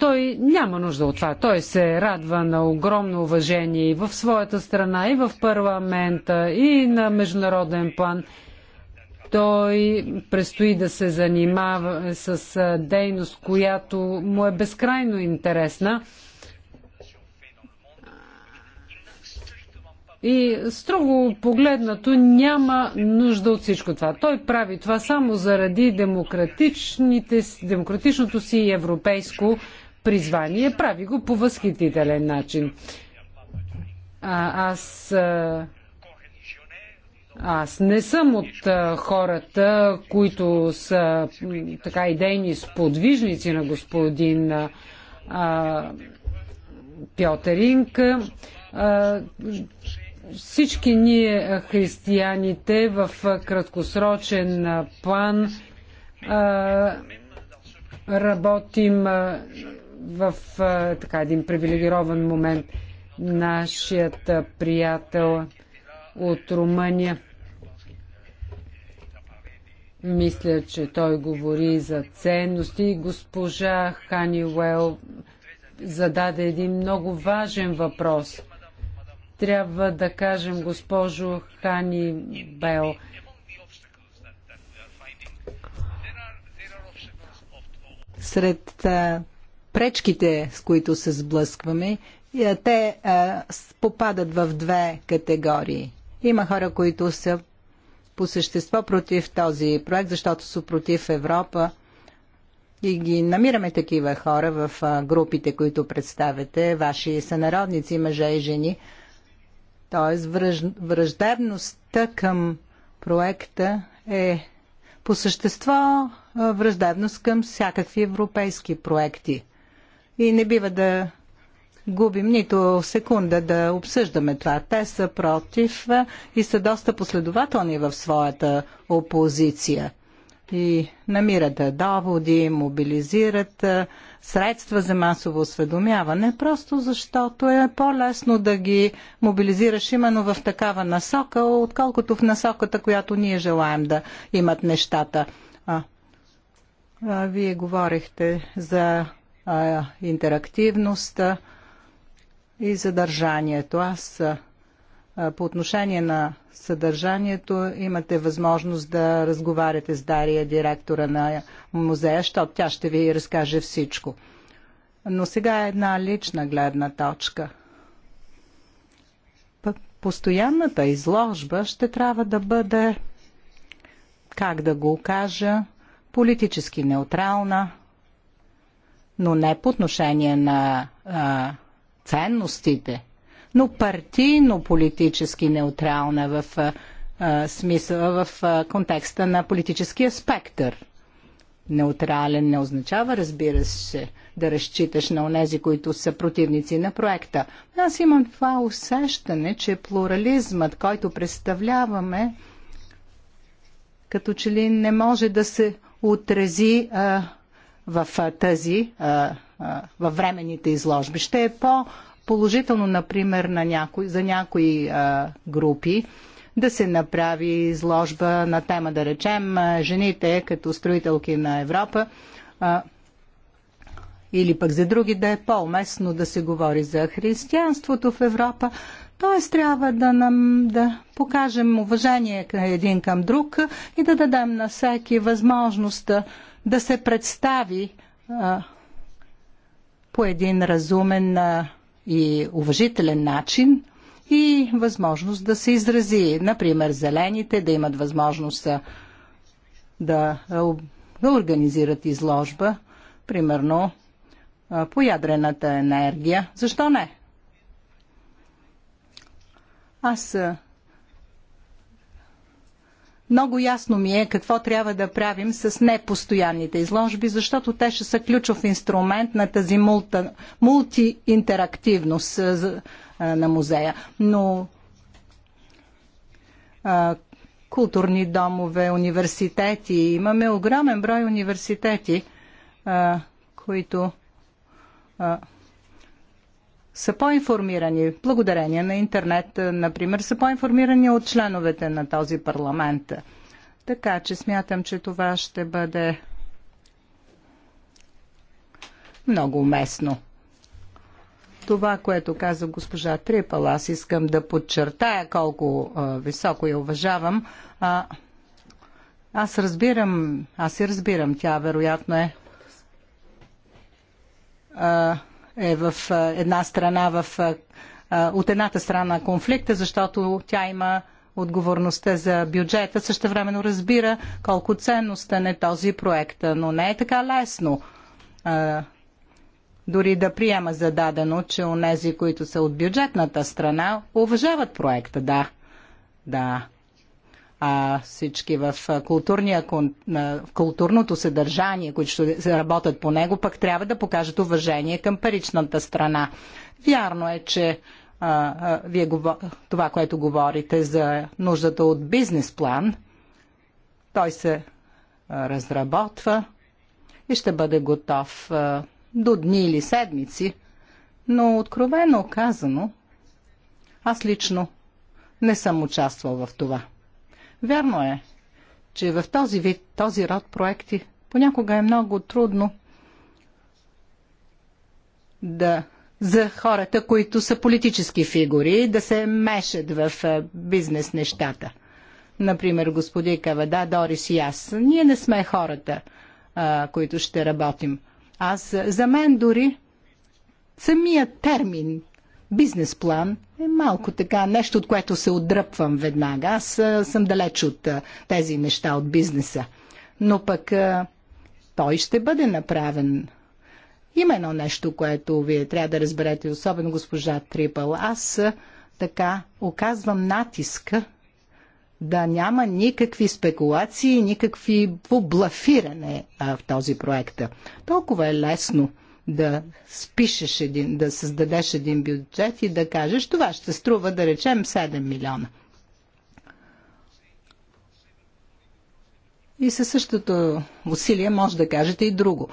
той няма нужда от това. Той се радва на огромно уважение и в своята страна, и в парламента, и на международен план. Той предстои да се занимава с дейност, която му е безкрайно интересна И строго погледнато няма нужда от всичко това. Той прави това само заради демократичното си европейско призвание. Прави го по възхитителен начин. А, аз, аз не съм от хората, които са така идейни сподвижници на господин а, Пьотеринг. Всички ние, християните, в краткосрочен план работим в така, един привилегирован момент. Нашият приятел от Румъния. Мисля, че той говори за ценности. Госпожа Ханиуел зададе един много важен въпрос трябва да кажем, госпожо Хани Бел? Сред а, пречките, с които се сблъскваме, е, те а, попадат в две категории. Има хора, които са по същество против този проект, защото са против Европа. И ги намираме такива хора в групите, които представяте, ваши сънародници, мъже и жени – т.е. враждебността към проекта е по същество враждебност към всякакви европейски проекти. И не бива да губим нито секунда да обсъждаме това. Те са против и са доста последователни в своята опозиция. И намират доводи, мобилизират средства за масово осведомяване, просто защото е по-лесно да ги мобилизираш именно в такава насока, отколкото в насоката, която ние желаем да имат нещата. А, а, вие говорихте за а, интерактивността и задържанието. Аз по отношение на съдържанието имате възможност да разговаряте с Дария, директора на музея, защото тя ще ви разкаже всичко. Но сега е една лична гледна точка. Постоянната изложба ще трябва да бъде, как да го кажа, политически неутрална, но не по отношение на а, ценностите – но партийно-политически неутрална в а, смисъл, в а, контекста на политическия спектър. Неутрален не означава, разбира се, да разчиташ на онези, които са противници на проекта. Аз имам това усещане, че плурализмът, който представляваме, като че ли не може да се отрази а, в а, тази, а, а, във времените изложби. Ще е по- положително, например, на някой, за някои а, групи да се направи изложба на тема, да речем, жените като строителки на Европа. А, или пък за други да е по-уместно да се говори за християнството в Европа. Т.е. трябва да, нам, да покажем уважение един към друг и да дадем на всеки възможност да се представи а, по един разумен а, и уважителен начин и възможност да се изрази. Например, зелените да имат възможност да, организират изложба, примерно по ядрената енергия. Защо не? Аз много ясно ми е какво трябва да правим с непостоянните изложби, защото те ще са ключов инструмент на тази мултиинтерактивност на музея. Но а, културни домове, университети, имаме огромен брой университети, а, които а, са по-информирани, благодарение на интернет, например, са по-информирани от членовете на този парламент. Така че смятам, че това ще бъде много уместно. Това, което каза госпожа Трипал, аз искам да подчертая колко а, високо я уважавам. А, аз разбирам, аз и разбирам, тя вероятно е а, е в една страна в от едната страна на конфликта, защото тя има отговорността за бюджета, също времено разбира колко ценностен е този проект. Но не е така лесно дори да приема зададено, че онези, които са от бюджетната страна, уважават проекта. Да, да а, всички в, културния, в културното съдържание, които ще работят по него, пък трябва да покажат уважение към паричната страна. Вярно е, че а, а, вие говор... това, което говорите за нуждата от бизнес план, той се а, разработва и ще бъде готов а, до дни или седмици, но откровено казано, аз лично не съм участвал в това. Вярно е, че в този вид, този род проекти понякога е много трудно да за хората, които са политически фигури, да се мешат в бизнес нещата. Например, господин Кавада, Дорис и аз. Ние не сме хората, а, които ще работим. Аз, за мен дори самия термин бизнес план е малко така нещо, от което се отдръпвам веднага. Аз съм далеч от тези неща от бизнеса. Но пък той ще бъде направен. Има едно нещо, което вие трябва да разберете, особено госпожа Трипъл. Аз така оказвам натиска да няма никакви спекулации, никакви блафиране в този проект. Толкова е лесно да спишеш един, да създадеш един бюджет и да кажеш, това ще струва, да речем, 7 милиона. И със същото усилие може да кажете и друго.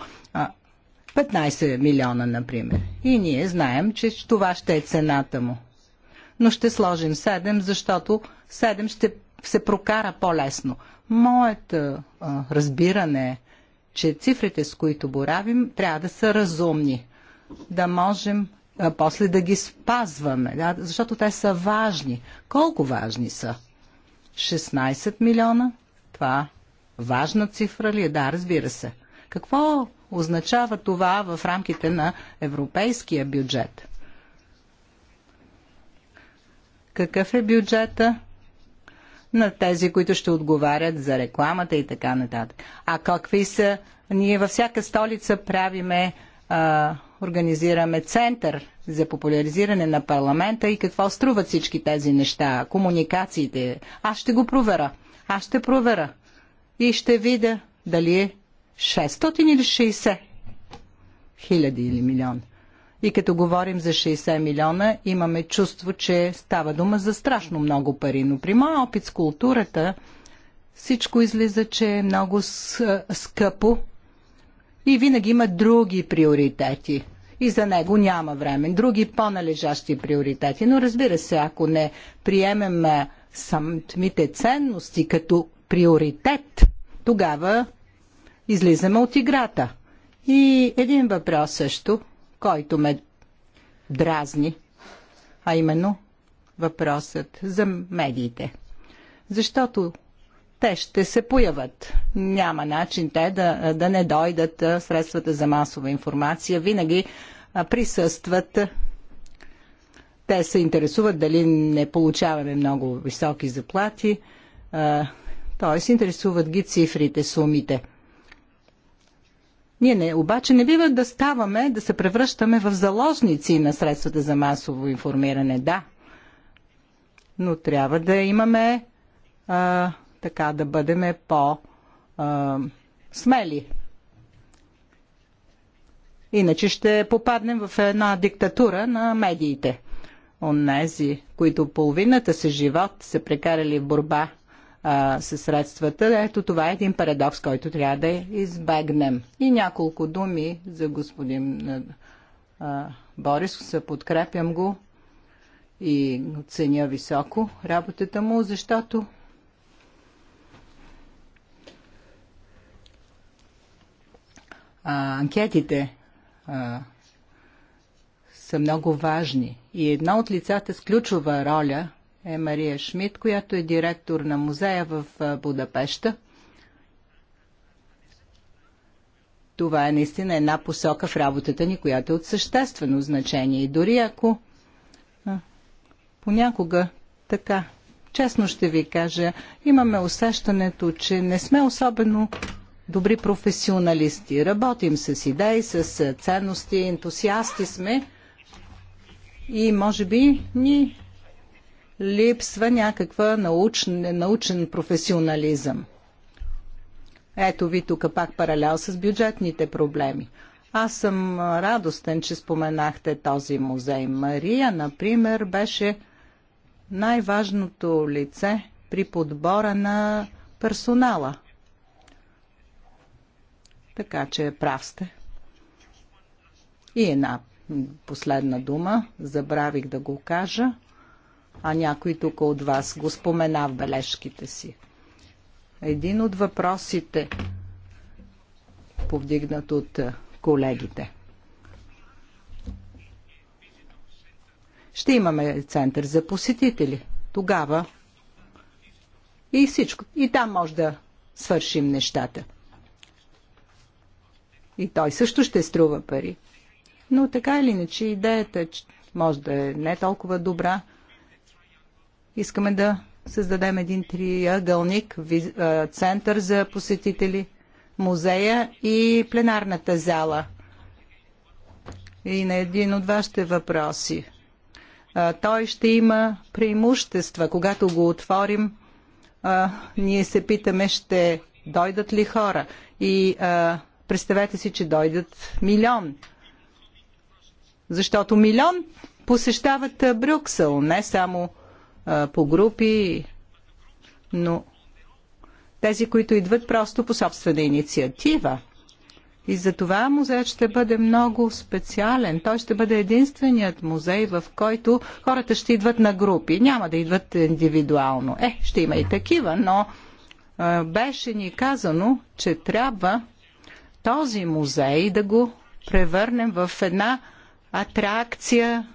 15 милиона, например. И ние знаем, че това ще е цената му. Но ще сложим 7, защото 7 ще се прокара по-лесно. Моето разбиране е че цифрите, с които боравим, трябва да са разумни, да можем а, после да ги спазваме, да, защото те са важни. Колко важни са? 16 милиона? Това важна цифра ли е? Да, разбира се. Какво означава това в рамките на европейския бюджет? Какъв е бюджета на тези, които ще отговарят за рекламата и така нататък. А какви са? Ние във всяка столица правиме, а, организираме център за популяризиране на парламента и какво струват всички тези неща, комуникациите. Аз ще го проверя. Аз ще проверя. И ще видя дали е 600 или 60 хиляди или милиона. И като говорим за 60 милиона, имаме чувство, че става дума за страшно много пари. Но при моя опит с културата, всичко излиза, че е много скъпо и винаги има други приоритети. И за него няма време. Други по-належащи приоритети. Но разбира се, ако не приемем самите ценности като приоритет, тогава излизаме от играта. И един въпрос също – който ме дразни, а именно въпросът за медиите. Защото те ще се появат. Няма начин те да, да не дойдат средствата за масова информация. Винаги присъстват. Те се интересуват дали не получаваме много високи заплати. Тоест, интересуват ги цифрите, сумите – ние не, обаче не бива да ставаме, да се превръщаме в заложници на средствата за масово информиране, да. Но трябва да имаме а, така, да бъдем по а, смели. Иначе ще попаднем в една диктатура на медиите. Онези, които половината си живот се прекарали в борба – със средствата. Ето това е един парадокс, който трябва да избегнем. И няколко думи за господин а, Борис. Се подкрепям го и оценя високо работата му, защото а, анкетите а, са много важни. И една от лицата с ключова роля е Мария Шмидт, която е директор на музея в Будапеща. Това е наистина една посока в работата ни, която е от съществено значение. И дори ако а, понякога така, честно ще ви кажа, имаме усещането, че не сме особено добри професионалисти. Работим с идеи, с ценности, ентусиасти сме и може би ни липсва някаква научен, научен професионализъм. Ето ви тук пак паралел с бюджетните проблеми. Аз съм радостен, че споменахте този музей. Мария, например, беше най-важното лице при подбора на персонала. Така че прав сте. И една последна дума, забравих да го кажа – а някой тук от вас го спомена в бележките си. Един от въпросите, повдигнат от е, колегите. Ще имаме център за посетители. Тогава и всичко. И там може да свършим нещата. И той също ще струва пари. Но така или иначе идеята може да е не толкова добра, Искаме да създадем един триъгълник, център за посетители, музея и пленарната зала. И на един от вашите въпроси. Той ще има преимущества. Когато го отворим, ние се питаме, ще дойдат ли хора. И представете си, че дойдат милион. Защото милион посещават Брюксел, не само по групи, но тези, които идват просто по собствена инициатива. И за това музеят ще бъде много специален. Той ще бъде единственият музей, в който хората ще идват на групи. Няма да идват индивидуално. Е, ще има и такива, но е, беше ни казано, че трябва този музей да го превърнем в една атракция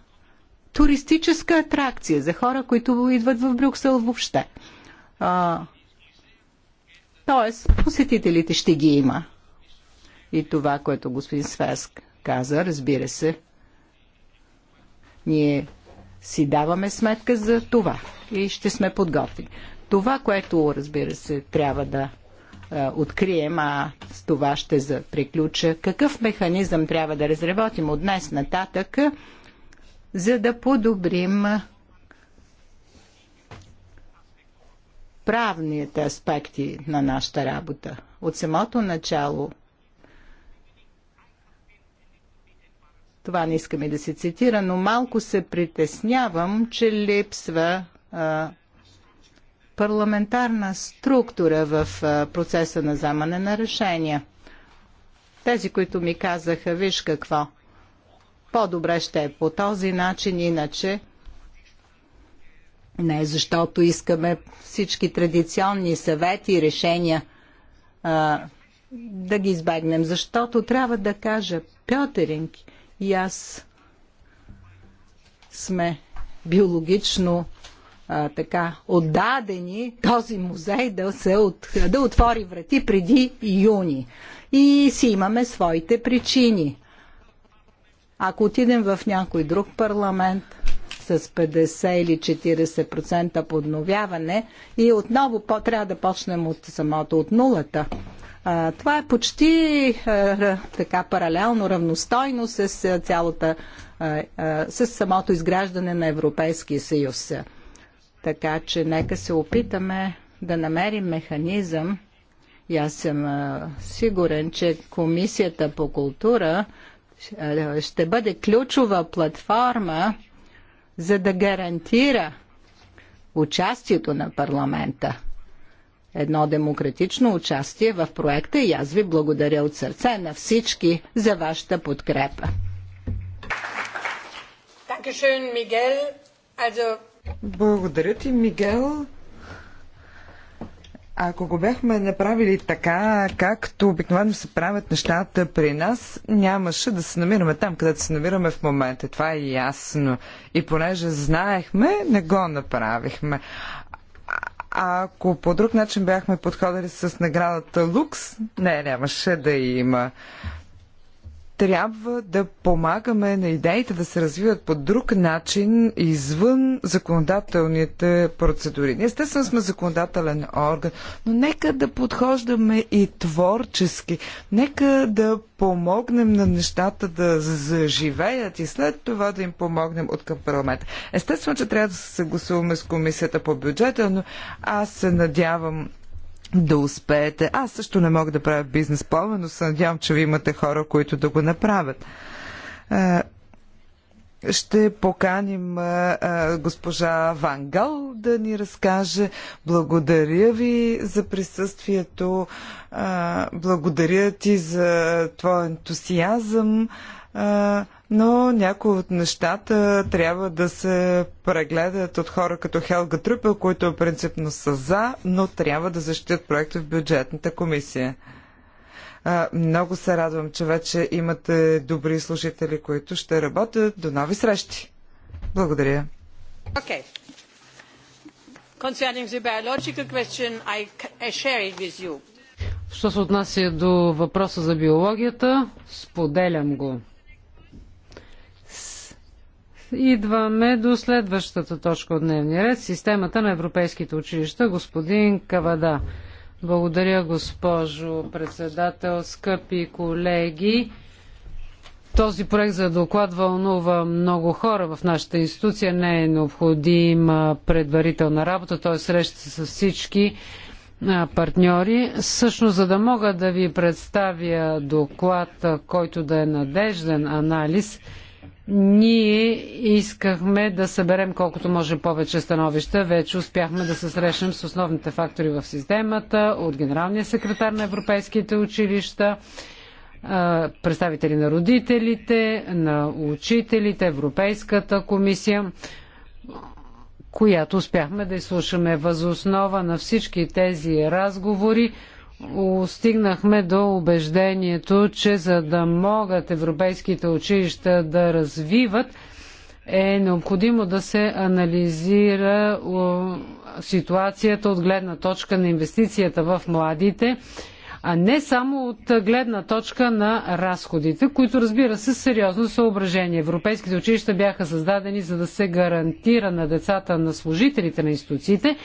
туристическа атракция за хора, които идват в Брюксел въобще. А, тоест, посетителите ще ги има. И това, което господин Свеск каза, разбира се, ние си даваме сметка за това и ще сме подготвени. Това, което, разбира се, трябва да открием, а с това ще приключа. Какъв механизъм трябва да разработим от днес нататък, за да подобрим правните аспекти на нашата работа. От самото начало това не искаме да се цитира, но малко се притеснявам, че липсва а, парламентарна структура в а, процеса на вземане на решения. Тези, които ми казаха, виж какво – по-добре ще е по този начин, иначе не защото искаме всички традиционни съвети и решения а, да ги избегнем, защото трябва да кажа Пьотеринг и аз сме биологично а, така отдадени този музей да, се от, да отвори врати преди юни. И си имаме своите причини. Ако отидем в някой друг парламент с 50 или 40% подновяване и отново по- трябва да почнем от самото, от нулата. А, това е почти а, така паралелно, равностойно с цялата, а, а, с самото изграждане на Европейския съюз. Така че нека се опитаме да намерим механизъм и аз съм сигурен, че Комисията по култура ще бъде ключова платформа, за да гарантира участието на парламента. Едно демократично участие в проекта и аз ви благодаря от сърце на всички за вашата подкрепа. Благодаря ти, Мигел. Ако го бяхме направили така, както обикновено се правят нещата при нас, нямаше да се намираме там, където се намираме в момента. Това е ясно. И понеже знаехме, не го направихме. А ако по друг начин бяхме подходили с наградата Лукс, не, нямаше да има трябва да помагаме на идеите да се развиват по друг начин извън законодателните процедури. Ние естествено сме законодателен орган, но нека да подхождаме и творчески. Нека да помогнем на нещата да заживеят и след това да им помогнем от към парламента. Естествено, че трябва да се съгласуваме с комисията по бюджета, но аз се надявам да успеете. Аз също не мога да правя бизнес плана, но се надявам, че ви имате хора, които да го направят. Е, ще поканим а, е, е, госпожа Вангал да ни разкаже. Благодаря ви за присъствието. А, благодаря ти за твой ентусиазъм но някои от нещата трябва да се прегледат от хора като Хелга Трупел, които принципно са за, но трябва да защитят проекта в бюджетната комисия. Много се радвам, че вече имате добри служители, които ще работят. До нови срещи! Благодаря. Okay. Concerning the biological question, I, I share it with you. Що се отнася до въпроса за биологията, споделям го идваме до следващата точка от дневния ред. Системата на европейските училища. Господин Кавада. Благодаря, госпожо председател, скъпи колеги. Този проект за доклад вълнува много хора в нашата институция. Не е необходима предварителна работа, т.е. среща с всички партньори. Също, за да мога да ви представя доклад, който да е надежден анализ – ние искахме да съберем колкото може повече становища. Вече успяхме да се срещнем с основните фактори в системата, от генералния секретар на европейските училища, представители на родителите, на учителите, Европейската комисия, която успяхме да изслушаме. Възоснова на всички тези разговори стигнахме до убеждението, че за да могат европейските училища да развиват, е необходимо да се анализира ситуацията от гледна точка на инвестицията в младите, а не само от гледна точка на разходите, които разбира се сериозно съображение. Европейските училища бяха създадени за да се гарантира на децата на служителите на институциите,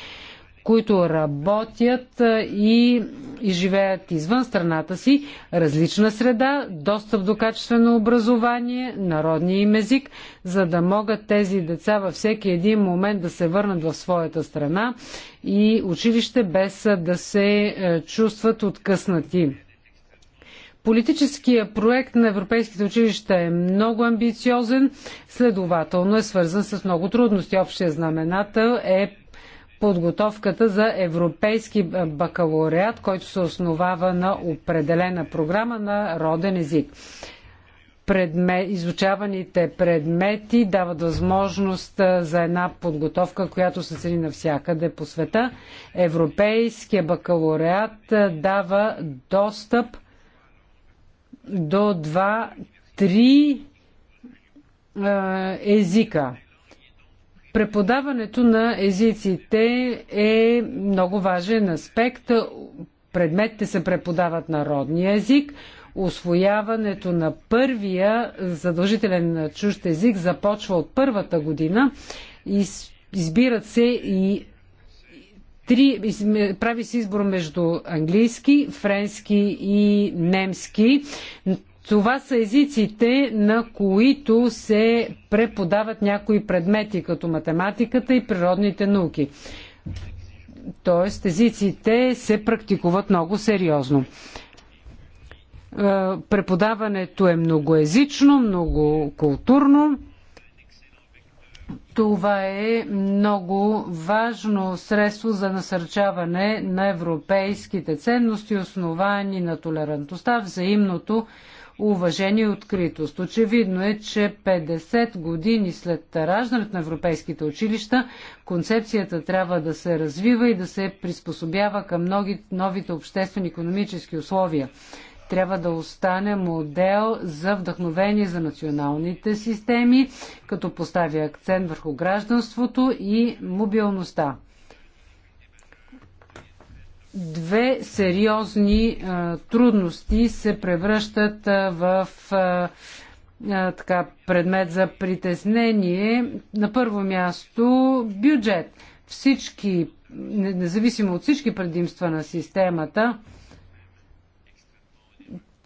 които работят и, и живеят извън страната си, различна среда, достъп до качествено образование, народния им език, за да могат тези деца във всеки един момент да се върнат в своята страна и училище без да се е, чувстват откъснати. Политическия проект на европейските училища е много амбициозен, следователно е свързан с много трудности. Общия знаменател е подготовката за европейски бакалавриат, който се основава на определена програма на роден език. Предме, изучаваните предмети дават възможност за една подготовка, която се цели навсякъде по света. Европейския бакалавриат дава достъп до два-три езика Преподаването на езиците е много важен аспект. Предметите се преподават на родния език. Освояването на първия задължителен чужд език започва от първата година. Избират се и три, прави се избор между английски, френски и немски. Това са езиците, на които се преподават някои предмети, като математиката и природните науки. Тоест, езиците се практикуват много сериозно. Е, преподаването е многоезично, многокултурно. Това е много важно средство за насърчаване на европейските ценности, основани на толерантността, взаимното уважение и откритост. Очевидно е, че 50 години след раждането на европейските училища, концепцията трябва да се развива и да се приспособява към многи, новите обществени економически условия. Трябва да остане модел за вдъхновение за националните системи, като поставя акцент върху гражданството и мобилността две сериозни трудности се превръщат в така, предмет за притеснение. На първо място бюджет. Всички, независимо от всички предимства на системата,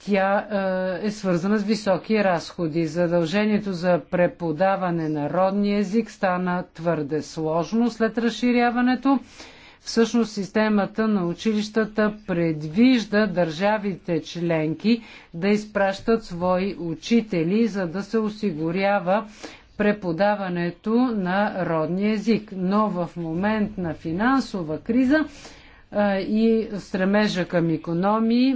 тя е свързана с високи разходи. Задължението за преподаване на родния език стана твърде сложно след разширяването Всъщност системата на училищата предвижда държавите членки да изпращат свои учители, за да се осигурява преподаването на родния език. Но в момент на финансова криза а, и стремежа към економии,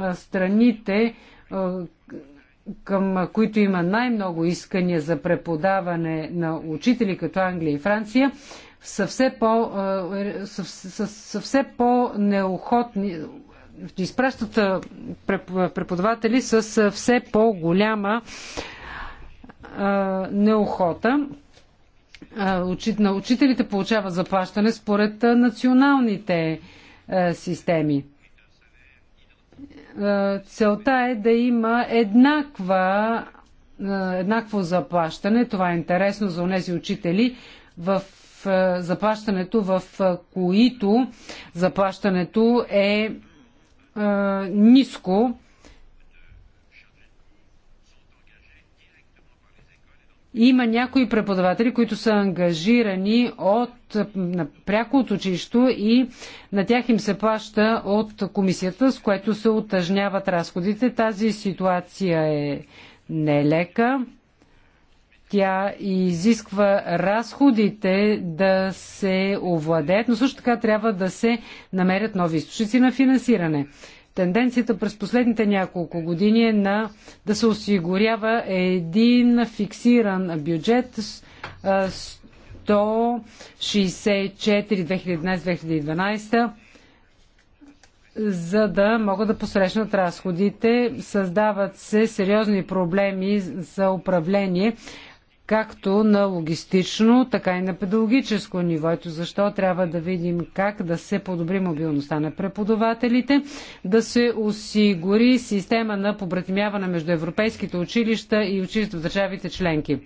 а, страните, а, към които има най-много искания за преподаване на учители, като Англия и Франция, са все, по, е, по-неохотни, изпращат преподаватели с все по-голяма неохота. На учителите получават заплащане според националните системи. Целта е да има еднаква, еднакво заплащане. Това е интересно за тези учители, в е, заплащането, в е, които заплащането е, е, ниско. Има някои преподаватели, които са ангажирани от, пряко от училището и на тях им се плаща от комисията, с което се отъжняват разходите. Тази ситуация е нелека. Тя изисква разходите да се овладеят, но също така трябва да се намерят нови източници на финансиране. Тенденцията през последните няколко години е на да се осигурява един фиксиран бюджет 164 2012 за да могат да посрещнат разходите. Създават се сериозни проблеми за управление както на логистично, така и на педагогическо ниво. Ето защо трябва да видим как да се подобри мобилността на преподавателите, да се осигури система на побратимяване между европейските училища и училища в държавите членки.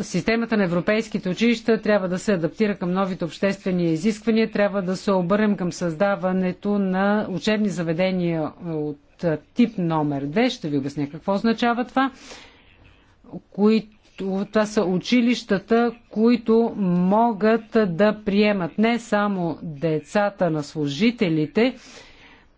Системата на европейските училища трябва да се адаптира към новите обществени изисквания, трябва да се обърнем към създаването на учебни заведения от тип номер 2. Ще ви обясня какво означава това, които това са училищата, които могат да приемат не само децата на служителите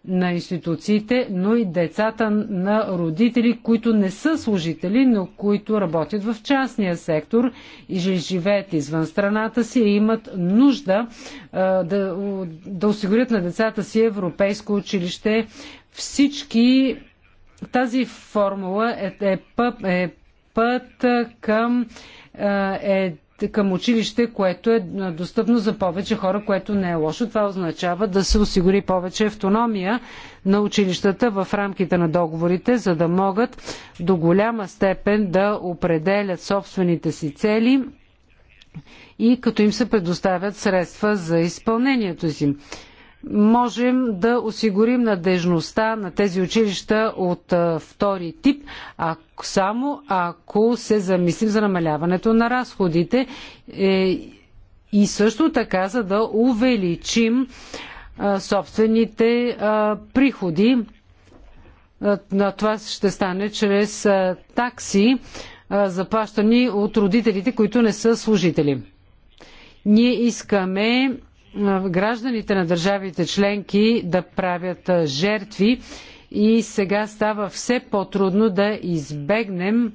на институциите, но и децата на родители, които не са служители, но които работят в частния сектор и живеят извън страната си и имат нужда да, да осигурят на децата си европейско училище. Всички тази формула е, е, е път към, е, към училище, което е достъпно за повече хора, което не е лошо. Това означава да се осигури повече автономия на училищата в рамките на договорите, за да могат до голяма степен да определят собствените си цели и като им се предоставят средства за изпълнението си можем да осигурим надежността на тези училища от втори тип, а само ако се замислим за намаляването на разходите е, и също така за да увеличим собствените приходи. На това ще стане чрез такси, заплащани от родителите, които не са служители. Ние искаме гражданите на държавите членки да правят жертви и сега става все по-трудно да избегнем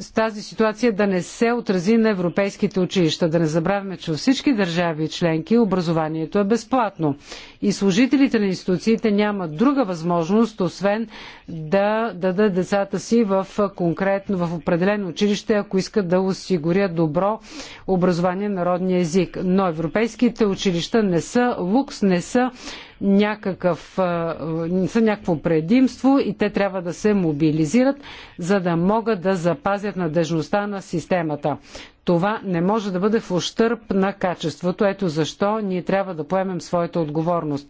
с тази ситуация да не се отрази на европейските училища. Да не забравяме, че във всички държави и членки образованието е безплатно. И служителите на институциите нямат друга възможност, освен да дадат децата си в конкретно, в определено училище, ако искат да осигурят добро образование на родния език. Но европейските училища не са лукс, не са някакъв, са някакво предимство и те трябва да се мобилизират, за да могат да запазят надежността на системата. Това не може да бъде в ущърп на качеството. Ето защо ние трябва да поемем своята отговорност.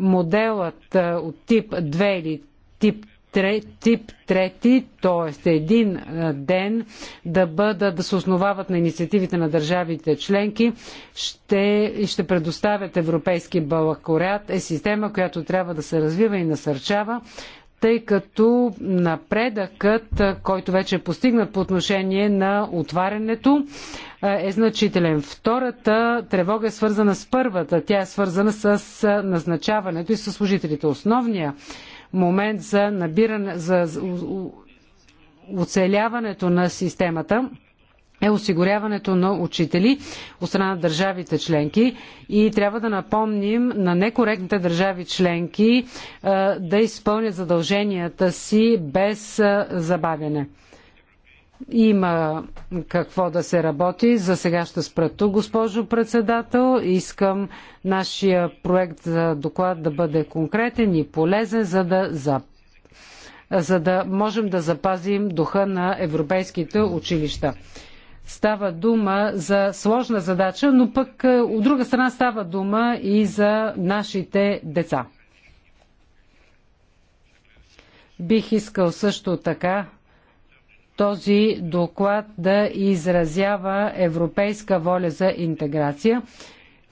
Моделът от тип 2 или тип тип трети, т.е. един ден да, бъдат, да се основават на инициативите на държавите членки, ще, ще предоставят Европейски балакорят е система, която трябва да се развива и насърчава, тъй като напредъкът, който вече е постигнат по отношение на отварянето, е значителен. Втората тревога е свързана с първата. Тя е свързана с назначаването и с служителите. Основния момент за набиране, за оцеляването на системата е осигуряването на учители от страна на държавите членки и трябва да напомним на некоректните държави членки да изпълнят задълженията си без забавяне. Има какво да се работи. За сега ще спра тук, госпожо председател. Искам нашия проект за доклад да бъде конкретен и полезен, за да, за, за да можем да запазим духа на европейските училища става дума за сложна задача, но пък е, от друга страна става дума и за нашите деца. Бих искал също така този доклад да изразява европейска воля за интеграция.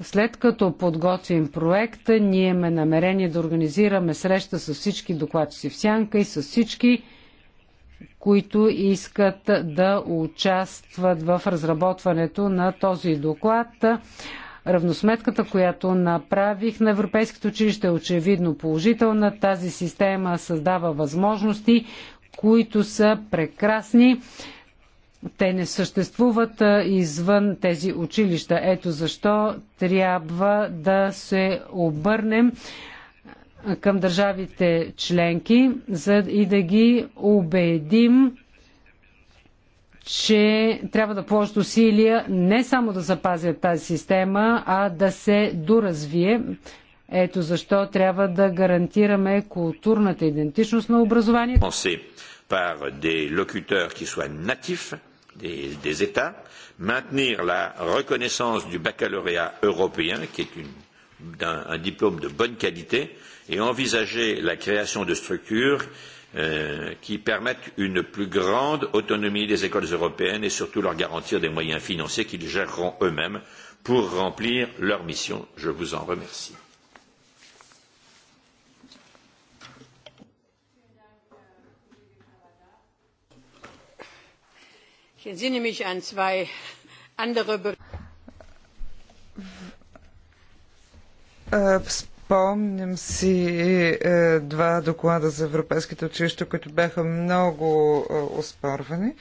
След като подготвим проекта, ние имаме намерение да организираме среща с всички докладчици в Сянка и с всички, които искат да участват в разработването на този доклад. Равносметката, която направих на Европейското училище е очевидно положителна. Тази система създава възможности, които са прекрасни. Те не съществуват извън тези училища. Ето защо трябва да се обърнем към държавите членки за и да ги убедим, че трябва да положат усилия не само да запазят тази система, а да се доразвие. Ето защо трябва да гарантираме културната идентичност на образованието par des locuteurs qui soient natifs des, États, maintenir la reconnaissance du baccalauréat européen, qui est un, diplôme de bonne qualité, et envisager la création de structures qui permettent une plus grande autonomie des écoles européennes et surtout leur garantir des moyens financiers qu'ils géreront eux-mêmes pour remplir leur mission. Je vous en remercie. Ich entsinne mich an zwei andere е, Спомням си е, два доклада за европейските училища, които бяха много е, оспорвани.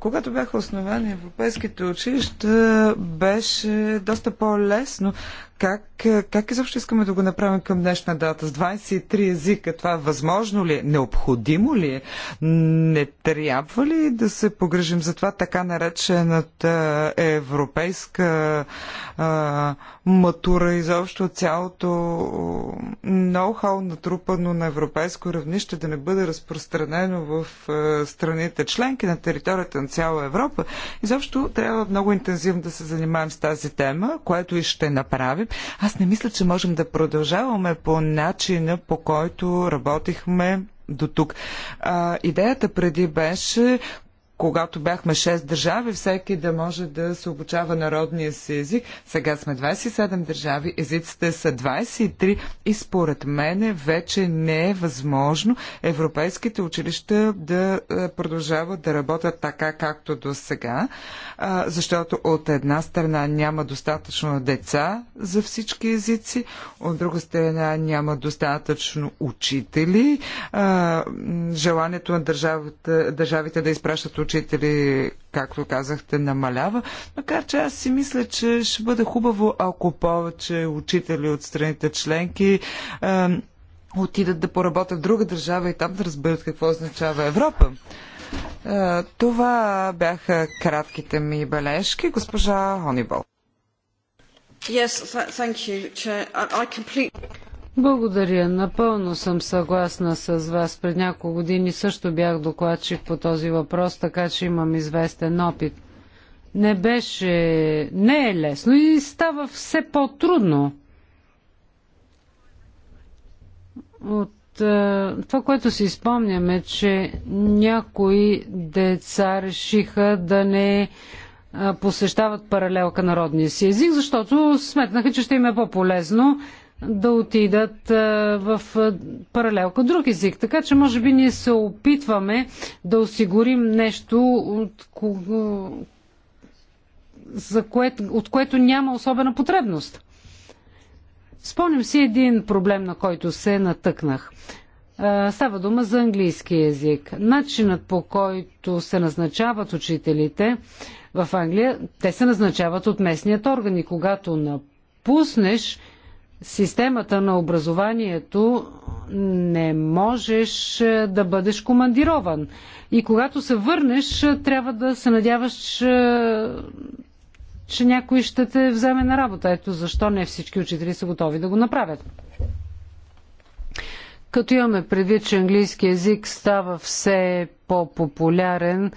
Когато бяха основани европейските училища, беше доста по-лесно. Как, как изобщо искаме да го направим към днешна дата? С 23 езика това е възможно ли е? Необходимо ли е? Не трябва ли да се погрежим за това така наречената европейска а, матура, изобщо цялото ноу-хау натрупано на европейско равнище да не бъде разпространено в страните членки на територия територията на цяла Европа. Изобщо трябва много интензивно да се занимаем с тази тема, което и ще направим. Аз не мисля, че можем да продължаваме по начина, по който работихме до тук. А, идеята преди беше когато бяхме 6 държави, всеки да може да се обучава народния си език. Сега сме 27 държави, езиците са 23 и според мене вече не е възможно европейските училища да е, продължават да работят така, както до сега, е, защото от една страна няма достатъчно деца за всички езици, от друга страна няма достатъчно учители. Е, желанието на държавите да изпращат учители учители, както казахте, намалява. Макар че аз си мисля, че ще бъде хубаво, ако повече учители от страните членки е, отидат да поработят в друга държава и там да разберат какво означава Европа. Е, това бяха кратките ми бележки. Госпожа Хонибол. Yes, thank you, Chair. I, I complete... Благодаря. Напълно съм съгласна с вас. Пред няколко години също бях докладчик по този въпрос, така че имам известен опит. Не беше... Не е лесно и става все по-трудно. От е, това, което си спомням е, че някои деца решиха да не е, посещават паралелка на родния си език, защото сметнаха, че ще им е по-полезно да отидат в паралелка друг език. Така че може би ние се опитваме да осигурим нещо, от, кого, за което, от което няма особена потребност. Спомням си един проблем, на който се натъкнах. Става дума за английски язик. Начинът по който се назначават учителите в Англия, те се назначават от местният орган и когато напуснеш системата на образованието не можеш е, да бъдеш командирован. И когато се върнеш, е, трябва да се надяваш, че, че някой ще те вземе на работа. Ето защо не всички учители са готови да го направят. Като имаме предвид, че английски язик става все по-популярен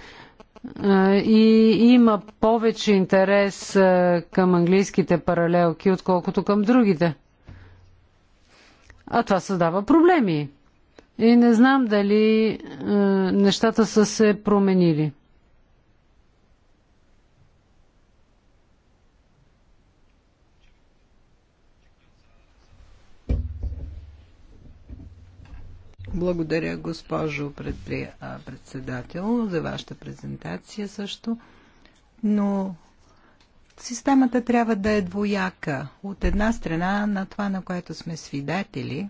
е, и има повече интерес към английските паралелки, отколкото към другите – а това създава проблеми. И не знам дали е, нещата са се променили. Благодаря, госпожо председател, за вашата презентация също. Но Системата трябва да е двояка. От една страна на това, на което сме свидетели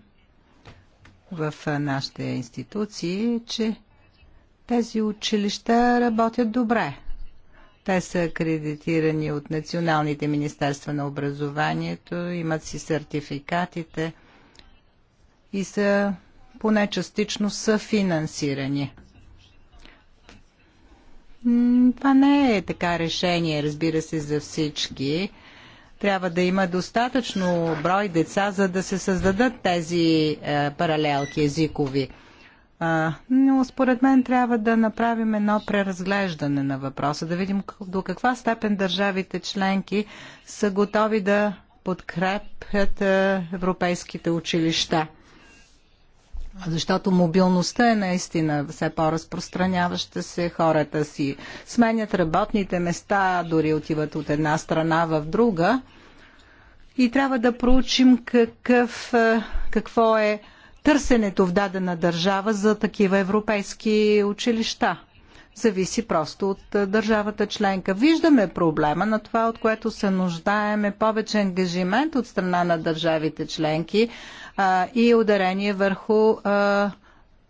в нашите институции, че тези училища работят добре. Те са акредитирани от националните министерства на образованието, имат си сертификатите и са поне частично съфинансирани. Това не е така решение, разбира се, за всички. Трябва да има достатъчно брой деца, за да се създадат тези е, паралелки езикови. А, но според мен трябва да направим едно преразглеждане на въпроса, да видим до каква степен държавите членки са готови да подкрепят е, европейските училища защото мобилността е наистина все по-разпространяваща се. Хората си сменят работните места, дори отиват от една страна в друга. И трябва да проучим какъв, е, какво е търсенето в дадена държава за такива европейски училища. Зависи просто от е, държавата членка. Виждаме проблема на това, от което се нуждаем е повече ангажимент от страна на държавите членки, и ударение върху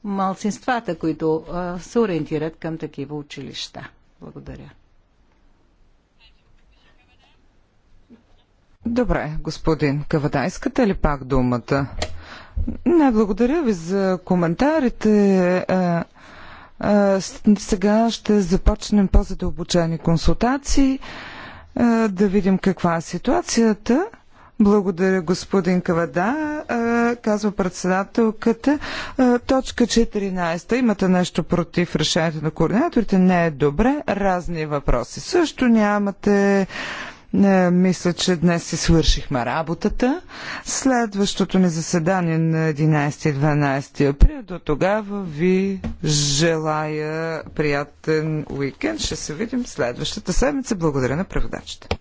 малцинствата, които се ориентират към такива училища. Благодаря. Добре, господин Кавада, искате ли пак думата? Не, благодаря ви за коментарите. Е, е, сега ще започнем по-задълбочени консултации, е, да видим каква е ситуацията. Благодаря, господин Кавада, казва председателката. Точка 14. Имате нещо против решението на координаторите? Не е добре. Разни въпроси също нямате. Не, мисля, че днес си свършихме работата. Следващото ни заседание на 11 и 12 април. До тогава ви желая приятен уикенд. Ще се видим следващата седмица. Благодаря на преводачите.